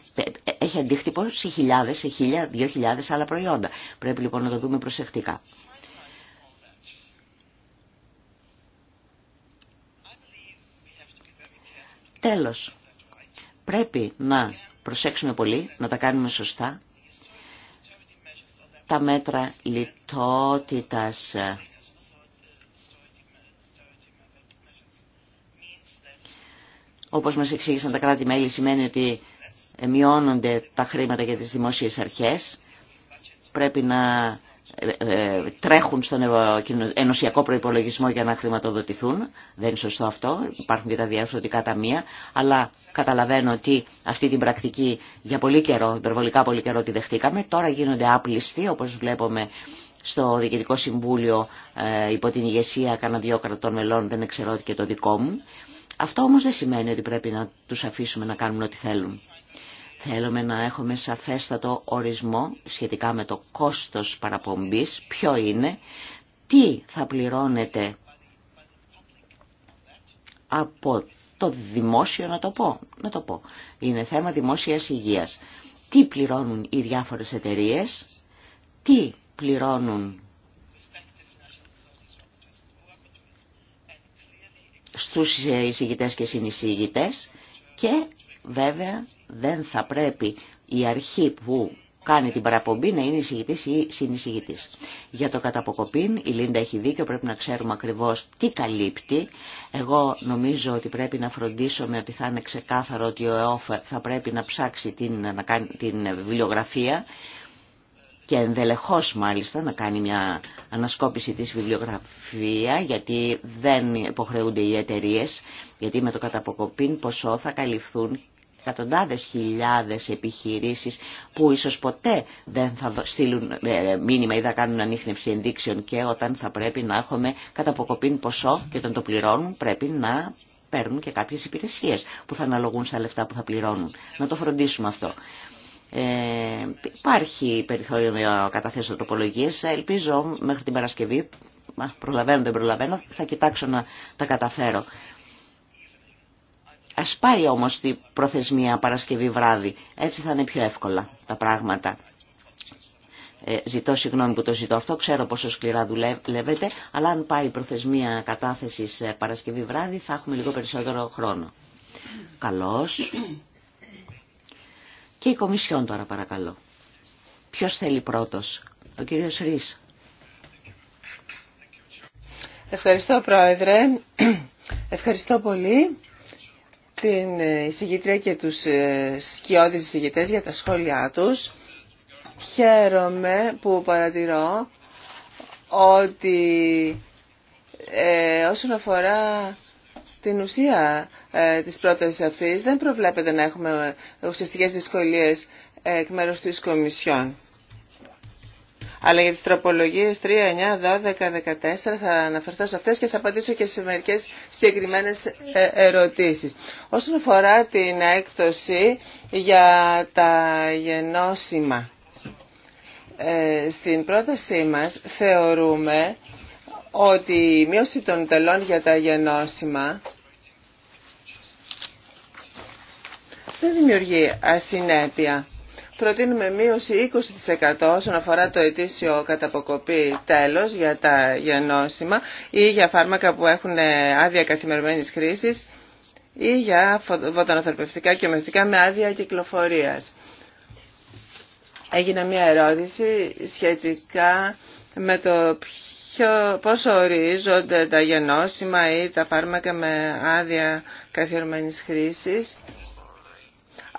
έχει αντίκτυπο σε χιλιάδες, σε χίλια, δύο χιλιάδες άλλα προϊόντα. Πρέπει λοιπόν να το δούμε προσεκτικά. Τέλος, πρέπει να προσέξουμε πολύ, να τα κάνουμε σωστά. Τα μέτρα λιτότητας ε, όπως μας εξήγησαν τα κράτη-μέλη, σημαίνει ότι ε, μειώνονται τα χρήματα για τις δημόσιες αρχές. Πρέπει να ε, ε, τρέχουν στον ενωσιακό προϋπολογισμό για να χρηματοδοτηθούν. Δεν είναι σωστό αυτό, υπάρχουν και τα διαρθρωτικά ταμεία, αλλά καταλαβαίνω ότι αυτή την πρακτική για πολύ καιρό, υπερβολικά πολύ καιρό τη δεχτήκαμε. Τώρα γίνονται άπληστοι, όπως βλέπουμε στο Διοικητικό Συμβούλιο ε, υπό την ηγεσία κανένα δύο κρατών μελών, δεν ξέρω και το δικό μου. Αυτό όμως δεν σημαίνει ότι πρέπει να τους αφήσουμε να κάνουν ό,τι θέλουν. Θέλουμε να έχουμε σαφέστατο ορισμό σχετικά με το κόστος παραπομπής, ποιο είναι, τι θα πληρώνετε από το δημόσιο να το πω. Να το πω. Είναι θέμα δημόσιας υγείας. Τι πληρώνουν οι διάφορες εταιρείες, τι πληρώνουν στους εισηγητές και συνεισηγητές και βέβαια δεν θα πρέπει η αρχή που κάνει την παραπομπή να είναι εισηγητή ή συνεισηγητή. Για το καταποκοπήν η Λίντα έχει δίκιο, πρέπει να ξέρουμε ακριβώ τι καλύπτει. Εγώ νομίζω ότι πρέπει να φροντίσουμε ότι θα είναι ξεκάθαρο ότι ο ΕΟΦ θα πρέπει να ψάξει την, την βιβλιογραφία και ενδελεχώς μάλιστα να κάνει μια ανασκόπηση της βιβλιογραφία γιατί δεν υποχρεούνται οι εταιρείε, γιατί με το καταποκοπήν ποσό θα καλυφθούν εκατοντάδες χιλιάδες επιχειρήσεις που ίσως ποτέ δεν θα στείλουν ε, μήνυμα ή θα κάνουν ανείχνευση ενδείξεων και όταν θα πρέπει να έχουμε κατά αποκοπήν ποσό και όταν το πληρώνουν πρέπει να παίρνουν και κάποιες υπηρεσίες που θα αναλογούν στα λεφτά που θα πληρώνουν. Να το φροντίσουμε αυτό. Ε, υπάρχει περιθώριο να καταθέσω τροπολογίες. Ελπίζω μέχρι την Παρασκευή, προλαβαίνω δεν προλαβαίνω, θα κοιτάξω να τα καταφέρω. Ας πάει όμως την προθεσμία Παρασκευή βράδυ. Έτσι θα είναι πιο εύκολα τα πράγματα. Ε, ζητώ συγγνώμη που το ζητώ αυτό, ξέρω πόσο σκληρά δουλεύετε, αλλά αν πάει η προθεσμία κατάθεσης ε, Παρασκευή βράδυ θα έχουμε λίγο περισσότερο χρόνο. Καλώς. Και η Κομισιόν τώρα παρακαλώ. Ποιος θέλει πρώτος, ο κύριος Ρης. Ευχαριστώ Πρόεδρε. Ευχαριστώ πολύ την ε, εισηγήτρια και τους ε, σκιώδεις εισηγητές για τα σχόλιά τους. Χαίρομαι που παρατηρώ ότι ε, όσον αφορά την ουσία ε, της πρότασης αυτής δεν προβλέπεται να έχουμε ουσιαστικές δυσκολίες εκ μέρους της Κομισιόν. Αλλά για τις τροπολογίες 3, 9, 12, 14 θα αναφερθώ σε αυτές και θα απαντήσω και σε μερικές συγκεκριμένε ε, ερωτήσεις. Όσον αφορά την έκπτωση για τα γενώσιμα, ε, στην πρότασή μας θεωρούμε ότι η μείωση των τελών για τα γενώσιμα δεν δημιουργεί ασυνέπεια προτείνουμε μείωση 20% όσον αφορά το ετήσιο καταποκοπή τέλος για τα γενώσιμα ή για φάρμακα που έχουν ε, άδεια καθημερινής χρήσης ή για βοτανοθερπευτικά και ομευτικά με άδεια κυκλοφορίας. Έγινε μια ερώτηση σχετικά με το ποιο, πόσο ορίζονται τα γενώσιμα ή τα φάρμακα με άδεια καθημερινής χρήσης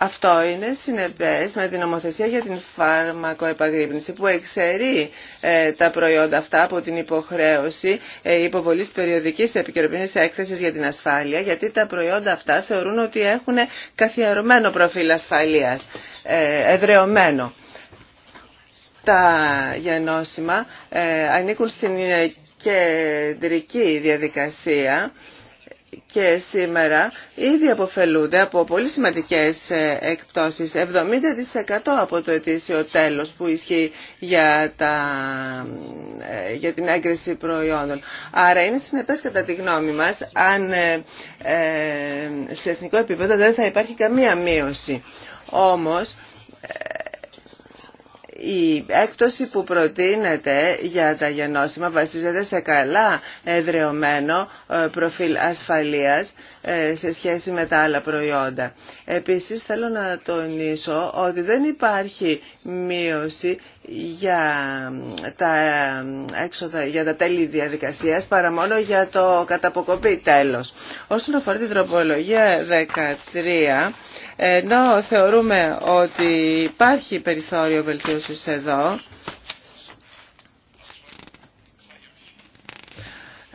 αυτό είναι συνεπές με την νομοθεσία για την φάρμακοεπαγρύπνηση που εξαιρεί ε, τα προϊόντα αυτά από την υποχρέωση ε, υποβολής περιοδικής επικαιροποιημένης έκθεσης για την ασφάλεια γιατί τα προϊόντα αυτά θεωρούν ότι έχουν καθιερωμένο προφίλ ασφαλείας, ε, εδρεωμένο. Τα γενώσιμα ανήκουν στην κεντρική διαδικασία και σήμερα ήδη αποφελούνται από πολύ σημαντικές ε, εκπτώσεις. 70% από το ετήσιο τέλος που ισχύει για, τα, ε, για την έγκριση προϊόντων. Άρα είναι συνεπές κατά τη γνώμη μας αν ε, σε εθνικό επίπεδο δεν θα υπάρχει καμία μείωση. Όμως η έκπτωση που προτείνεται για τα γενώσιμα βασίζεται σε καλά εδρεωμένο ε, προφίλ ασφαλείας ε, σε σχέση με τα άλλα προϊόντα. Επίσης θέλω να τονίσω ότι δεν υπάρχει μείωση για τα ε, έξοδα, για τα τέλη διαδικασίας παρά μόνο για το καταποκοπή τέλος. Όσον αφορά την τροπολογία 13 ενώ θεωρούμε ότι υπάρχει περιθώριο βελτίωσης εδώ,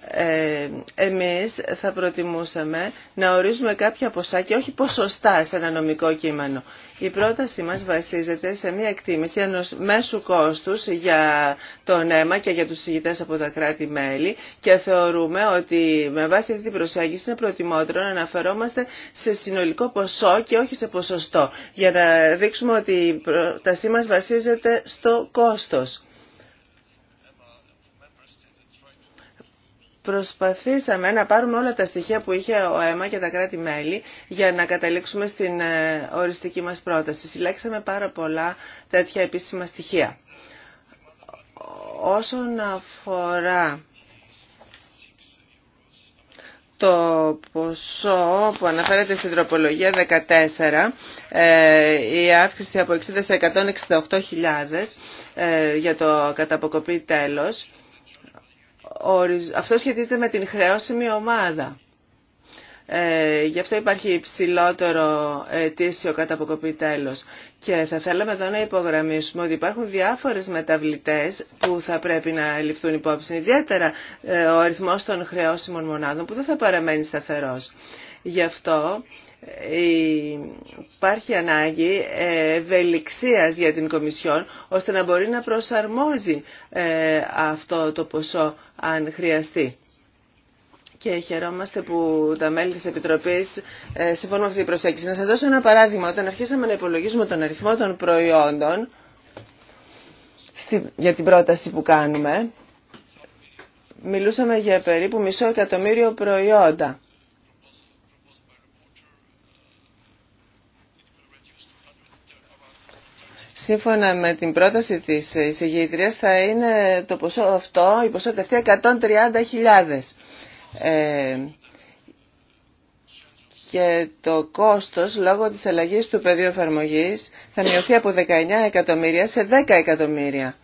ε, εμείς θα προτιμούσαμε να ορίζουμε κάποια ποσά και όχι ποσοστά σε ένα νομικό κείμενο. Η πρότασή μας βασίζεται σε μια εκτίμηση ενός μέσου κόστους για το αίμα και για τους συγητές από τα κράτη-μέλη και θεωρούμε ότι με βάση αυτή την προσέγγιση είναι προτιμότερο να αναφερόμαστε σε συνολικό ποσό και όχι σε ποσοστό για να δείξουμε ότι η πρότασή μας βασίζεται στο κόστος. Προσπαθήσαμε να πάρουμε όλα τα στοιχεία που είχε ο ΕΜΑ και τα κράτη-μέλη για να καταλήξουμε στην ε, οριστική μας πρόταση. Συλλέξαμε πάρα πολλά τέτοια επίσημα στοιχεία. Όσον αφορά το ποσό που αναφέρεται στην τροπολογία 14, ε, η αύξηση από 60 σε 168.000 ε, για το καταποκοπή τέλος, αυτό σχετίζεται με την χρεώσιμη ομάδα. Ε, γι' αυτό υπάρχει υψηλότερο αιτήσιο κατά αποκοπή τέλος. Και θα θέλαμε εδώ να υπογραμμίσουμε ότι υπάρχουν διάφορες μεταβλητές που θα πρέπει να ληφθούν υπόψη. Ιδιαίτερα ε, ο αριθμός των χρεώσιμων μονάδων που δεν θα παραμένει σταθερός. Γι' αυτό ε, υπάρχει ανάγκη ε, ευελιξίας για την Κομισιόν ώστε να μπορεί να προσαρμόζει ε, αυτό το ποσό αν χρειαστεί. Και χαιρόμαστε που τα μέλη της Επιτροπής συμφωνούν με αυτή την προσέγγιση. Να σας δώσω ένα παράδειγμα. Όταν αρχίσαμε να υπολογίζουμε τον αριθμό των προϊόντων για την πρόταση που κάνουμε, μιλούσαμε για περίπου μισό εκατομμύριο προϊόντα Σύμφωνα με την πρόταση της εισηγήτριας θα είναι το ποσό αυτό, η ποσότητα αυτή 130.000. Ε, και το κόστος λόγω της αλλαγής του πεδίου εφαρμογή θα μειωθεί από 19 εκατομμύρια σε 10 εκατομμύρια.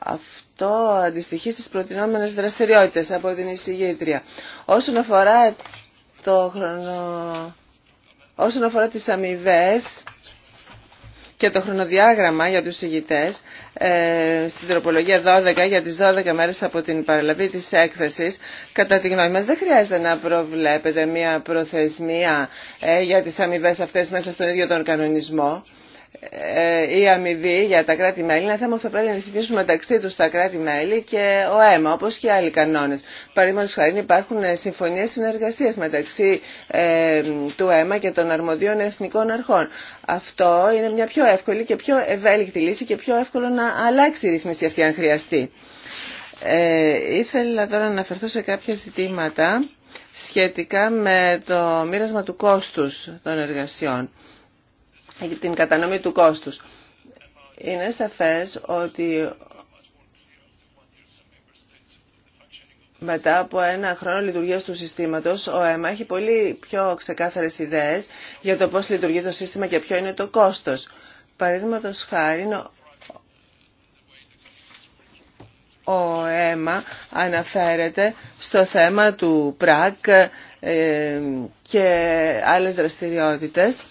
Αυτό αντιστοιχεί στις προτινόμενες δραστηριότητες από την εισηγήτρια. Όσον αφορά όσον αφορά τις αμοιβέ και το χρονοδιάγραμμα για τους ηγητές ε, στην τροπολογία 12 για τις 12 μέρες από την παραλαβή της έκθεσης κατά τη γνώμη μας δεν χρειάζεται να προβλέπετε μια προθεσμία ε, για τις αμοιβέ αυτές μέσα στον ίδιο τον κανονισμό ε, η αμοιβή για τα κράτη-μέλη είναι θέμα που θα πρέπει να ρυθμίσουν μεταξύ του τα κράτη-μέλη και ο αίμα, όπω και άλλοι κανόνε. Παραδείγματο χάρη, υπάρχουν ε, συμφωνίε συνεργασία μεταξύ ε, του αίμα και των αρμοδίων εθνικών αρχών. Αυτό είναι μια πιο εύκολη και πιο ευέλικτη λύση και πιο εύκολο να αλλάξει η ρυθμίση αυτή αν χρειαστεί. Ε, ήθελα τώρα να αναφερθώ σε κάποια ζητήματα σχετικά με το μοίρασμα του κόστους των εργασιών την κατανομή του κόστους. Είναι σαφές ότι μετά από ένα χρόνο λειτουργίας του συστήματος ο ΕΜΑ έχει πολύ πιο ξεκάθαρες ιδέες για το πώς λειτουργεί το σύστημα και ποιο είναι το κόστο. Παραδείγματο χάρη, ο ΕΜΑ αναφέρεται στο θέμα του ΠΡΑΚ ε, και άλλες δραστηριότητες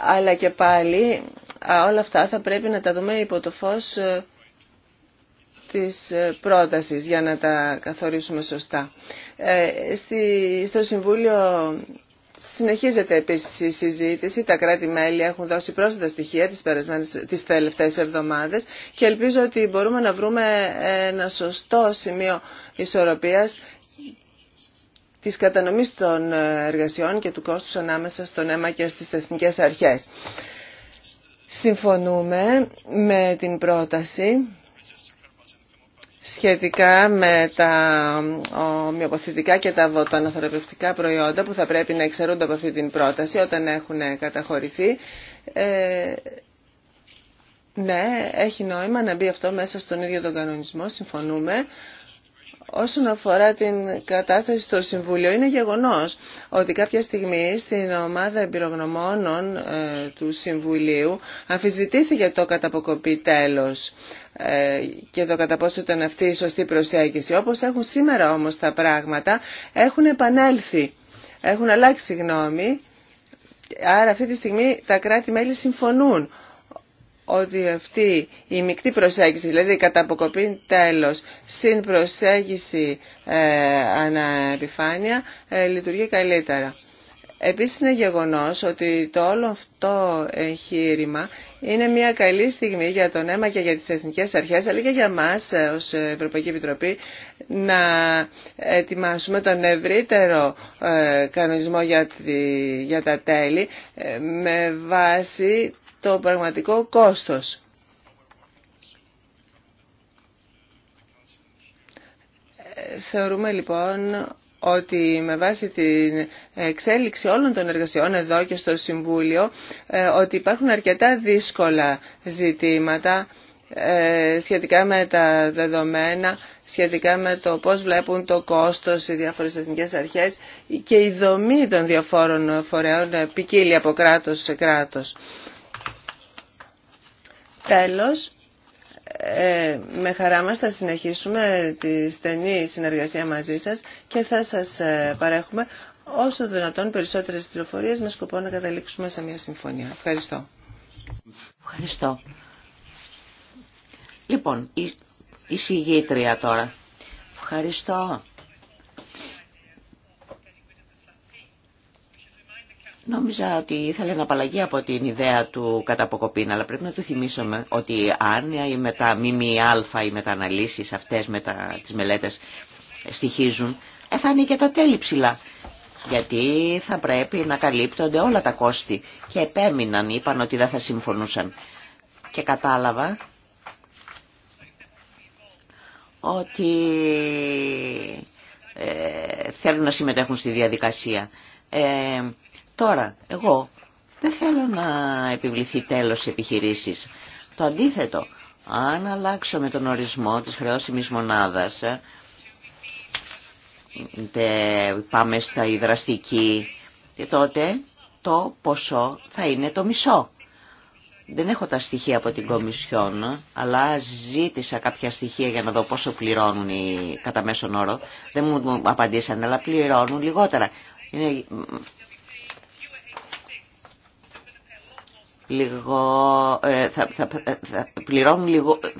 αλλά και πάλι όλα αυτά θα πρέπει να τα δούμε υπό το φως ε, της ε, πρότασης για να τα καθορίσουμε σωστά. Ε, στο Συμβούλιο συνεχίζεται επίσης η συζήτηση. Τα κράτη-μέλη έχουν δώσει πρόσθετα στοιχεία τις, τις τελευταίες εβδομάδες και ελπίζω ότι μπορούμε να βρούμε ένα σωστό σημείο ισορροπίας της κατανομής των ε, εργασιών και του κόστους ανάμεσα στον αίμα και στις εθνικές αρχές. Συμφωνούμε με την πρόταση σχετικά με τα ομοιοποθητικά και τα βοτοαναθεραπευτικά προϊόντα που θα πρέπει να εξαιρούνται από αυτή την πρόταση όταν έχουν καταχωρηθεί. Ε, ναι, έχει νόημα να μπει αυτό μέσα στον ίδιο τον κανονισμό, συμφωνούμε. Όσον αφορά την κατάσταση στο Συμβούλιο, είναι γεγονός ότι κάποια στιγμή στην ομάδα εμπειρογνωμόνων ε, του Συμβουλίου αμφισβητήθηκε το καταποκοπή τέλος ε, και το κατά πόσο ήταν αυτή η σωστή προσέγγιση. Όπως έχουν σήμερα όμως τα πράγματα, έχουν επανέλθει, έχουν αλλάξει γνώμη, άρα αυτή τη στιγμή τα κράτη-μέλη συμφωνούν ότι αυτή η μεικτή προσέγγιση, δηλαδή η καταποκοπή τέλος, στην προσέγγιση ε, αναεπιφάνεια, ε, λειτουργεί καλύτερα. Επίσης είναι γεγονός ότι το όλο αυτό εγχείρημα είναι μια καλή στιγμή για τον αίμα και για τις εθνικές αρχές, αλλά και για μας ε, ως Ευρωπαϊκή Επιτροπή να ετοιμάσουμε τον ευρύτερο ε, κανονισμό για, για τα τέλη με βάση το πραγματικό κόστος. Θεωρούμε λοιπόν ότι με βάση την εξέλιξη όλων των εργασιών εδώ και στο Συμβούλιο ε, ότι υπάρχουν αρκετά δύσκολα ζητήματα ε, σχετικά με τα δεδομένα, σχετικά με το πώς βλέπουν το κόστος οι διάφορες εθνικές αρχές και η δομή των διαφόρων φορέων ε, ποικίλει από κράτος σε κράτος. Τέλος, ε, με χαρά μας θα συνεχίσουμε τη στενή συνεργασία μαζί σας και θα σας ε, παρέχουμε όσο δυνατόν περισσότερες πληροφορίες με σκοπό να καταλήξουμε σε μια συμφωνία. Ευχαριστώ. Ευχαριστώ. Λοιπόν, η, η συγγήτρια τώρα. Ευχαριστώ. Νόμιζα ότι ήθελε να απαλλαγεί από την ιδέα του κατά αλλά πρέπει να του θυμίσουμε ότι αν οι μετα ΜΜΑ, οι μεταναλύσεις αυτές με τα, τις μελέτες στοιχίζουν, ε, θα είναι και τα τέλη ψηλά. Γιατί θα πρέπει να καλύπτονται όλα τα κόστη και επέμειναν, είπαν ότι δεν θα συμφωνούσαν. Και κατάλαβα ότι ε, θέλουν να συμμετέχουν στη διαδικασία. Ε, Τώρα, εγώ δεν θέλω να επιβληθεί τέλος σε επιχειρήσεις. Το αντίθετο, αν αλλάξω με τον ορισμό της χρεώσιμης μονάδας, πάμε στα υδραστική, τότε το ποσό θα είναι το μισό. Δεν έχω τα στοιχεία από την Κομισιόν, αλλά ζήτησα κάποια στοιχεία για να δω πόσο πληρώνουν οι κατά μέσον όρο. Δεν μου απαντήσαν, αλλά πληρώνουν λιγότερα. Είναι λιγο, ε, θα, θα,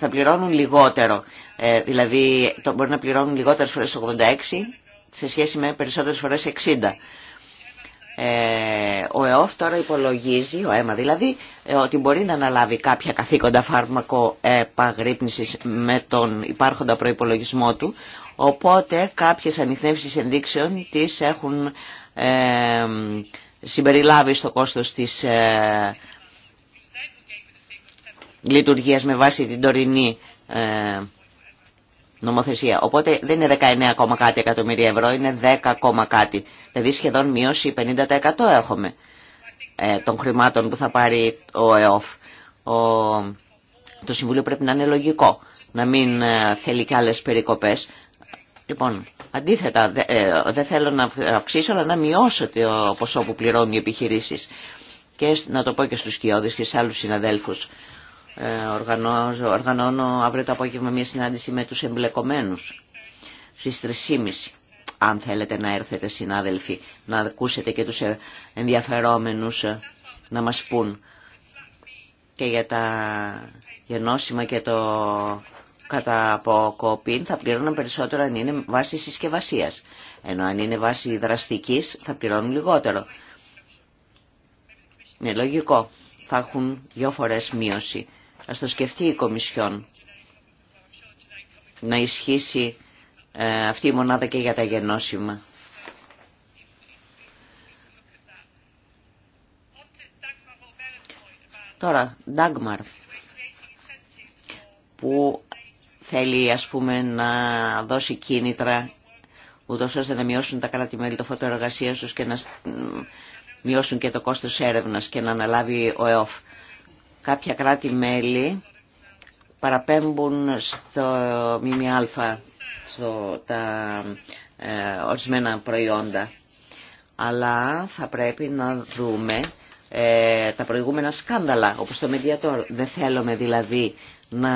πληρώνουν λιγότερο. Ε, δηλαδή το μπορεί να πληρώνουν λιγότερες φορές 86 σε σχέση με περισσότερες φορές 60. Ε, ο ΕΟΦ τώρα υπολογίζει, ο ΕΜΑ δηλαδή, ε, ότι μπορεί να αναλάβει κάποια καθήκοντα φάρμακο επαγρύπνησης με τον υπάρχοντα προϋπολογισμό του, οπότε κάποιες ανιχνεύσεις ενδείξεων τις έχουν ε, συμπεριλάβει στο κόστος της λειτουργίας με βάση την τωρινή ε, νομοθεσία. Οπότε δεν είναι 19, κάτι εκατομμύρια ευρώ, είναι 10, κάτι. Δηλαδή σχεδόν μείωση 50% έχουμε ε, των χρημάτων που θα πάρει ο ΕΟΦ. Ο... Το Συμβούλιο πρέπει να είναι λογικό, να μην ε, θέλει και άλλες περικοπές. Λοιπόν, αντίθετα, δεν θέλω να αυξήσω, αλλά να μειώσω το ποσό που πληρώνουν οι επιχειρήσεις. Και να το πω και στους κοιόδες και σε άλλους συναδέλφους. Ε, οργανώ, οργανώνω αύριο το απόγευμα μια συνάντηση με τους εμπλεκομένους στις 3.30 αν θέλετε να έρθετε συνάδελφοι να ακούσετε και τους ενδιαφερόμενους ε, να μας πούν και για τα γενώσιμα και το κατά θα πληρώνουν περισσότερο αν είναι βάση συσκευασία. Ενώ αν είναι βάση δραστικής θα πληρώνουν λιγότερο. Είναι λογικό. Θα έχουν δύο φορές μείωση. Ας το σκεφτεί η Κομισιόν να ισχύσει ε, αυτή η μονάδα και για τα γενώσιμα. Τώρα, Ντάγμαρ, που θέλει ας πούμε να δώσει κίνητρα ούτω ώστε να μειώσουν τα κράτη-μέλη το φωτοεργασία τους και να μειώσουν και το κόστος έρευνας και να αναλάβει ο ΕΟΦ. Κάποια κράτη-μέλη παραπέμπουν στο ΜΜΑ στο, τα ε, ορισμένα προϊόντα. Αλλά θα πρέπει να δούμε ε, τα προηγούμενα σκάνδαλα, όπως το Mediator. Δεν θέλουμε δηλαδή να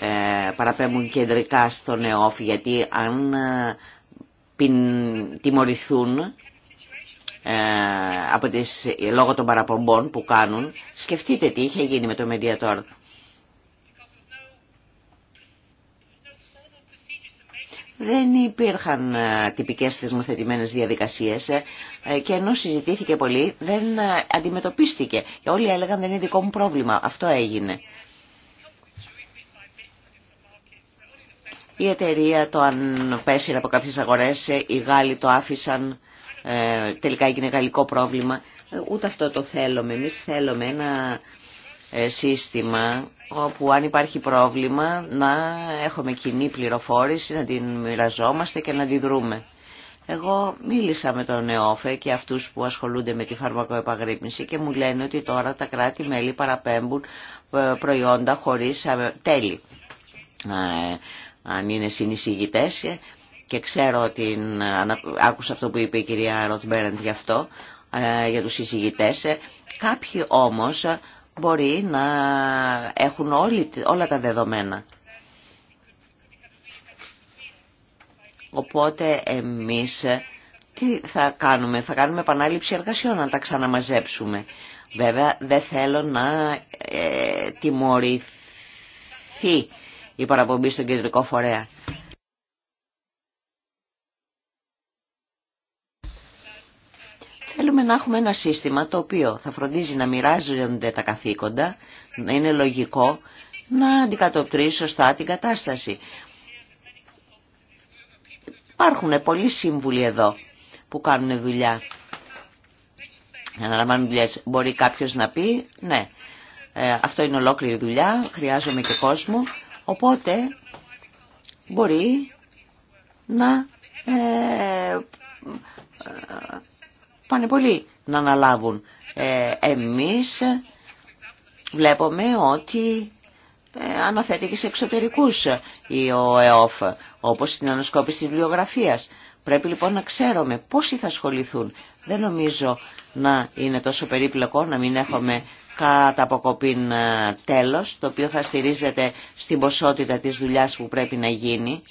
ε, παραπέμπουν κεντρικά στο ΝΕΟΦ, γιατί αν ε, πιν, τιμωρηθούν ε, από τις, λόγω των παραπομπών που κάνουν. Σκεφτείτε τι είχε γίνει με το Mediator. Δεν υπήρχαν ε, τυπικές θεσμοθετημένες διαδικασίες ε, και ενώ συζητήθηκε πολύ δεν αντιμετωπίστηκε. Και όλοι έλεγαν δεν είναι δικό μου πρόβλημα. Αυτό έγινε. Η εταιρεία το αν πέσει από κάποιες αγορές, οι Γάλλοι το άφησαν ε, τελικά έγινε γαλλικό πρόβλημα. Ε, ούτε αυτό το θέλουμε. Εμείς θέλουμε ένα ε, σύστημα όπου αν υπάρχει πρόβλημα να έχουμε κοινή πληροφόρηση, να την μοιραζόμαστε και να την δρούμε Εγώ μίλησα με τον ΕΟΦΕ και αυτούς που ασχολούνται με τη φαρμακοεπαγρύπνηση και μου λένε ότι τώρα τα κράτη-μέλη παραπέμπουν προϊόντα χωρίς τέλη. Αν είναι συνεισηγητές και ξέρω ότι άκουσα αυτό που είπε η κυρία Ροτμπέρεντ γι' αυτό, ε, για τους συζητητές. Ε, κάποιοι όμως μπορεί να έχουν όλα τα δεδομένα. Οπότε εμείς ε, τι θα κάνουμε, θα κάνουμε επανάληψη εργασιών να τα ξαναμαζέψουμε. Βέβαια δεν θέλω να ε, τιμωρηθεί η παραπομπή στον κεντρικό φορέα. να έχουμε ένα σύστημα το οποίο θα φροντίζει να μοιράζονται τα καθήκοντα, να είναι λογικό, να αντικατοπτρίζει σωστά την κατάσταση. Υπάρχουν πολλοί σύμβουλοι εδώ που κάνουν δουλειά. Αναλαμβάνουν Μπορεί κάποιο να πει, ναι, ε, αυτό είναι ολόκληρη δουλειά, χρειάζομαι και κόσμο. Οπότε μπορεί να ε, ε, πάνε πολύ να αναλάβουν. Ε, εμείς βλέπουμε ότι ε, αναθέτει και σε εξωτερικούς ή ο ΕΟΦ, όπως στην ανασκόπηση της βιβλιογραφίας. Πρέπει λοιπόν να ξέρουμε πόσοι θα ασχοληθούν. Δεν νομίζω να είναι τόσο περίπλοκο να μην έχουμε κατά αποκοπήν ε, τέλος, το οποίο θα στηρίζεται στην ποσότητα της δουλειάς που πρέπει να γίνει.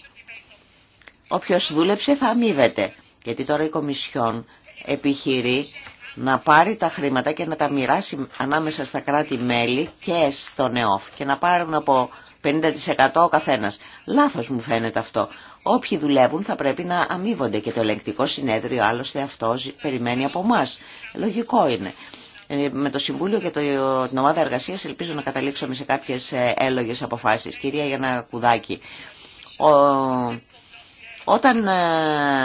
Όποιος δούλεψε θα αμείβεται, γιατί τώρα η Κομισιόν επιχειρεί να πάρει τα χρήματα και να τα μοιράσει ανάμεσα στα κράτη-μέλη και στον ΕΟΦ και να πάρουν από 50% ο καθένας. Λάθος μου φαίνεται αυτό. Όποιοι δουλεύουν θα πρέπει να αμείβονται και το ελεγκτικό συνέδριο άλλωστε αυτό περιμένει από εμά. Λογικό είναι. Ε, με το Συμβούλιο και την ομάδα εργασίας ελπίζω να καταλήξουμε σε κάποιες ε, έλογες αποφάσεις. Κυρία Γιάννα Κουδάκη, ο όταν ε,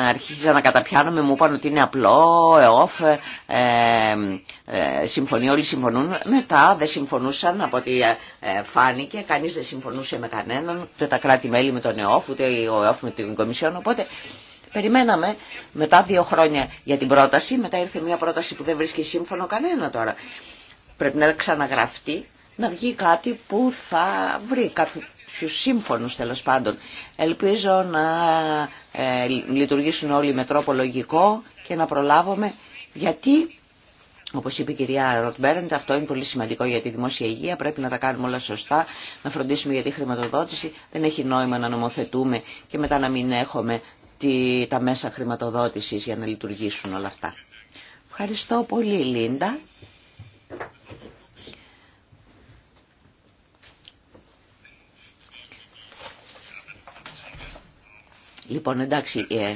αρχίζα να καταπιάνομαι μου είπαν ότι είναι απλό, εόφ, ε, ε, ε, συμφωνεί, όλοι συμφωνούν. Μετά δεν συμφωνούσαν από ό,τι ε, φάνηκε, κανείς δεν συμφωνούσε με κανέναν, ούτε τα κράτη-μέλη με τον ΕΟΦ, ούτε ο ΕΟΦ με την Κομισιόν, οπότε... Περιμέναμε μετά δύο χρόνια για την πρόταση, μετά ήρθε μια πρόταση που δεν βρίσκει σύμφωνο κανένα τώρα. Πρέπει να ξαναγραφτεί, να βγει κάτι που θα βρει κάποιο Πιο σύμφωνους τέλος πάντων. Ελπίζω να ε, λειτουργήσουν όλοι με τρόπο λογικό και να προλάβουμε γιατί, όπως είπε η κυρία Ροτμπέρντ, αυτό είναι πολύ σημαντικό για τη δημόσια υγεία, πρέπει να τα κάνουμε όλα σωστά, να φροντίσουμε για τη χρηματοδότηση, δεν έχει νόημα να νομοθετούμε και μετά να μην έχουμε τη, τα μέσα χρηματοδότησης για να λειτουργήσουν όλα αυτά. Ευχαριστώ πολύ Λίντα. Λοιπόν, εντάξει, ε,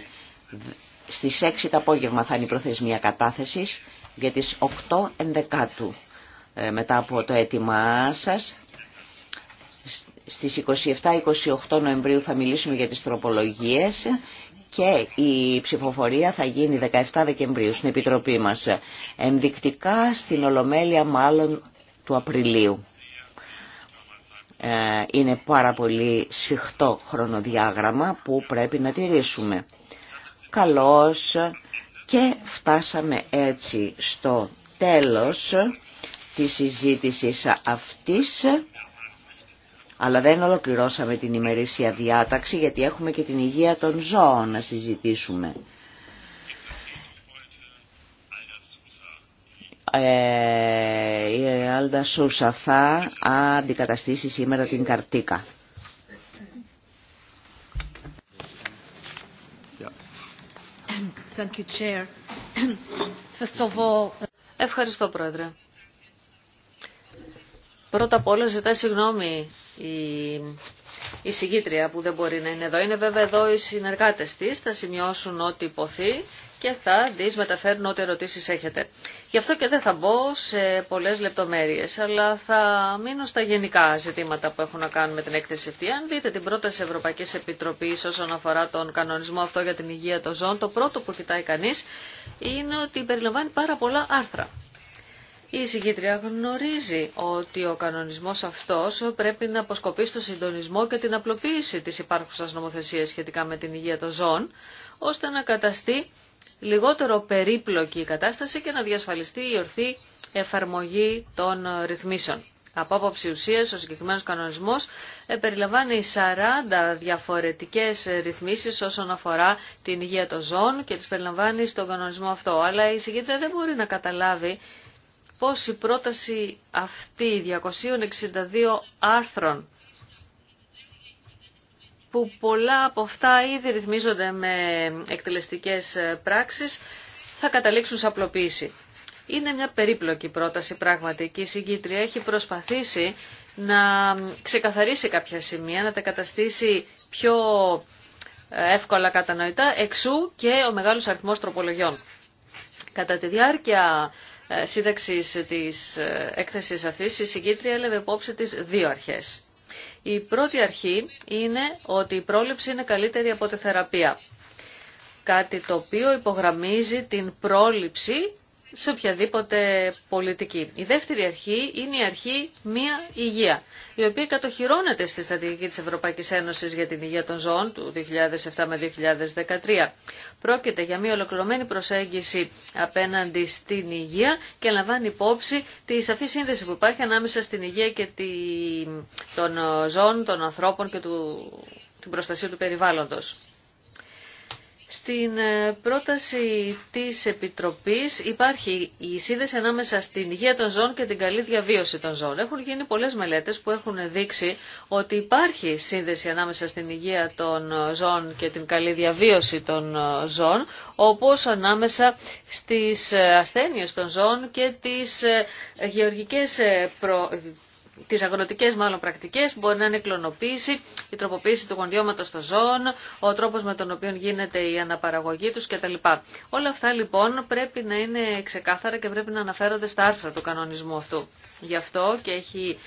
στις 6 το απόγευμα θα είναι η προθεσμία κατάθεσης για τις 8 ενδεκάτου ε, μετά από το αίτημά σας. Στις 27-28 Νοεμβρίου θα μιλήσουμε για τις τροπολογίες και η ψηφοφορία θα γίνει 17 Δεκεμβρίου στην Επιτροπή μας. Ενδεικτικά στην Ολομέλεια μάλλον του Απριλίου. Ε, είναι πάρα πολύ σφιχτό χρονοδιάγραμμα που πρέπει να τηρήσουμε. Καλώς και φτάσαμε έτσι στο τέλος της συζήτησης αυτής, αλλά δεν ολοκληρώσαμε την ημερήσια διάταξη γιατί έχουμε και την υγεία των ζώων να συζητήσουμε. Ε, η Άλτα Σούσα θα αντικαταστήσει σήμερα την Καρτίκα. Ευχαριστώ, Πρόεδρε. Πρώτα απ' όλα ζητάει συγγνώμη η, η συγκήτρια που δεν μπορεί να είναι εδώ. Είναι βέβαια εδώ οι συνεργάτες της, θα σημειώσουν ό,τι υποθεί και θα τις μεταφέρουν ό,τι ερωτήσεις έχετε. Γι' αυτό και δεν θα μπω σε πολλές λεπτομέρειες, αλλά θα μείνω στα γενικά ζητήματα που έχουν να κάνουν με την έκθεση αυτή. Αν δείτε την πρόταση Ευρωπαϊκή Επιτροπή όσον αφορά τον κανονισμό αυτό για την υγεία των ζώων, το πρώτο που κοιτάει κανείς είναι ότι περιλαμβάνει πάρα πολλά άρθρα. Η εισηγήτρια γνωρίζει ότι ο κανονισμός αυτός πρέπει να αποσκοπεί στο συντονισμό και την απλοποίηση της υπάρχουσας νομοθεσίας σχετικά με την υγεία των ζώων, ώστε να καταστεί λιγότερο περίπλοκη η κατάσταση και να διασφαλιστεί η ορθή εφαρμογή των ρυθμίσεων. Από άποψη ουσία, ο συγκεκριμένο κανονισμό ε, περιλαμβάνει 40 διαφορετικέ ρυθμίσει όσον αφορά την υγεία των ζώων και τι περιλαμβάνει στον κανονισμό αυτό. Αλλά η συγκέντρια δεν μπορεί να καταλάβει πώ η πρόταση αυτή 262 άρθρων που πολλά από αυτά ήδη ρυθμίζονται με εκτελεστικές πράξεις, θα καταλήξουν σε απλοποίηση. Είναι μια περίπλοκη πρόταση πράγματι και η συγκήτρια έχει προσπαθήσει να ξεκαθαρίσει κάποια σημεία, να τα καταστήσει πιο εύκολα κατανοητά, εξού και ο μεγάλος αριθμός τροπολογιών. Κατά τη διάρκεια ε, σύνταξης της ε, έκθεσης αυτής, η συγκήτρια έλαβε υπόψη τις δύο αρχές. Η πρώτη αρχή είναι ότι η πρόληψη είναι καλύτερη από τη θεραπεία. Κάτι το οποίο υπογραμμίζει την πρόληψη σε οποιαδήποτε πολιτική. Η δεύτερη αρχή είναι η αρχή μία υγεία, η οποία κατοχυρώνεται στη στρατηγική της Ευρωπαϊκής Ένωσης για την υγεία των ζώων του 2007 με 2013. Πρόκειται για μία ολοκληρωμένη προσέγγιση απέναντι στην υγεία και λαμβάνει υπόψη τη σαφή σύνδεση που υπάρχει ανάμεσα στην υγεία και τη... των ζώων, των ανθρώπων και την προστασία του περιβάλλοντος. Στην ε, πρόταση της Επιτροπής υπάρχει η σύνδεση ανάμεσα στην υγεία των ζώων και την καλή διαβίωση των ζώων. Έχουν γίνει πολλές μελέτες που έχουν δείξει ότι υπάρχει σύνδεση ανάμεσα στην υγεία των ζώων και την καλή διαβίωση των ε, ζώων, όπως ανάμεσα στις ε, ασθένειες των ζώων και τις γεωργικές προ τις αγροτικές μάλλον πρακτικές μπορεί να είναι η κλωνοποίηση, η τροποποίηση του γονιώματος των ζώων, ο τρόπος με τον οποίο γίνεται η αναπαραγωγή τους κτλ. Όλα αυτά λοιπόν πρέπει να είναι ξεκάθαρα και πρέπει να αναφέρονται στα άρθρα του κανονισμού αυτού. Γι' αυτό και έχει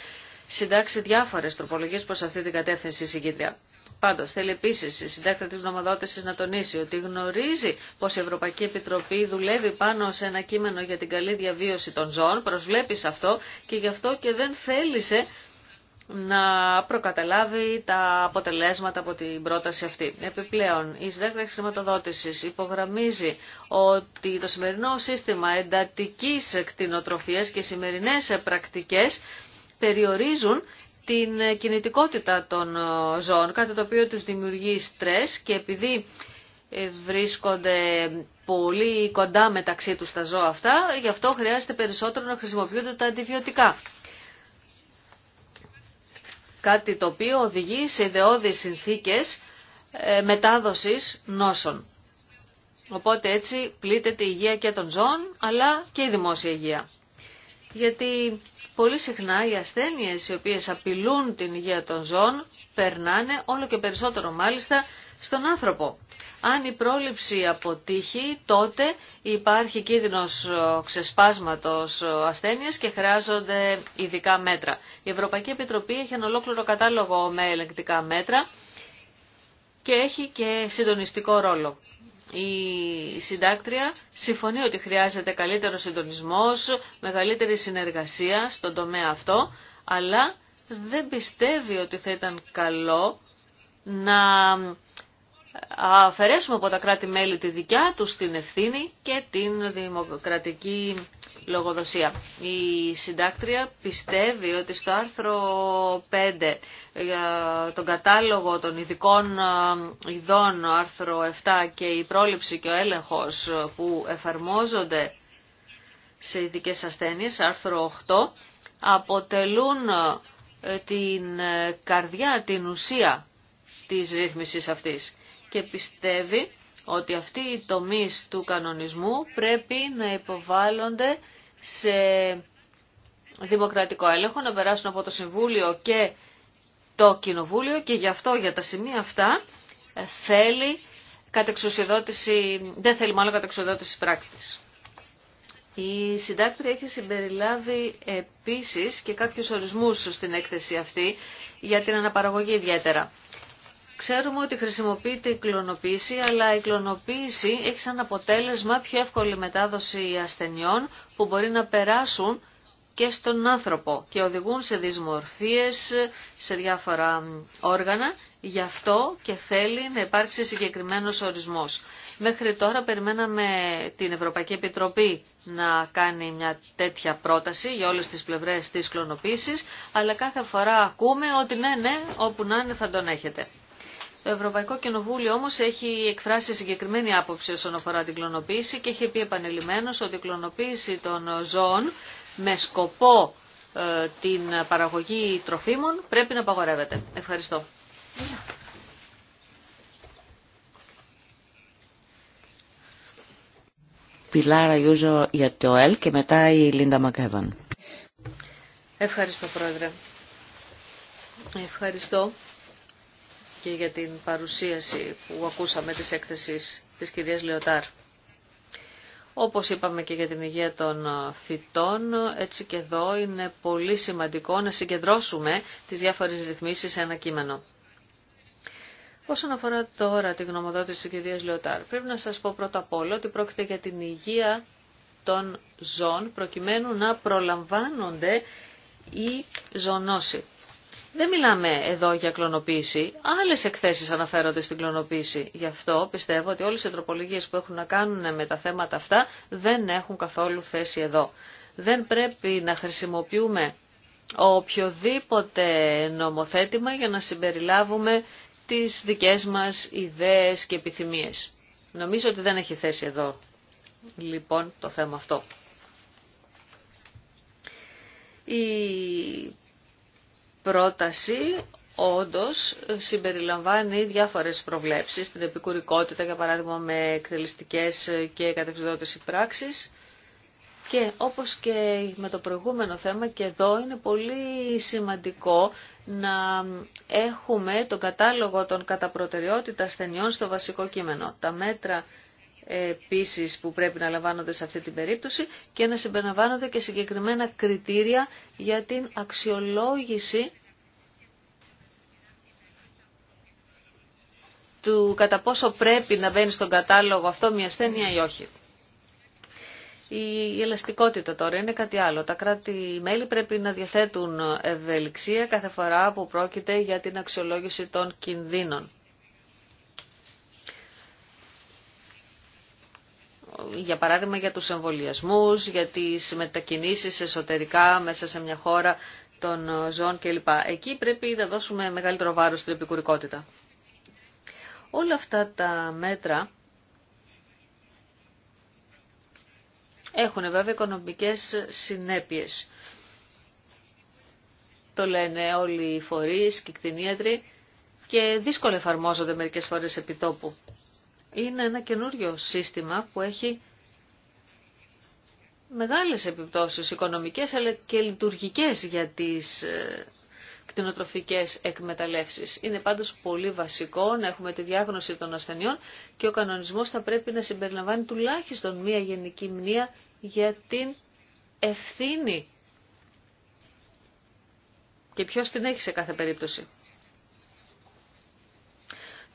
συντάξει διάφορες τροπολογίες προς αυτή την κατεύθυνση η συγκίτρια. Πάντω, θέλει επίση η συντάκτα τη νομοδότηση να τονίσει ότι γνωρίζει πω η Ευρωπαϊκή Επιτροπή δουλεύει πάνω σε ένα κείμενο για την καλή διαβίωση των ζώων, προσβλέπει σε αυτό και γι' αυτό και δεν θέλησε να προκαταλάβει τα αποτελέσματα από την πρόταση αυτή. Επιπλέον, η συντάκτα χρηματοδότηση υπογραμμίζει ότι το σημερινό σύστημα εντατική κτηνοτροφία και σημερινέ πρακτικέ περιορίζουν την κινητικότητα των ε, ζώων, κάτι το οποίο τους δημιουργεί στρες και επειδή ε, βρίσκονται πολύ κοντά μεταξύ τους τα ζώα αυτά, γι' αυτό χρειάζεται περισσότερο να χρησιμοποιούνται τα αντιβιωτικά. Κάτι το οποίο οδηγεί σε ιδεώδεις συνθήκες ε, μετάδοσης νόσων. Οπότε έτσι πλήττεται η υγεία και των ζώων, αλλά και η δημόσια υγεία. Γιατί πολύ συχνά οι ασθένειες οι οποίες απειλούν την υγεία των ζώων περνάνε όλο και περισσότερο μάλιστα στον άνθρωπο. Αν η πρόληψη αποτύχει, τότε υπάρχει κίνδυνος ξεσπάσματος ασθένειας και χρειάζονται ειδικά μέτρα. Η Ευρωπαϊκή Επιτροπή έχει ένα ολόκληρο κατάλογο με ελεγκτικά μέτρα και έχει και συντονιστικό ρόλο η συντάκτρια συμφωνεί ότι χρειάζεται καλύτερο συντονισμός, μεγαλύτερη συνεργασία στον τομέα αυτό, αλλά δεν πιστεύει ότι θα ήταν καλό να αφαιρέσουμε από τα κράτη-μέλη τη δικιά τους την ευθύνη και την δημοκρατική λογοδοσία. Η συντάκτρια πιστεύει ότι στο άρθρο 5 για τον κατάλογο των ειδικών ειδών, άρθρο 7 και η πρόληψη και ο έλεγχος που εφαρμόζονται σε ειδικέ ασθένειες, άρθρο 8, αποτελούν την ε, καρδιά, την ουσία της ρύθμισης αυτής και πιστεύει ότι αυτοί οι τομείς του κανονισμού πρέπει να υποβάλλονται σε δημοκρατικό έλεγχο, να περάσουν από το Συμβούλιο και το Κοινοβούλιο και γι' αυτό για τα σημεία αυτά ε, θέλει κατεξουσιοδότηση, δεν θέλει μάλλον κατεξουσιοδότηση πράξης. Η συντάκτρια έχει συμπεριλάβει επίσης και κάποιους ορισμούς στην έκθεση αυτή για την αναπαραγωγή ιδιαίτερα. Ξέρουμε ότι χρησιμοποιείται η κλωνοποίηση, αλλά η κλωνοποίηση έχει σαν αποτέλεσμα πιο εύκολη μετάδοση ασθενειών που μπορεί να περάσουν και στον άνθρωπο και οδηγούν σε δυσμορφίες, σε διάφορα όργανα. Γι' αυτό και θέλει να υπάρξει συγκεκριμένος ορισμός. Μέχρι τώρα περιμέναμε την Ευρωπαϊκή Επιτροπή να κάνει μια τέτοια πρόταση για όλες τις πλευρές της κλωνοποίησης, αλλά κάθε φορά ακούμε ότι ναι, ναι, όπου να είναι θα τον έχετε. Το Ευρωπαϊκό Κοινοβούλιο όμως έχει εκφράσει συγκεκριμένη άποψη όσον αφορά την κλωνοποίηση και έχει πει επανειλημμένως ότι η κλωνοποίηση των ζώων με σκοπό ε, την παραγωγή τροφίμων πρέπει να απαγορεύεται. Ευχαριστώ. Πιλάρα για και μετά η Λίντα Μακέβαν. Ευχαριστώ Πρόεδρε. Ευχαριστώ και για την παρουσίαση που ακούσαμε της έκθεσης της κυρίας Λεωτάρ. Όπως είπαμε και για την υγεία των φυτών, έτσι και εδώ είναι πολύ σημαντικό να συγκεντρώσουμε τις διάφορες ρυθμίσεις σε ένα κείμενο. Όσον αφορά τώρα τη γνωμοδότηση της κυρίας Λεωτάρ, πρέπει να σας πω πρώτα απ' όλα ότι πρόκειται για την υγεία των ζώων προκειμένου να προλαμβάνονται οι ζωνώσεις. Δεν μιλάμε εδώ για κλωνοποίηση. Άλλες εκθέσεις αναφέρονται στην κλωνοποίηση. Γι' αυτό πιστεύω ότι όλες οι τροπολογίες που έχουν να κάνουν με τα θέματα αυτά δεν έχουν καθόλου θέση εδώ. Δεν πρέπει να χρησιμοποιούμε οποιοδήποτε νομοθέτημα για να συμπεριλάβουμε τις δικές μας ιδέες και επιθυμίες. Νομίζω ότι δεν έχει θέση εδώ λοιπόν το θέμα αυτό. Η πρόταση όντω συμπεριλαμβάνει διάφορες προβλέψεις, την επικουρικότητα για παράδειγμα με εκτελεστικέ και κατευθυντώτες πράξει. και όπως και με το προηγούμενο θέμα και εδώ είναι πολύ σημαντικό να έχουμε τον κατάλογο των καταπροτεραιότητα στενιών στο βασικό κείμενο. Τα μέτρα επίση που πρέπει να λαμβάνονται σε αυτή την περίπτωση και να συμπεριλαμβάνονται και συγκεκριμένα κριτήρια για την αξιολόγηση του κατά πόσο πρέπει να μπαίνει στον κατάλογο αυτό μια ασθένεια ή όχι. Η ελαστικότητα τώρα είναι κάτι άλλο. Τα κράτη-μέλη πρέπει να διαθέτουν ευελιξία κάθε φορά που πρόκειται για την αξιολόγηση των κινδύνων. για παράδειγμα για τους εμβολιασμού, για τις μετακινήσεις εσωτερικά μέσα σε μια χώρα των ζώων κλπ. Εκεί πρέπει να δώσουμε μεγαλύτερο βάρος στην επικουρικότητα. Όλα αυτά τα μέτρα έχουν βέβαια οικονομικές συνέπειες. Το λένε όλοι οι φορείς και οι κτηνίατροι και δύσκολα εφαρμόζονται μερικές φορές επί τόπου είναι ένα καινούριο σύστημα που έχει μεγάλες επιπτώσεις οικονομικές αλλά και λειτουργικές για τις ε, κτηνοτροφικές εκμεταλλεύσεις. Είναι πάντως πολύ βασικό να έχουμε τη διάγνωση των ασθενειών και ο κανονισμός θα πρέπει να συμπεριλαμβάνει τουλάχιστον μία γενική μνήμα για την ευθύνη και ποιος την έχει σε κάθε περίπτωση.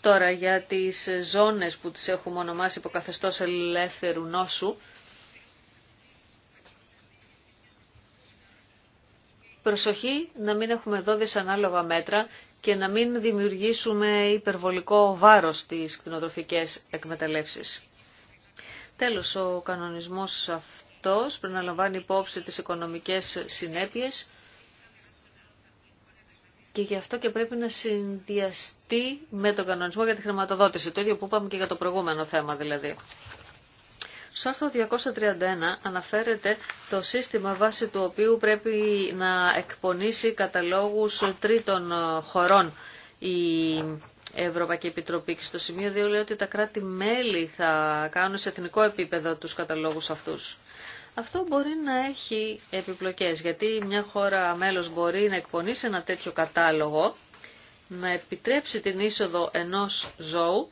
Τώρα για τις ζώνες που τις έχουμε ονομάσει υποκαθεστώς ελεύθερου νόσου, προσοχή να μην έχουμε εδώ ανάλογα μέτρα και να μην δημιουργήσουμε υπερβολικό βάρος στις κτηνοτροφικές εκμεταλλεύσεις. Τέλος, ο κανονισμός αυτός πρέπει να λαμβάνει υπόψη τις οικονομικές συνέπειες και γι' αυτό και πρέπει να συνδυαστεί με τον κανονισμό για τη χρηματοδότηση. Το ίδιο που είπαμε και για το προηγούμενο θέμα δηλαδή. Στο άρθρο 231 αναφέρεται το σύστημα βάσει του οποίου πρέπει να εκπονήσει καταλόγους τρίτων χωρών η Ευρωπαϊκή Επιτροπή. Και στο σημείο 2 λέει ότι τα κράτη-μέλη θα κάνουν σε εθνικό επίπεδο τους καταλόγους αυτούς. Αυτό μπορεί να έχει επιπλοκές, γιατί μια χώρα μέλος μπορεί να εκπονήσει ένα τέτοιο κατάλογο, να επιτρέψει την είσοδο ενός ζώου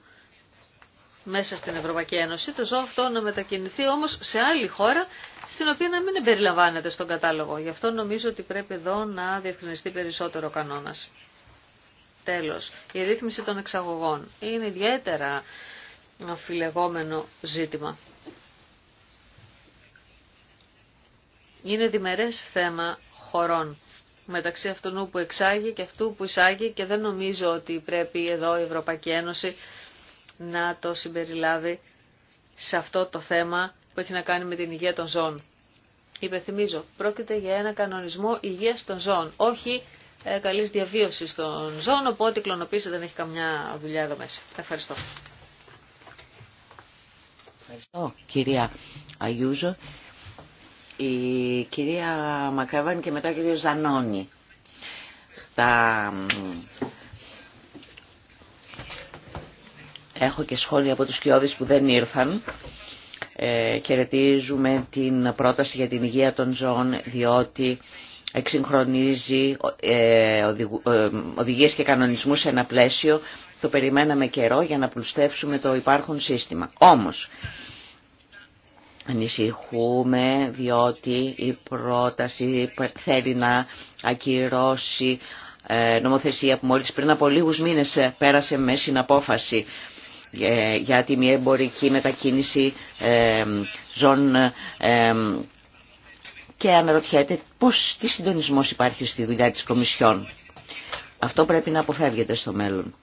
μέσα στην Ευρωπαϊκή Ένωση, το ζώο αυτό να μετακινηθεί όμως σε άλλη χώρα, στην οποία να μην περιλαμβάνεται στον κατάλογο. Γι' αυτό νομίζω ότι πρέπει εδώ να διευκρινιστεί περισσότερο ο κανόνας. Τέλος, η ρύθμιση των εξαγωγών είναι ιδιαίτερα αφιλεγόμενο ζήτημα. Είναι διμερές θέμα χωρών μεταξύ αυτού που εξάγει και αυτού που εισάγει και δεν νομίζω ότι πρέπει εδώ η Ευρωπαϊκή Ένωση να το συμπεριλάβει σε αυτό το θέμα που έχει να κάνει με την υγεία των ζώων. Υπενθυμίζω, πρόκειται για ένα κανονισμό υγείας των ζώων, όχι ε, καλής διαβίωσης των ζώων, οπότε η κλωνοποίηση δεν έχει καμιά δουλειά εδώ μέσα. Ευχαριστώ. Ευχαριστώ κυρία Αγιούζο η κυρία Μακάβαν και μετά ο κύριος Ζανώνη. Έχω και σχόλια από τους κοιόδης που δεν ήρθαν. Ε, την πρόταση για την υγεία των ζώων διότι εξυγχρονίζει ε, ε, οδηγίες και κανονισμούς σε ένα πλαίσιο. Το περιμέναμε καιρό για να πλουστεύσουμε το υπάρχον σύστημα. Όμως, Ανησυχούμε διότι η πρόταση θέλει να ακυρώσει ε, νομοθεσία που μόλις πριν από λίγους μήνες ε, πέρασε με συναπόφαση ε, για τη μη εμπορική μετακίνηση ζών και αναρωτιέται πώς, τι συντονισμός υπάρχει στη δουλειά της Κομισιόν. Αυτό πρέπει να αποφεύγεται στο μέλλον.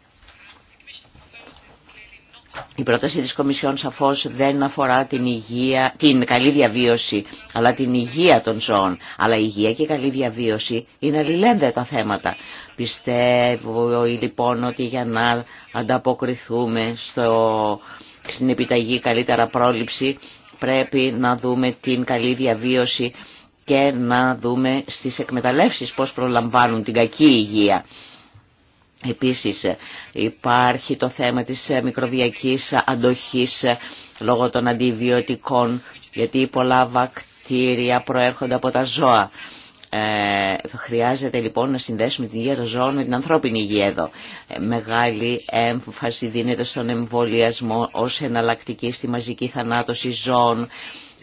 Η πρόταση της Κομισιόν σαφώς δεν αφορά την, υγεία, την καλή διαβίωση, αλλά την υγεία των ζώων. Αλλά η υγεία και η καλή διαβίωση είναι αλληλένδετα θέματα. Πιστεύω λοιπόν ότι για να ανταποκριθούμε στο, στην επιταγή καλύτερα πρόληψη, πρέπει να δούμε την καλή διαβίωση και να δούμε στις εκμεταλλεύσεις πώς προλαμβάνουν την κακή υγεία. Επίσης υπάρχει το θέμα της ε, μικροβιακής αντοχής ε, λόγω των αντιβιωτικών γιατί πολλά βακτήρια προέρχονται από τα ζώα. Ε, χρειάζεται λοιπόν να συνδέσουμε την υγεία των ζώων με την ανθρώπινη υγεία εδώ. μεγάλη έμφαση δίνεται στον εμβολιασμό ως εναλλακτική στη μαζική θανάτωση ζώων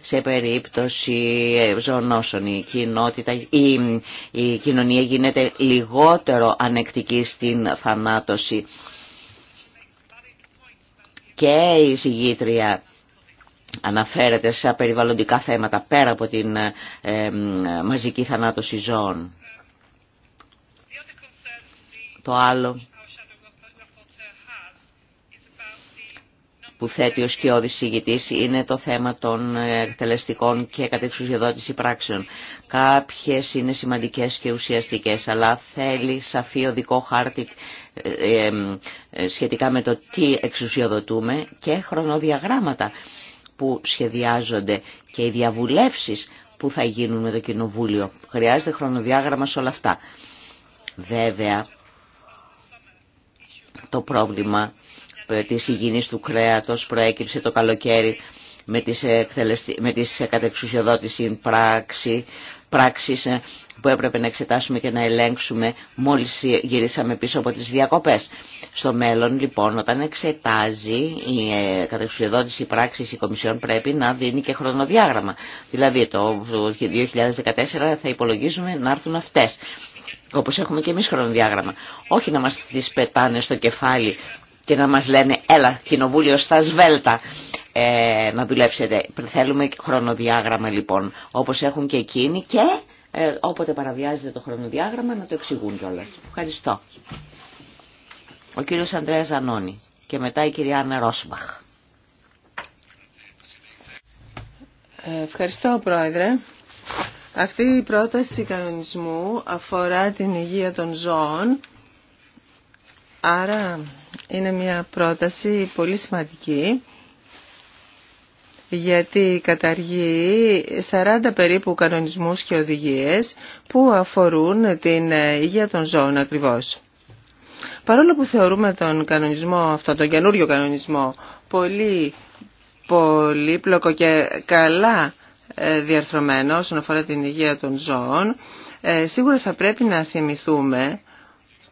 σε περίπτωση ε, ζωνώσεων. Η, κοινότητα, η, κοινωνία γίνεται λιγότερο ανεκτική στην θανάτωση. Και η συγγήτρια αναφέρεται σε περιβαλλοντικά θέματα πέρα από την ε, μαζική θανάτωση ζώων. Το άλλο που θέτει ο σκιώδης συγητής είναι το θέμα των εκτελεστικών και κατεξουσιοδότηση πράξεων. Κάποιες είναι σημαντικές και ουσιαστικές, αλλά θέλει σαφή οδικό χάρτη ε, ε, σχετικά με το τι εξουσιοδοτούμε και χρονοδιαγράμματα που σχεδιάζονται και οι διαβουλεύσεις που θα γίνουν με το Κοινοβούλιο. Χρειάζεται χρονοδιάγραμμα σε όλα αυτά. Βέβαια, το πρόβλημα της υγιεινής του κρέατος προέκυψε το καλοκαίρι με τις, εκτελεστη... με τις κατεξουσιοδότηση πράξη, ε, που έπρεπε να εξετάσουμε και να ελέγξουμε μόλις γυρίσαμε πίσω από τις διακοπές. Στο μέλλον λοιπόν όταν εξετάζει η ε, κατεξουσιοδότηση πράξης η Κομισιόν πρέπει να δίνει και χρονοδιάγραμμα. Δηλαδή το 2014 θα υπολογίζουμε να έρθουν αυτές. Όπως έχουμε και εμείς χρονοδιάγραμμα. Όχι να μας τις πετάνε στο κεφάλι και να μας λένε έλα κοινοβούλιο στα σβέλτα ε, να δουλέψετε. Θέλουμε χρονοδιάγραμμα λοιπόν όπως έχουν και εκείνοι και ε, όποτε παραβιάζεται το χρονοδιάγραμμα να το εξηγούν κιόλα. Ευχαριστώ. Ο κύριος Ανδρέας Ζανώνη και μετά η κυρία Άννα Ρόσμπαχ. Ευχαριστώ Πρόεδρε. Αυτή η πρόταση κανονισμού αφορά την υγεία των ζώων, άρα είναι μια πρόταση πολύ σημαντική γιατί καταργεί 40 περίπου κανονισμούς και οδηγίες που αφορούν την υγεία των ζώων ακριβώς. Παρόλο που θεωρούμε τον κανονισμό αυτό, τον καινούριο κανονισμό, πολύ πολύπλοκο και καλά ε, διαρθρωμένο όσον αφορά την υγεία των ζώων, ε, σίγουρα θα πρέπει να θυμηθούμε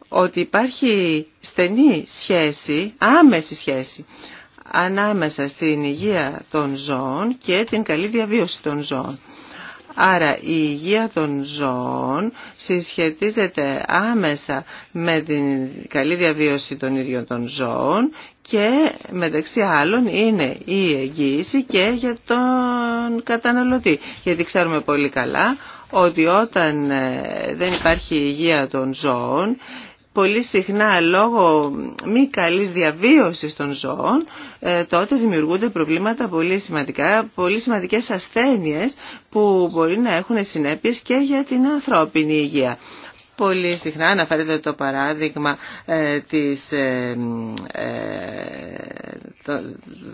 ότι υπάρχει στενή σχέση, άμεση σχέση, ανάμεσα στην υγεία των ζώων και την καλή διαβίωση των ζώων. Άρα η υγεία των ζώων συσχετίζεται άμεσα με την καλή διαβίωση των ίδιων των ζώων και μεταξύ άλλων είναι η εγγύηση και για τον καταναλωτή. Γιατί ξέρουμε πολύ καλά ότι όταν ε, δεν υπάρχει υγεία των ζώων πολύ συχνά λόγω μη καλής διαβίωσης των ζώων, ε, τότε δημιουργούνται προβλήματα πολύ σημαντικά, πολύ σημαντικές ασθένειες που μπορεί να έχουν συνέπειες και για την ανθρώπινη υγεία. Πολύ συχνά αναφέρεται το παράδειγμα ε, της, ε,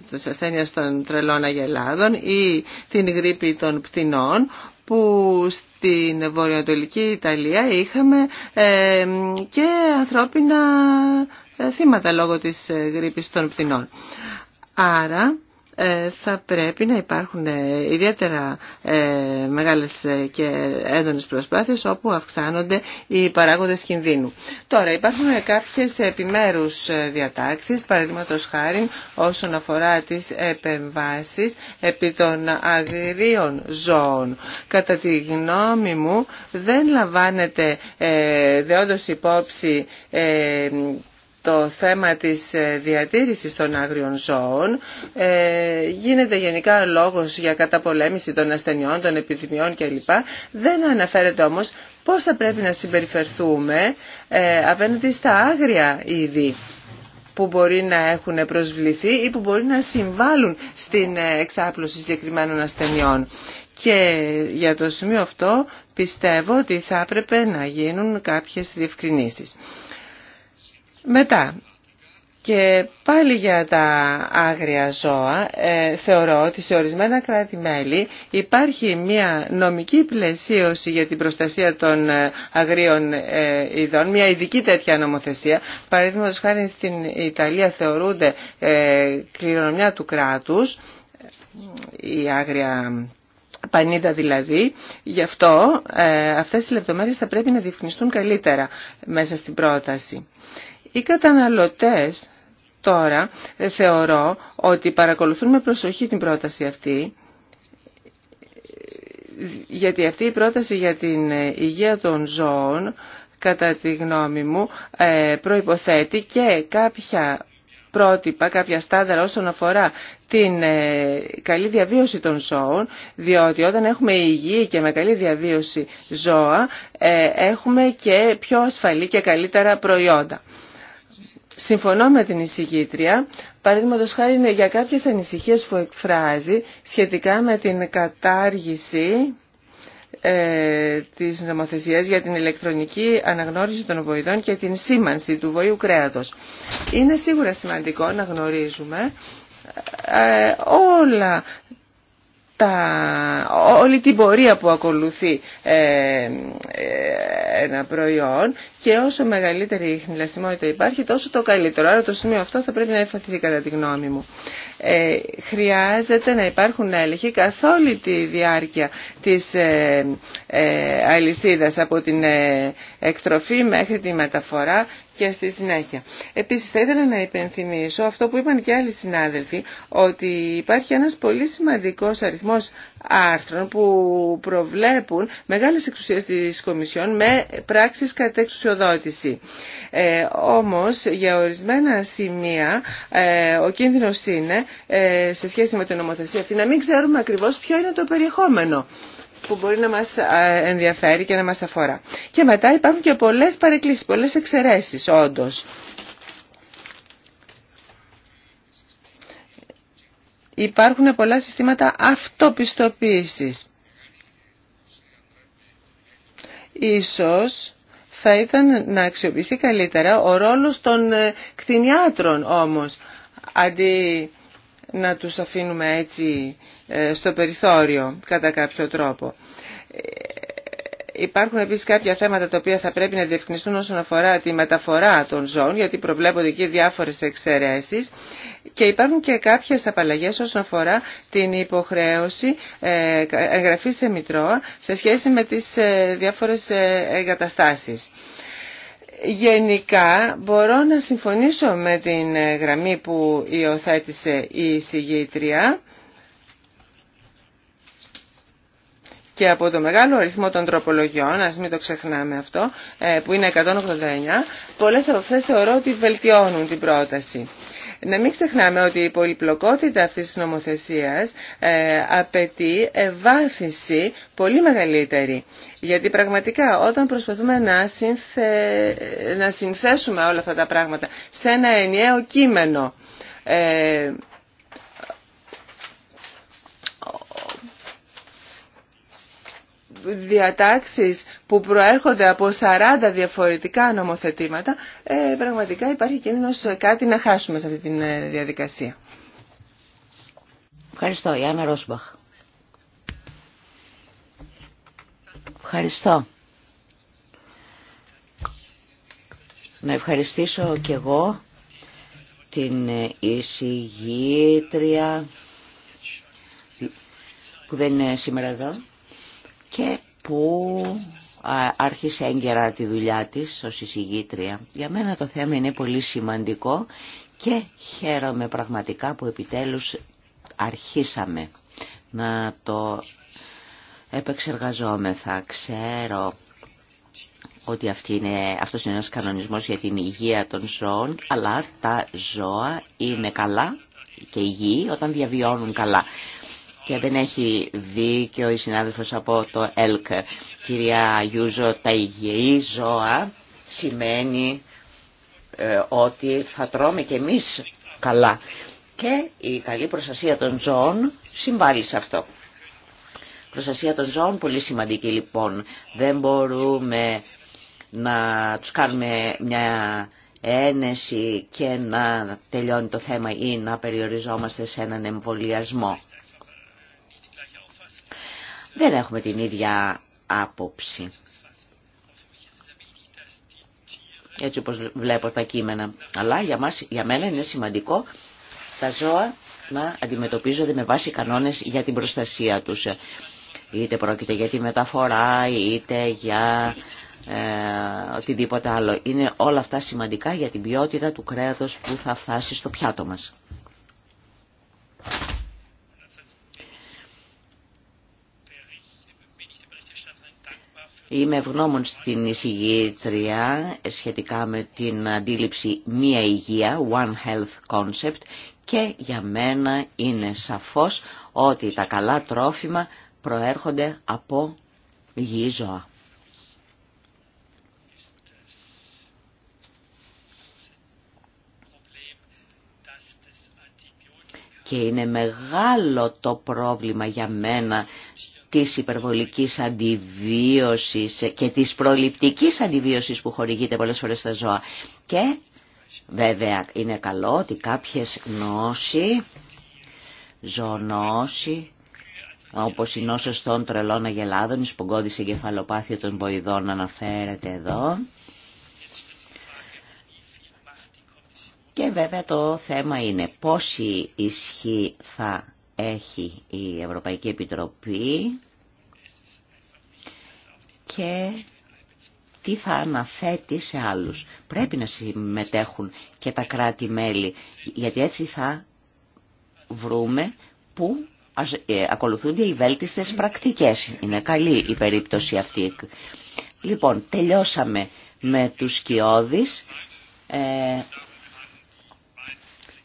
της ασθένειας των τρελών αγελάδων ή την γρήπη των πτηνών που στην βορειοανατολική Ιταλία είχαμε ε, και ανθρώπινα ε, θύματα λόγω της ε, γρήπης των πτηνών. Άρα ε, θα πρέπει να υπάρχουν ε, ιδιαίτερα ε, μεγάλες και έντονες προσπάθειες όπου αυξάνονται οι παράγοντες κινδύνου. Τώρα υπάρχουν κάποιες επιμέρους διατάξεις, παραδείγματο χάρη όσον αφορά τις επεμβάσεις επί των αγρίων ζώων. Κατά τη γνώμη μου δεν λαμβάνεται ε, δεόντως υπόψη το θέμα της ε, διατήρησης των άγριων ζώων ε, γίνεται γενικά λόγος για καταπολέμηση των ασθενειών, των επιδημιών κλπ. Δεν αναφέρεται όμως πώς θα πρέπει να συμπεριφερθούμε ε, απέναντι στα άγρια είδη που μπορεί να έχουν προσβληθεί ή που μπορεί να συμβάλλουν στην εξάπλωση συγκεκριμένων ασθενειών. Και για το σημείο αυτό πιστεύω ότι θα έπρεπε να γίνουν κάποιες διευκρινήσεις. Μετά, και πάλι για τα άγρια ζώα, ε, θεωρώ ότι σε ορισμένα κράτη-μέλη υπάρχει μια νομική πλαισίωση για την προστασία των ε, αγρίων ε, ειδών, μια ειδική τέτοια νομοθεσία. Παραδείγματος χάρη στην Ιταλία θεωρούνται κληρονομιά του κράτους, η άγρια πανίδα δηλαδή. Γι' αυτό αυτές οι λεπτομέρειες θα πρέπει να διευκρινιστούν καλύτερα μέσα στην πρόταση. Οι καταναλωτές τώρα ε, θεωρώ ότι παρακολουθούν με προσοχή την πρόταση αυτή γιατί αυτή η πρόταση για την ε, υγεία των ζώων κατά τη γνώμη μου ε, προϋποθέτει και κάποια πρότυπα, κάποια στάνταρα όσον αφορά την καλή διαβίωση των ζώων, διότι όταν έχουμε υγιή και με καλή διαβίωση ζώα, έχουμε και πιο ασφαλή και καλύτερα προϊόντα. Συμφωνώ με την εισηγήτρια, παραδείγματο χάρη για κάποιες ανησυχίες που εκφράζει σχετικά με την κατάργηση ε, της νομοθεσίας για την ηλεκτρονική αναγνώριση των βοηδών και την σήμανση του βοήου κρέατος. Είναι σίγουρα σημαντικό να γνωρίζουμε ε, όλα τα, όλη την πορεία που ακολουθεί ε, ε, ένα προϊόν και όσο μεγαλύτερη χνηλασιμότητα υπάρχει τόσο το καλύτερο. Άρα το σημείο αυτό θα πρέπει να εφαρθεί κατά τη γνώμη μου. Ε, χρειάζεται να υπάρχουν έλεγχοι καθ' όλη τη διάρκεια της ε, αλυσίδας από την εκτροφή μέχρι τη μεταφορά και στη συνέχεια. Επίσης θα ήθελα να υπενθυμίσω αυτό που είπαν και άλλοι συνάδελφοι, ότι υπάρχει ένας πολύ σημαντικός αριθμός άρθρων που προβλέπουν μεγάλες εξουσίες της Κομισιόν με πράξεις κατά εξουσιοδότηση. Ε, όμως για ορισμένα σημεία ε, ο κίνδυνο είναι ε, σε σχέση με την νομοθεσία αυτή να μην ξέρουμε ακριβώ ποιο είναι το περιεχόμενο που μπορεί να μας ενδιαφέρει και να μας αφορά. Και μετά υπάρχουν και πολλές παρεκκλήσεις, πολλές εξαιρέσεις όντως. Υπάρχουν πολλά συστήματα αυτοπιστοποίησης. Ίσως θα ήταν να αξιοποιηθεί καλύτερα ο ρόλος των ε, κτηνιάτρων όμως, αντί να τους αφήνουμε έτσι ε, στο περιθώριο κατά κάποιο τρόπο. Ε, υπάρχουν επίσης κάποια θέματα τα οποία θα πρέπει να διευκρινιστούν όσον αφορά τη μεταφορά των ζώων, γιατί προβλέπονται εκεί διάφορες εξαιρέσεις και υπάρχουν και κάποιες απαλλαγές όσον αφορά την υποχρέωση ε, εγγραφής σε Μητρώα σε σχέση με τις διάφορες εγκαταστάσεις. Γενικά μπορώ να συμφωνήσω με την ε, γραμμή που υιοθέτησε η συγγήτρια και από το μεγάλο αριθμό των τροπολογιών, ας μην το ξεχνάμε αυτό, ε, που είναι 189, πολλές από αυτές θεωρώ ότι βελτιώνουν την πρόταση. Να μην ξεχνάμε ότι η πολυπλοκότητα αυτής της νομοθεσίας ε, απαιτεί ευάθυνση πολύ μεγαλύτερη. Γιατί πραγματικά όταν προσπαθούμε να, να συνθέσουμε όλα αυτά τα πράγματα σε ένα ενιαίο κείμενο... Ε, διατάξεις που προέρχονται από 40 διαφορετικά νομοθετήματα, ε, πραγματικά υπάρχει κίνδυνος κάτι να χάσουμε σε αυτή τη ε, διαδικασία. Ευχαριστώ. Ιάννα Ρόσμπαχ. Ευχαριστώ. Να ευχαριστήσω και εγώ την ε, εισηγήτρια που δεν είναι σήμερα εδώ και που άρχισε έγκαιρα τη δουλειά της ως εισηγήτρια. Για μένα το θέμα είναι πολύ σημαντικό και χαίρομαι πραγματικά που επιτέλους αρχίσαμε να το επεξεργαζόμεθα. Ξέρω ότι αυτή είναι, αυτός είναι ένας κανονισμός για την υγεία των ζώων, αλλά τα ζώα είναι καλά και υγιή όταν διαβιώνουν καλά και δεν έχει και η συνάδελφος από το ΕΛΚ. Κυρία Γιούζο, τα υγιή ζώα σημαίνει ε, ότι θα τρώμε και εμείς καλά. Και η καλή προστασία των ζώων συμβάλλει σε αυτό. Προστασία των ζώων πολύ σημαντική λοιπόν. Δεν μπορούμε να τους κάνουμε μια ένεση και να τελειώνει το θέμα ή να περιοριζόμαστε σε έναν εμβολιασμό δεν έχουμε την ίδια άποψη. Έτσι όπως βλέπω τα κείμενα. Αλλά για, μας, για μένα είναι σημαντικό τα ζώα να αντιμετωπίζονται με βάση κανόνες για την προστασία τους. Είτε πρόκειται για τη μεταφορά, είτε για ε, οτιδήποτε άλλο. Είναι όλα αυτά σημαντικά για την ποιότητα του κρέατος που θα φτάσει στο πιάτο μας. Είμαι ευγνώμων στην εισηγήτρια σχετικά με την αντίληψη μία υγεία, One Health Concept και για μένα είναι σαφώς ότι τα καλά τρόφιμα προέρχονται από υγιή ζωά. Και είναι μεγάλο το πρόβλημα για μένα της υπερβολικής αντιβίωσης και της προληπτικής αντιβίωσης που χορηγείται πολλές φορές στα ζώα. Και βέβαια είναι καλό ότι κάποιες νόσοι, ζωονόσοι, όπως η νόσος των τρελών αγελάδων, η σπογκώδης εγκεφαλοπάθεια των βοηδών αναφέρεται εδώ. Και βέβαια το θέμα είναι πόση ισχύ θα έχει η Ευρωπαϊκή Επιτροπή και τι θα αναθέτει σε άλλους. Πρέπει να συμμετέχουν και τα κράτη-μέλη, γιατί έτσι θα βρούμε που ε, ακολουθούνται οι βέλτιστες πρακτικές. Είναι καλή η περίπτωση αυτή. Λοιπόν, τελειώσαμε με τους σκιώδεις. Ε,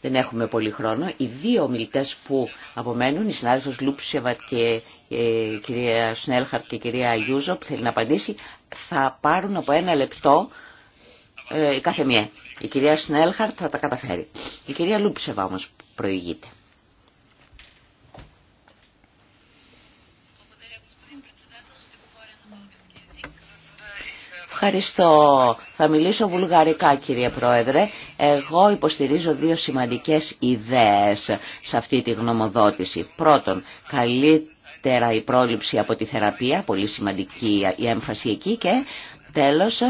δεν έχουμε πολύ χρόνο. Οι δύο ομιλητέ που απομένουν, η συνάδελφο Λούψεβα και η ε, κυρία Σνέλχαρτ και η κυρία Αγιούζο, που θέλει να απαντήσει, θα πάρουν από ένα λεπτό η ε, κάθε μία. Η κυρία Σνέλχαρτ θα τα καταφέρει. Η κυρία Λούψεβα όμω προηγείται. Ευχαριστώ. Θα μιλήσω βουλγαρικά κύριε Πρόεδρε εγώ υποστηρίζω δύο σημαντικές ιδέες σε αυτή τη γνωμοδότηση. Πρώτον, καλύτερα η πρόληψη από τη θεραπεία, πολύ σημαντική η έμφαση εκεί και τέλος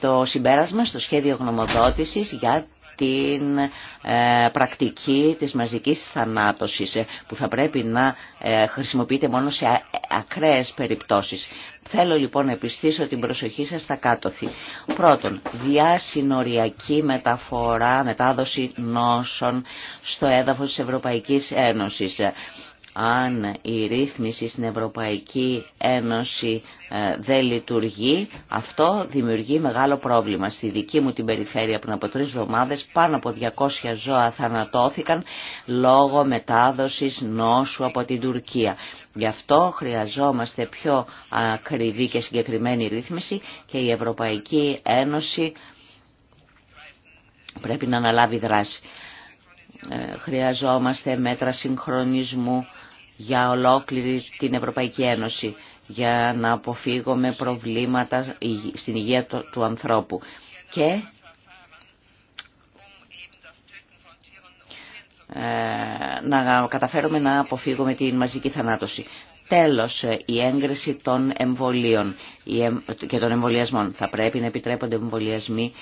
το συμπέρασμα στο σχέδιο γνωμοδότησης για την ε, πρακτική της μαζικής θανάτωσης ε, που θα πρέπει να ε, χρησιμοποιείται μόνο σε ακραίες περιπτώσεις. Θέλω λοιπόν να επιστήσω την προσοχή σας στα κάτωθη. Πρώτον, διασυνοριακή μεταφορά, μετάδοση νόσων στο έδαφος της Ευρωπαϊκής Ένωσης αν η ρύθμιση στην Ευρωπαϊκή Ένωση ε, δεν λειτουργεί, αυτό δημιουργεί μεγάλο πρόβλημα. Στη δική μου την περιφέρεια πριν από τρεις εβδομάδες πάνω από 200 ζώα θανατώθηκαν λόγω μετάδοσης νόσου από την Τουρκία. Γι' αυτό χρειαζόμαστε πιο ακριβή και συγκεκριμένη ρύθμιση και η Ευρωπαϊκή Ένωση πρέπει να αναλάβει δράση. Ε, χρειαζόμαστε μέτρα συγχρονισμού για ολόκληρη την Ευρωπαϊκή Ένωση για να αποφύγουμε προβλήματα στην υγεία του ανθρώπου. Και ε, να καταφέρουμε να αποφύγουμε την μαζική θανάτωση. Τέλος, ε, η έγκριση των εμβολίων και των εμβολιασμών. Θα πρέπει να επιτρέπονται εμβολιασμοί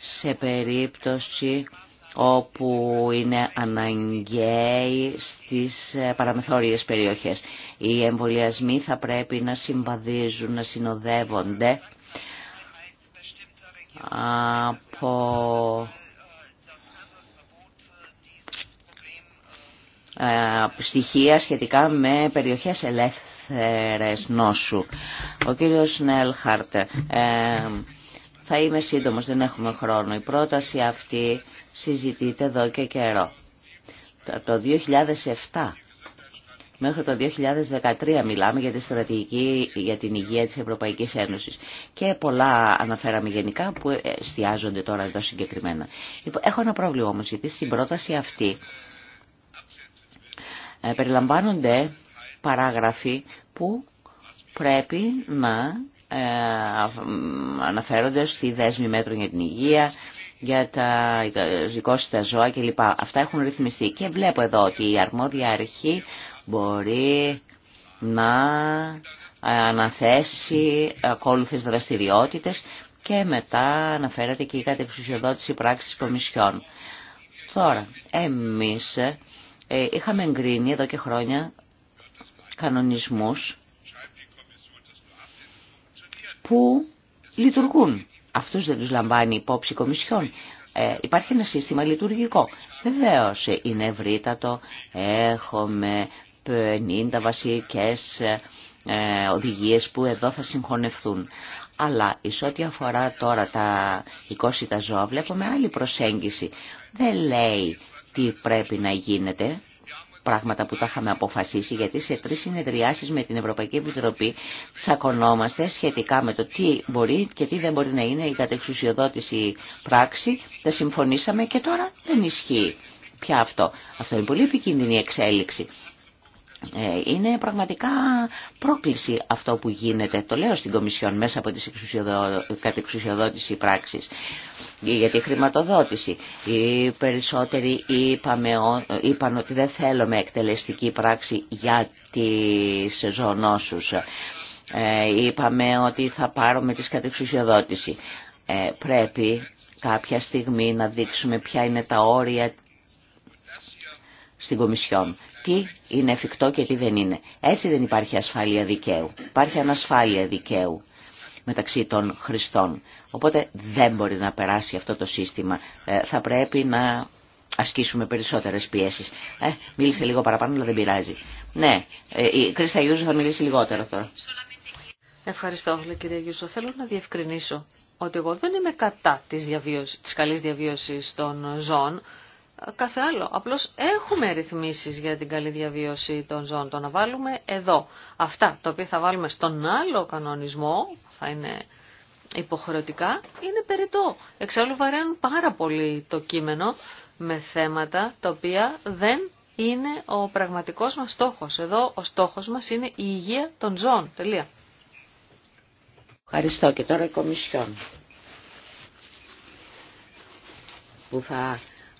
σε περίπτωση όπου είναι αναγκαίοι στις ε, παραμεθόριες περιοχές. Οι εμβολιασμοί θα πρέπει να συμβαδίζουν, να συνοδεύονται από ε, στοιχεία σχετικά με περιοχές ελεύθερες νόσου. Ο κύριος Νέλχαρτ, ε, θα είμαι σύντομος, δεν έχουμε χρόνο. Η πρόταση αυτή συζητείται εδώ και καιρό. Το 2007 μέχρι το 2013 μιλάμε για τη στρατηγική για την υγεία της Ευρωπαϊκής Ένωσης και πολλά αναφέραμε γενικά που εστιάζονται τώρα εδώ συγκεκριμένα. Έχω ένα πρόβλημα όμως γιατί στην πρόταση αυτή ε, περιλαμβάνονται παράγραφοι που πρέπει να ε, αναφέρονται στη δέσμη μέτρων για την υγεία, για τα οικόσιτα ζώα κλπ. Αυτά έχουν ρυθμιστεί και βλέπω εδώ ότι η αρμόδια αρχή μπορεί να αναθέσει ακόλουθες δραστηριότητες και μετά αναφέρεται και η κατεξουσιοδότηση πράξης κομισιών. Τώρα, εμείς ε, είχαμε εγκρίνει εδώ και χρόνια κανονισμούς που λειτουργούν. Αυτούς δεν τους λαμβάνει υπόψη κομισιόν. Ε, υπάρχει ένα σύστημα λειτουργικό. Βεβαίω είναι ευρύτατο, έχουμε 50 βασικές ε, οδηγίες που εδώ θα συγχωνευτούν. Αλλά εις ό,τι αφορά τώρα τα 20 τα ζώα βλέπουμε άλλη προσέγγιση. Δεν λέει τι πρέπει να γίνεται, πράγματα που τα είχαμε αποφασίσει, γιατί σε τρεις συνεδριάσεις με την Ευρωπαϊκή Επιτροπή σακωνόμαστε σχετικά με το τι μπορεί και τι δεν μπορεί να είναι η κατεξουσιοδότηση πράξη. Τα συμφωνήσαμε και τώρα δεν ισχύει πια αυτό. Αυτό είναι πολύ επικίνδυνη εξέλιξη. Ε, είναι πραγματικά πρόκληση αυτό που γίνεται, το λέω στην Κομισιόν μέσα από τις κατεξουσιοδότηση πράξης για τη χρηματοδότηση. Οι περισσότεροι είπαμε, είπαν ότι δεν θέλουμε εκτελεστική πράξη για τις ζωνόσους. Ε, είπαμε ότι θα πάρουμε τις κατεξουσιοδότηση. Ε, πρέπει κάποια στιγμή να δείξουμε ποια είναι τα όρια στην Κομισιόν τι είναι εφικτό και τι δεν είναι. Έτσι δεν υπάρχει ασφάλεια δικαίου. Υπάρχει ανασφάλεια δικαίου μεταξύ των χρηστών. Οπότε δεν μπορεί να περάσει αυτό το σύστημα. Ε, θα πρέπει να ασκήσουμε περισσότερες πιέσεις. Ε, μίλησε λίγο παραπάνω, αλλά δεν πειράζει. Ναι, ε, η Κρίστα θα μιλήσει λιγότερο τώρα. Ευχαριστώ, κύριε Γιούζο. Θέλω να διευκρινίσω ότι εγώ δεν είμαι κατά της, διαβίωσης, της καλής διαβίωσης των ζώων κάθε άλλο. Απλώς έχουμε ρυθμίσεις για την καλή διαβίωση των ζώων. Το να βάλουμε εδώ. Αυτά τα οποία θα βάλουμε στον άλλο κανονισμό, θα είναι υποχρεωτικά, είναι περιττό. Εξάλλου βαραίνουν πάρα πολύ το κείμενο με θέματα τα οποία δεν είναι ο πραγματικός μας στόχος. Εδώ ο στόχος μας είναι η υγεία των ζώων. Τελεία. Ευχαριστώ και τώρα η Κομισιόν που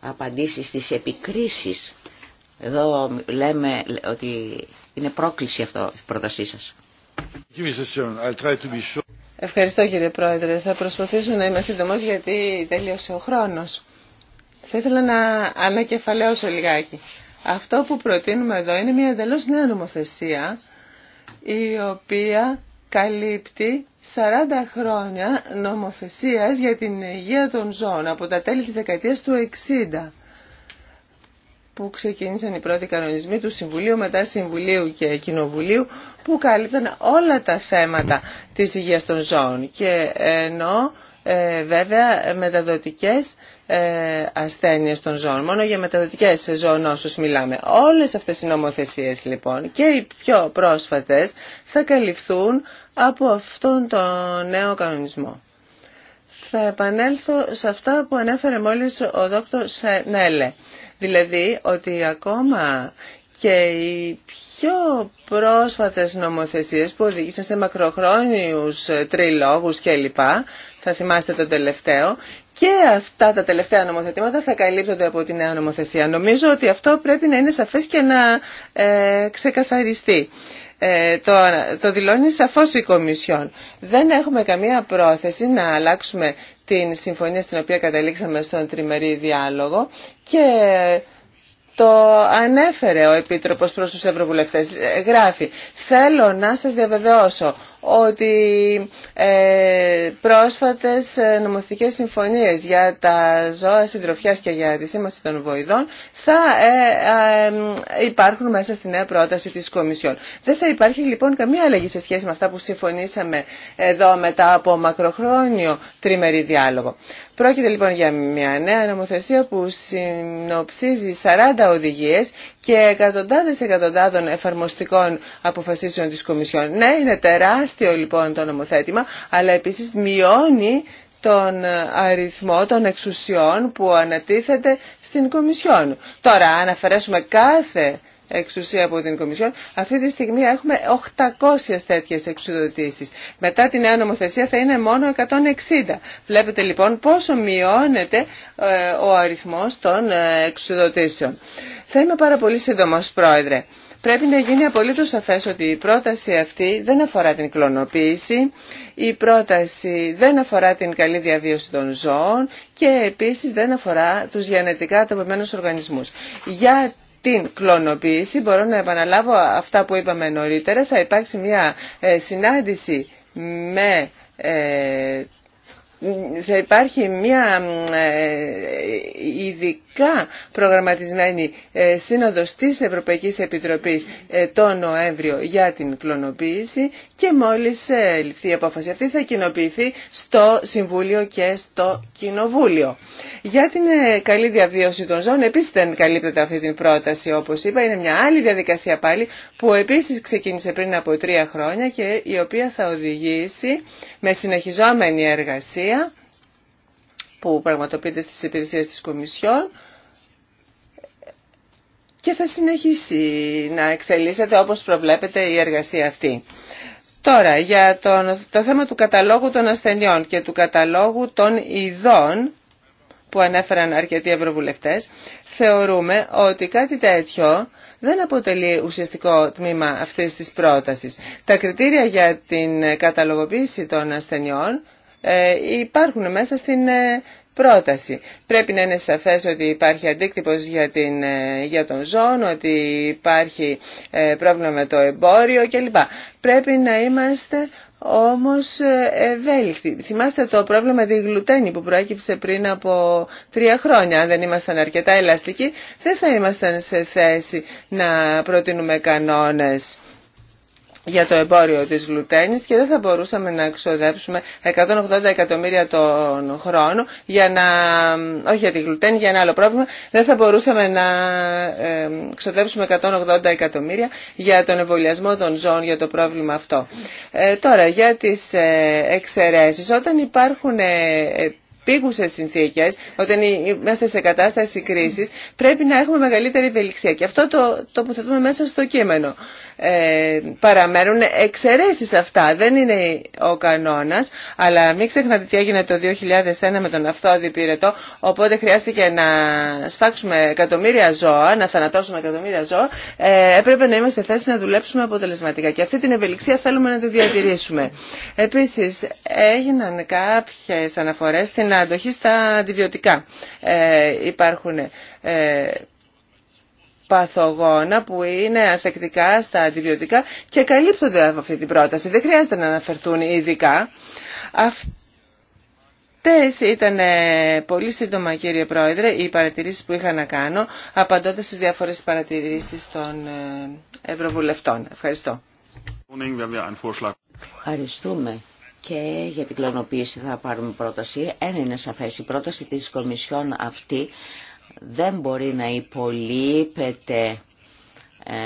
απαντήσει στις επικρίσεις. Εδώ λέμε ότι είναι πρόκληση αυτό η πρότασή σας. Ευχαριστώ κύριε Πρόεδρε. Θα προσπαθήσω να είμαι σύντομος γιατί τελείωσε ο χρόνος. Θα ήθελα να ανακεφαλαίωσω λιγάκι. Αυτό που προτείνουμε εδώ είναι μια εντελώς νέα νομοθεσία η οποία καλύπτει 40 χρόνια νομοθεσίας για την υγεία των ζώων από τα τέλη της δεκαετίας του 60 που ξεκίνησαν οι πρώτοι κανονισμοί του Συμβουλίου, μετά Συμβουλίου και Κοινοβουλίου, που κάλυπταν όλα τα θέματα της υγείας των ζώων. Και ενώ ε, βέβαια μεταδοτικές ε, ασθένειες των ζώων. Μόνο για μεταδοτικές ζωονόσους μιλάμε. Όλες αυτές οι νομοθεσίες λοιπόν και οι πιο πρόσφατες θα καλυφθούν από αυτόν τον νέο κανονισμό. Θα επανέλθω σε αυτά που ανέφερε μόλις ο δόκτωρ Σενέλε. Δηλαδή ότι ακόμα και οι πιο πρόσφατες νομοθεσίες που οδήγησαν σε μακροχρόνιους τριλόγους κλπ θα θυμάστε τον τελευταίο, και αυτά τα τελευταία νομοθετήματα θα καλύπτονται από τη νέα νομοθεσία. Νομίζω ότι αυτό πρέπει να είναι σαφές και να ε, ξεκαθαριστεί. Ε, το, το δηλώνει σαφώς η Κομισιόν. Δεν έχουμε καμία πρόθεση να αλλάξουμε την συμφωνία στην οποία καταλήξαμε στον τριμερή διάλογο και το ανέφερε ο Επίτροπος προς τους Ευρωβουλευτές. Γράφει, θέλω να σας διαβεβαιώσω ότι ε, πρόσφατες ε, νομοθετικές συμφωνίες για τα ζώα συντροφιάς και για τη σήμαση των βοηδών θα ε, υπάρχουν μέσα στη νέα πρόταση της Κομισιόν. Δεν θα υπάρχει λοιπόν καμία αλλαγή σε σχέση με αυτά που συμφωνήσαμε εδώ μετά από μακροχρόνιο τριμερή διάλογο. Πρόκειται λοιπόν για μια νέα νομοθεσία που συνοψίζει 40 οδηγίες και εκατοντάδες εκατοντάδων εφαρμοστικών αποφασίσεων της Κομισιόν. Ναι, είναι τεράστιο λοιπόν το νομοθέτημα, αλλά επίσης μειώνει τον αριθμό των εξουσιών που ανατίθεται στην Κομισιόν. Τώρα, αν αφαιρέσουμε κάθε εξουσία από την Κομισιόν. Αυτή τη στιγμή έχουμε 800 τέτοιε εξουδοτήσεις. Μετά την νέα νομοθεσία θα είναι μόνο 160. Βλέπετε λοιπόν πόσο μειώνεται ε, ο αριθμός των ε, εξουδοτήσεων. Θα είμαι πάρα πολύ σύντομο, Πρόεδρε. Πρέπει να γίνει απολύτως σαφές ότι η πρόταση αυτή δεν αφορά την κλωνοποίηση, η πρόταση δεν αφορά την καλή διαβίωση των ζώων και επίσης δεν αφορά τους γενετικά τροποποιημένους οργανισμούς την κλωνοποίηση, μπορώ να επαναλάβω αυτά που είπαμε νωρίτερα, θα υπάρξει μια ε, συνάντηση με ε, θα υπάρχει μια ε, ειδικά προγραμματισμένη ε, σύνοδος της Ευρωπαϊκής Επιτροπής ε, το Νοέμβριο για την κλωνοποίηση και μόλις ληφθεί η απόφαση αυτή θα κοινοποιηθεί στο Συμβούλιο και στο Κοινοβούλιο. Για την καλή διαβίωση των ζώων επίσης δεν καλύπτεται αυτή την πρόταση όπως είπα. Είναι μια άλλη διαδικασία πάλι που επίσης ξεκίνησε πριν από τρία χρόνια και η οποία θα οδηγήσει με συνεχιζόμενη εργασία που πραγματοποιείται στις υπηρεσίες της Κομισιόν και θα συνεχίσει να εξελίσσεται όπως προβλέπεται η εργασία αυτή. Τώρα, για τον, το θέμα του καταλόγου των ασθενειών και του καταλόγου των ειδών που ανέφεραν αρκετοί ευρωβουλευτές, θεωρούμε ότι κάτι τέτοιο δεν αποτελεί ουσιαστικό τμήμα αυτής της πρότασης. Τα κριτήρια για την καταλογοποίηση των ασθενειών ε, υπάρχουν μέσα στην ε, πρόταση. Πρέπει να είναι σαφές ότι υπάρχει αντίκτυπος για, την, ε, για τον ζώο, ότι υπάρχει πρόβλημα με το εμπόριο κλπ. Πρέπει να είμαστε όμως ευέλικτοι. Θυμάστε το πρόβλημα τη γλουτένη που προέκυψε πριν από τρία χρόνια. Αν δεν ήμασταν αρκετά ελαστικοί, δεν θα ήμασταν σε θέση να προτείνουμε κανόνες για το εμπόριο της γλουτένης και δεν θα μπορούσαμε να εξοδέψουμε 180 εκατομμύρια τον χρόνο για να, όχι για τη γλουτένη, για ένα άλλο πρόβλημα, δεν θα μπορούσαμε να ε, εξοδέψουμε 180 εκατομμύρια για τον εμβολιασμό των ζώων για το πρόβλημα αυτό. Ε, τώρα, για τις ε, εξαιρέσεις, όταν υπάρχουν πήγουσες συνθήκες, όταν είμαστε σε κατάσταση κρίσης, πρέπει να έχουμε μεγαλύτερη ευελιξία. Και αυτό το τοποθετούμε μέσα στο κείμενο. Ε, παραμένουν εξαιρέσεις αυτά. Δεν είναι ο κανόνας, αλλά μην ξεχνάτε τι έγινε το 2001 με τον Αυτόδη πυρετό, οπότε χρειάστηκε να σφάξουμε εκατομμύρια ζώα, να θανατώσουμε εκατομμύρια ζώα, ε, έπρεπε να είμαστε θέση να δουλέψουμε αποτελεσματικά. Και αυτή την ευελιξία θέλουμε να τη διατηρήσουμε. Επίσης, έγιναν κάποιες αναφορές στην αντοχή στα αντιβιωτικά. Ε, υπάρχουν παθογόνα που είναι ανθεκτικά στα αντιβιωτικά και καλύπτονται από αυτή την πρόταση. Δεν χρειάζεται να αναφερθούν ειδικά. Αυτές ήταν ε, πολύ σύντομα κύριε Πρόεδρε οι παρατηρήσεις που είχα να κάνω απαντώντας στις διάφορες παρατηρήσεις των ε, Ευρωβουλευτών. Ευχαριστώ. Ευχαριστούμε. Και για την κλωνοποίηση θα πάρουμε πρόταση. Ένα είναι σαφές η πρόταση της Κομισιόν αυτή δεν μπορεί να υπολείπεται ε,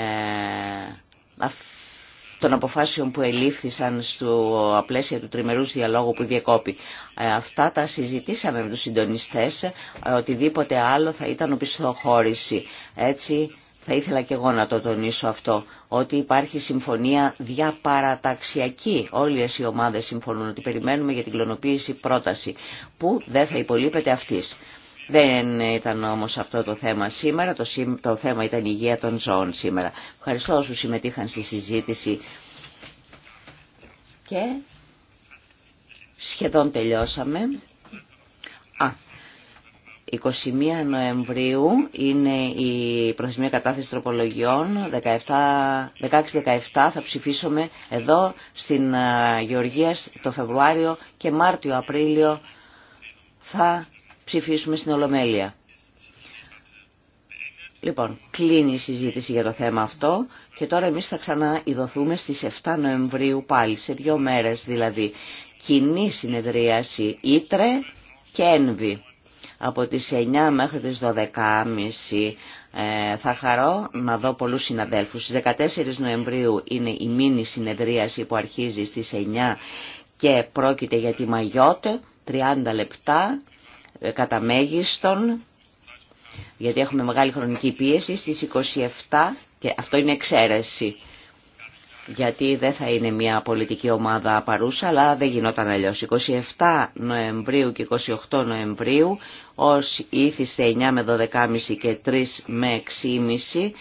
των αποφάσεων που ελήφθησαν στο πλαίσιο του τριμερούς διαλόγου που διεκόπη. Ε, αυτά τα συζητήσαμε με τους συντονιστές, ε, οτιδήποτε άλλο θα ήταν οπισθοχώρηση. Έτσι θα ήθελα και εγώ να το τονίσω αυτό, ότι υπάρχει συμφωνία διαπαραταξιακή. Όλες οι ομάδες συμφωνούν ότι περιμένουμε για την κλωνοποίηση πρόταση, που δεν θα υπολείπεται αυτής. Δεν ήταν όμως αυτό το θέμα σήμερα, το, θέμα ήταν η υγεία των ζώων σήμερα. Ευχαριστώ όσους συμμετείχαν στη συζήτηση και σχεδόν τελειώσαμε. Α, 21 Νοεμβρίου είναι η προθεσμία κατάθεση τροπολογιών. 16-17 θα ψηφίσουμε εδώ στην Γεωργία το Φεβρουάριο και Μάρτιο-Απρίλιο θα ψηφίσουμε στην Ολομέλεια. Λοιπόν, κλείνει η συζήτηση για το θέμα αυτό και τώρα εμείς θα ξαναειδωθούμε στις 7 Νοεμβρίου πάλι, σε δύο μέρες δηλαδή. Κοινή συνεδρίαση Ήτρε και Ένβη. Από τις 9 μέχρι τις 12.30 ε, θα χαρώ να δω πολλούς συναδέλφους. Στις 14 Νοεμβρίου είναι η μίνι συνεδρίαση που αρχίζει στις 9 και πρόκειται για τη Μαγιώτε, 30 λεπτά ε, κατά μέγιστον, γιατί έχουμε μεγάλη χρονική πίεση, στις 27, και αυτό είναι εξαίρεση, γιατί δεν θα είναι μια πολιτική ομάδα παρούσα, αλλά δεν γινόταν αλλιώς. 27 Νοεμβρίου και 28 Νοεμβρίου, ως ήθιστε 9 με 12,5 και 3 με 6,5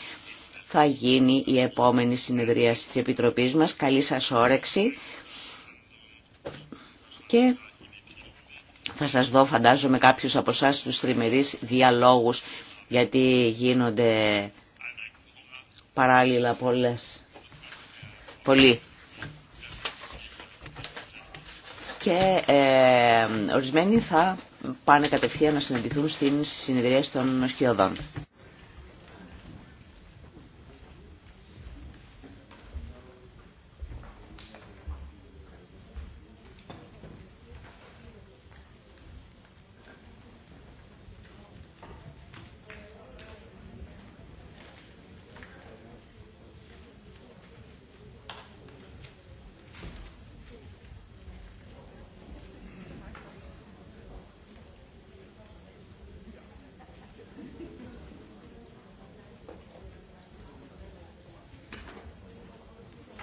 θα γίνει η επόμενη συνεδρία της Επιτροπής μας. Καλή σας όρεξη και θα σας δω φαντάζομαι κάποιους από εσά τους τριμερείς διαλόγους γιατί γίνονται παράλληλα πολλές. Πολλοί. Και ε, ορισμένοι θα πάνε κατευθείαν να συναντηθούν στην συνεδρία των σκιωδών.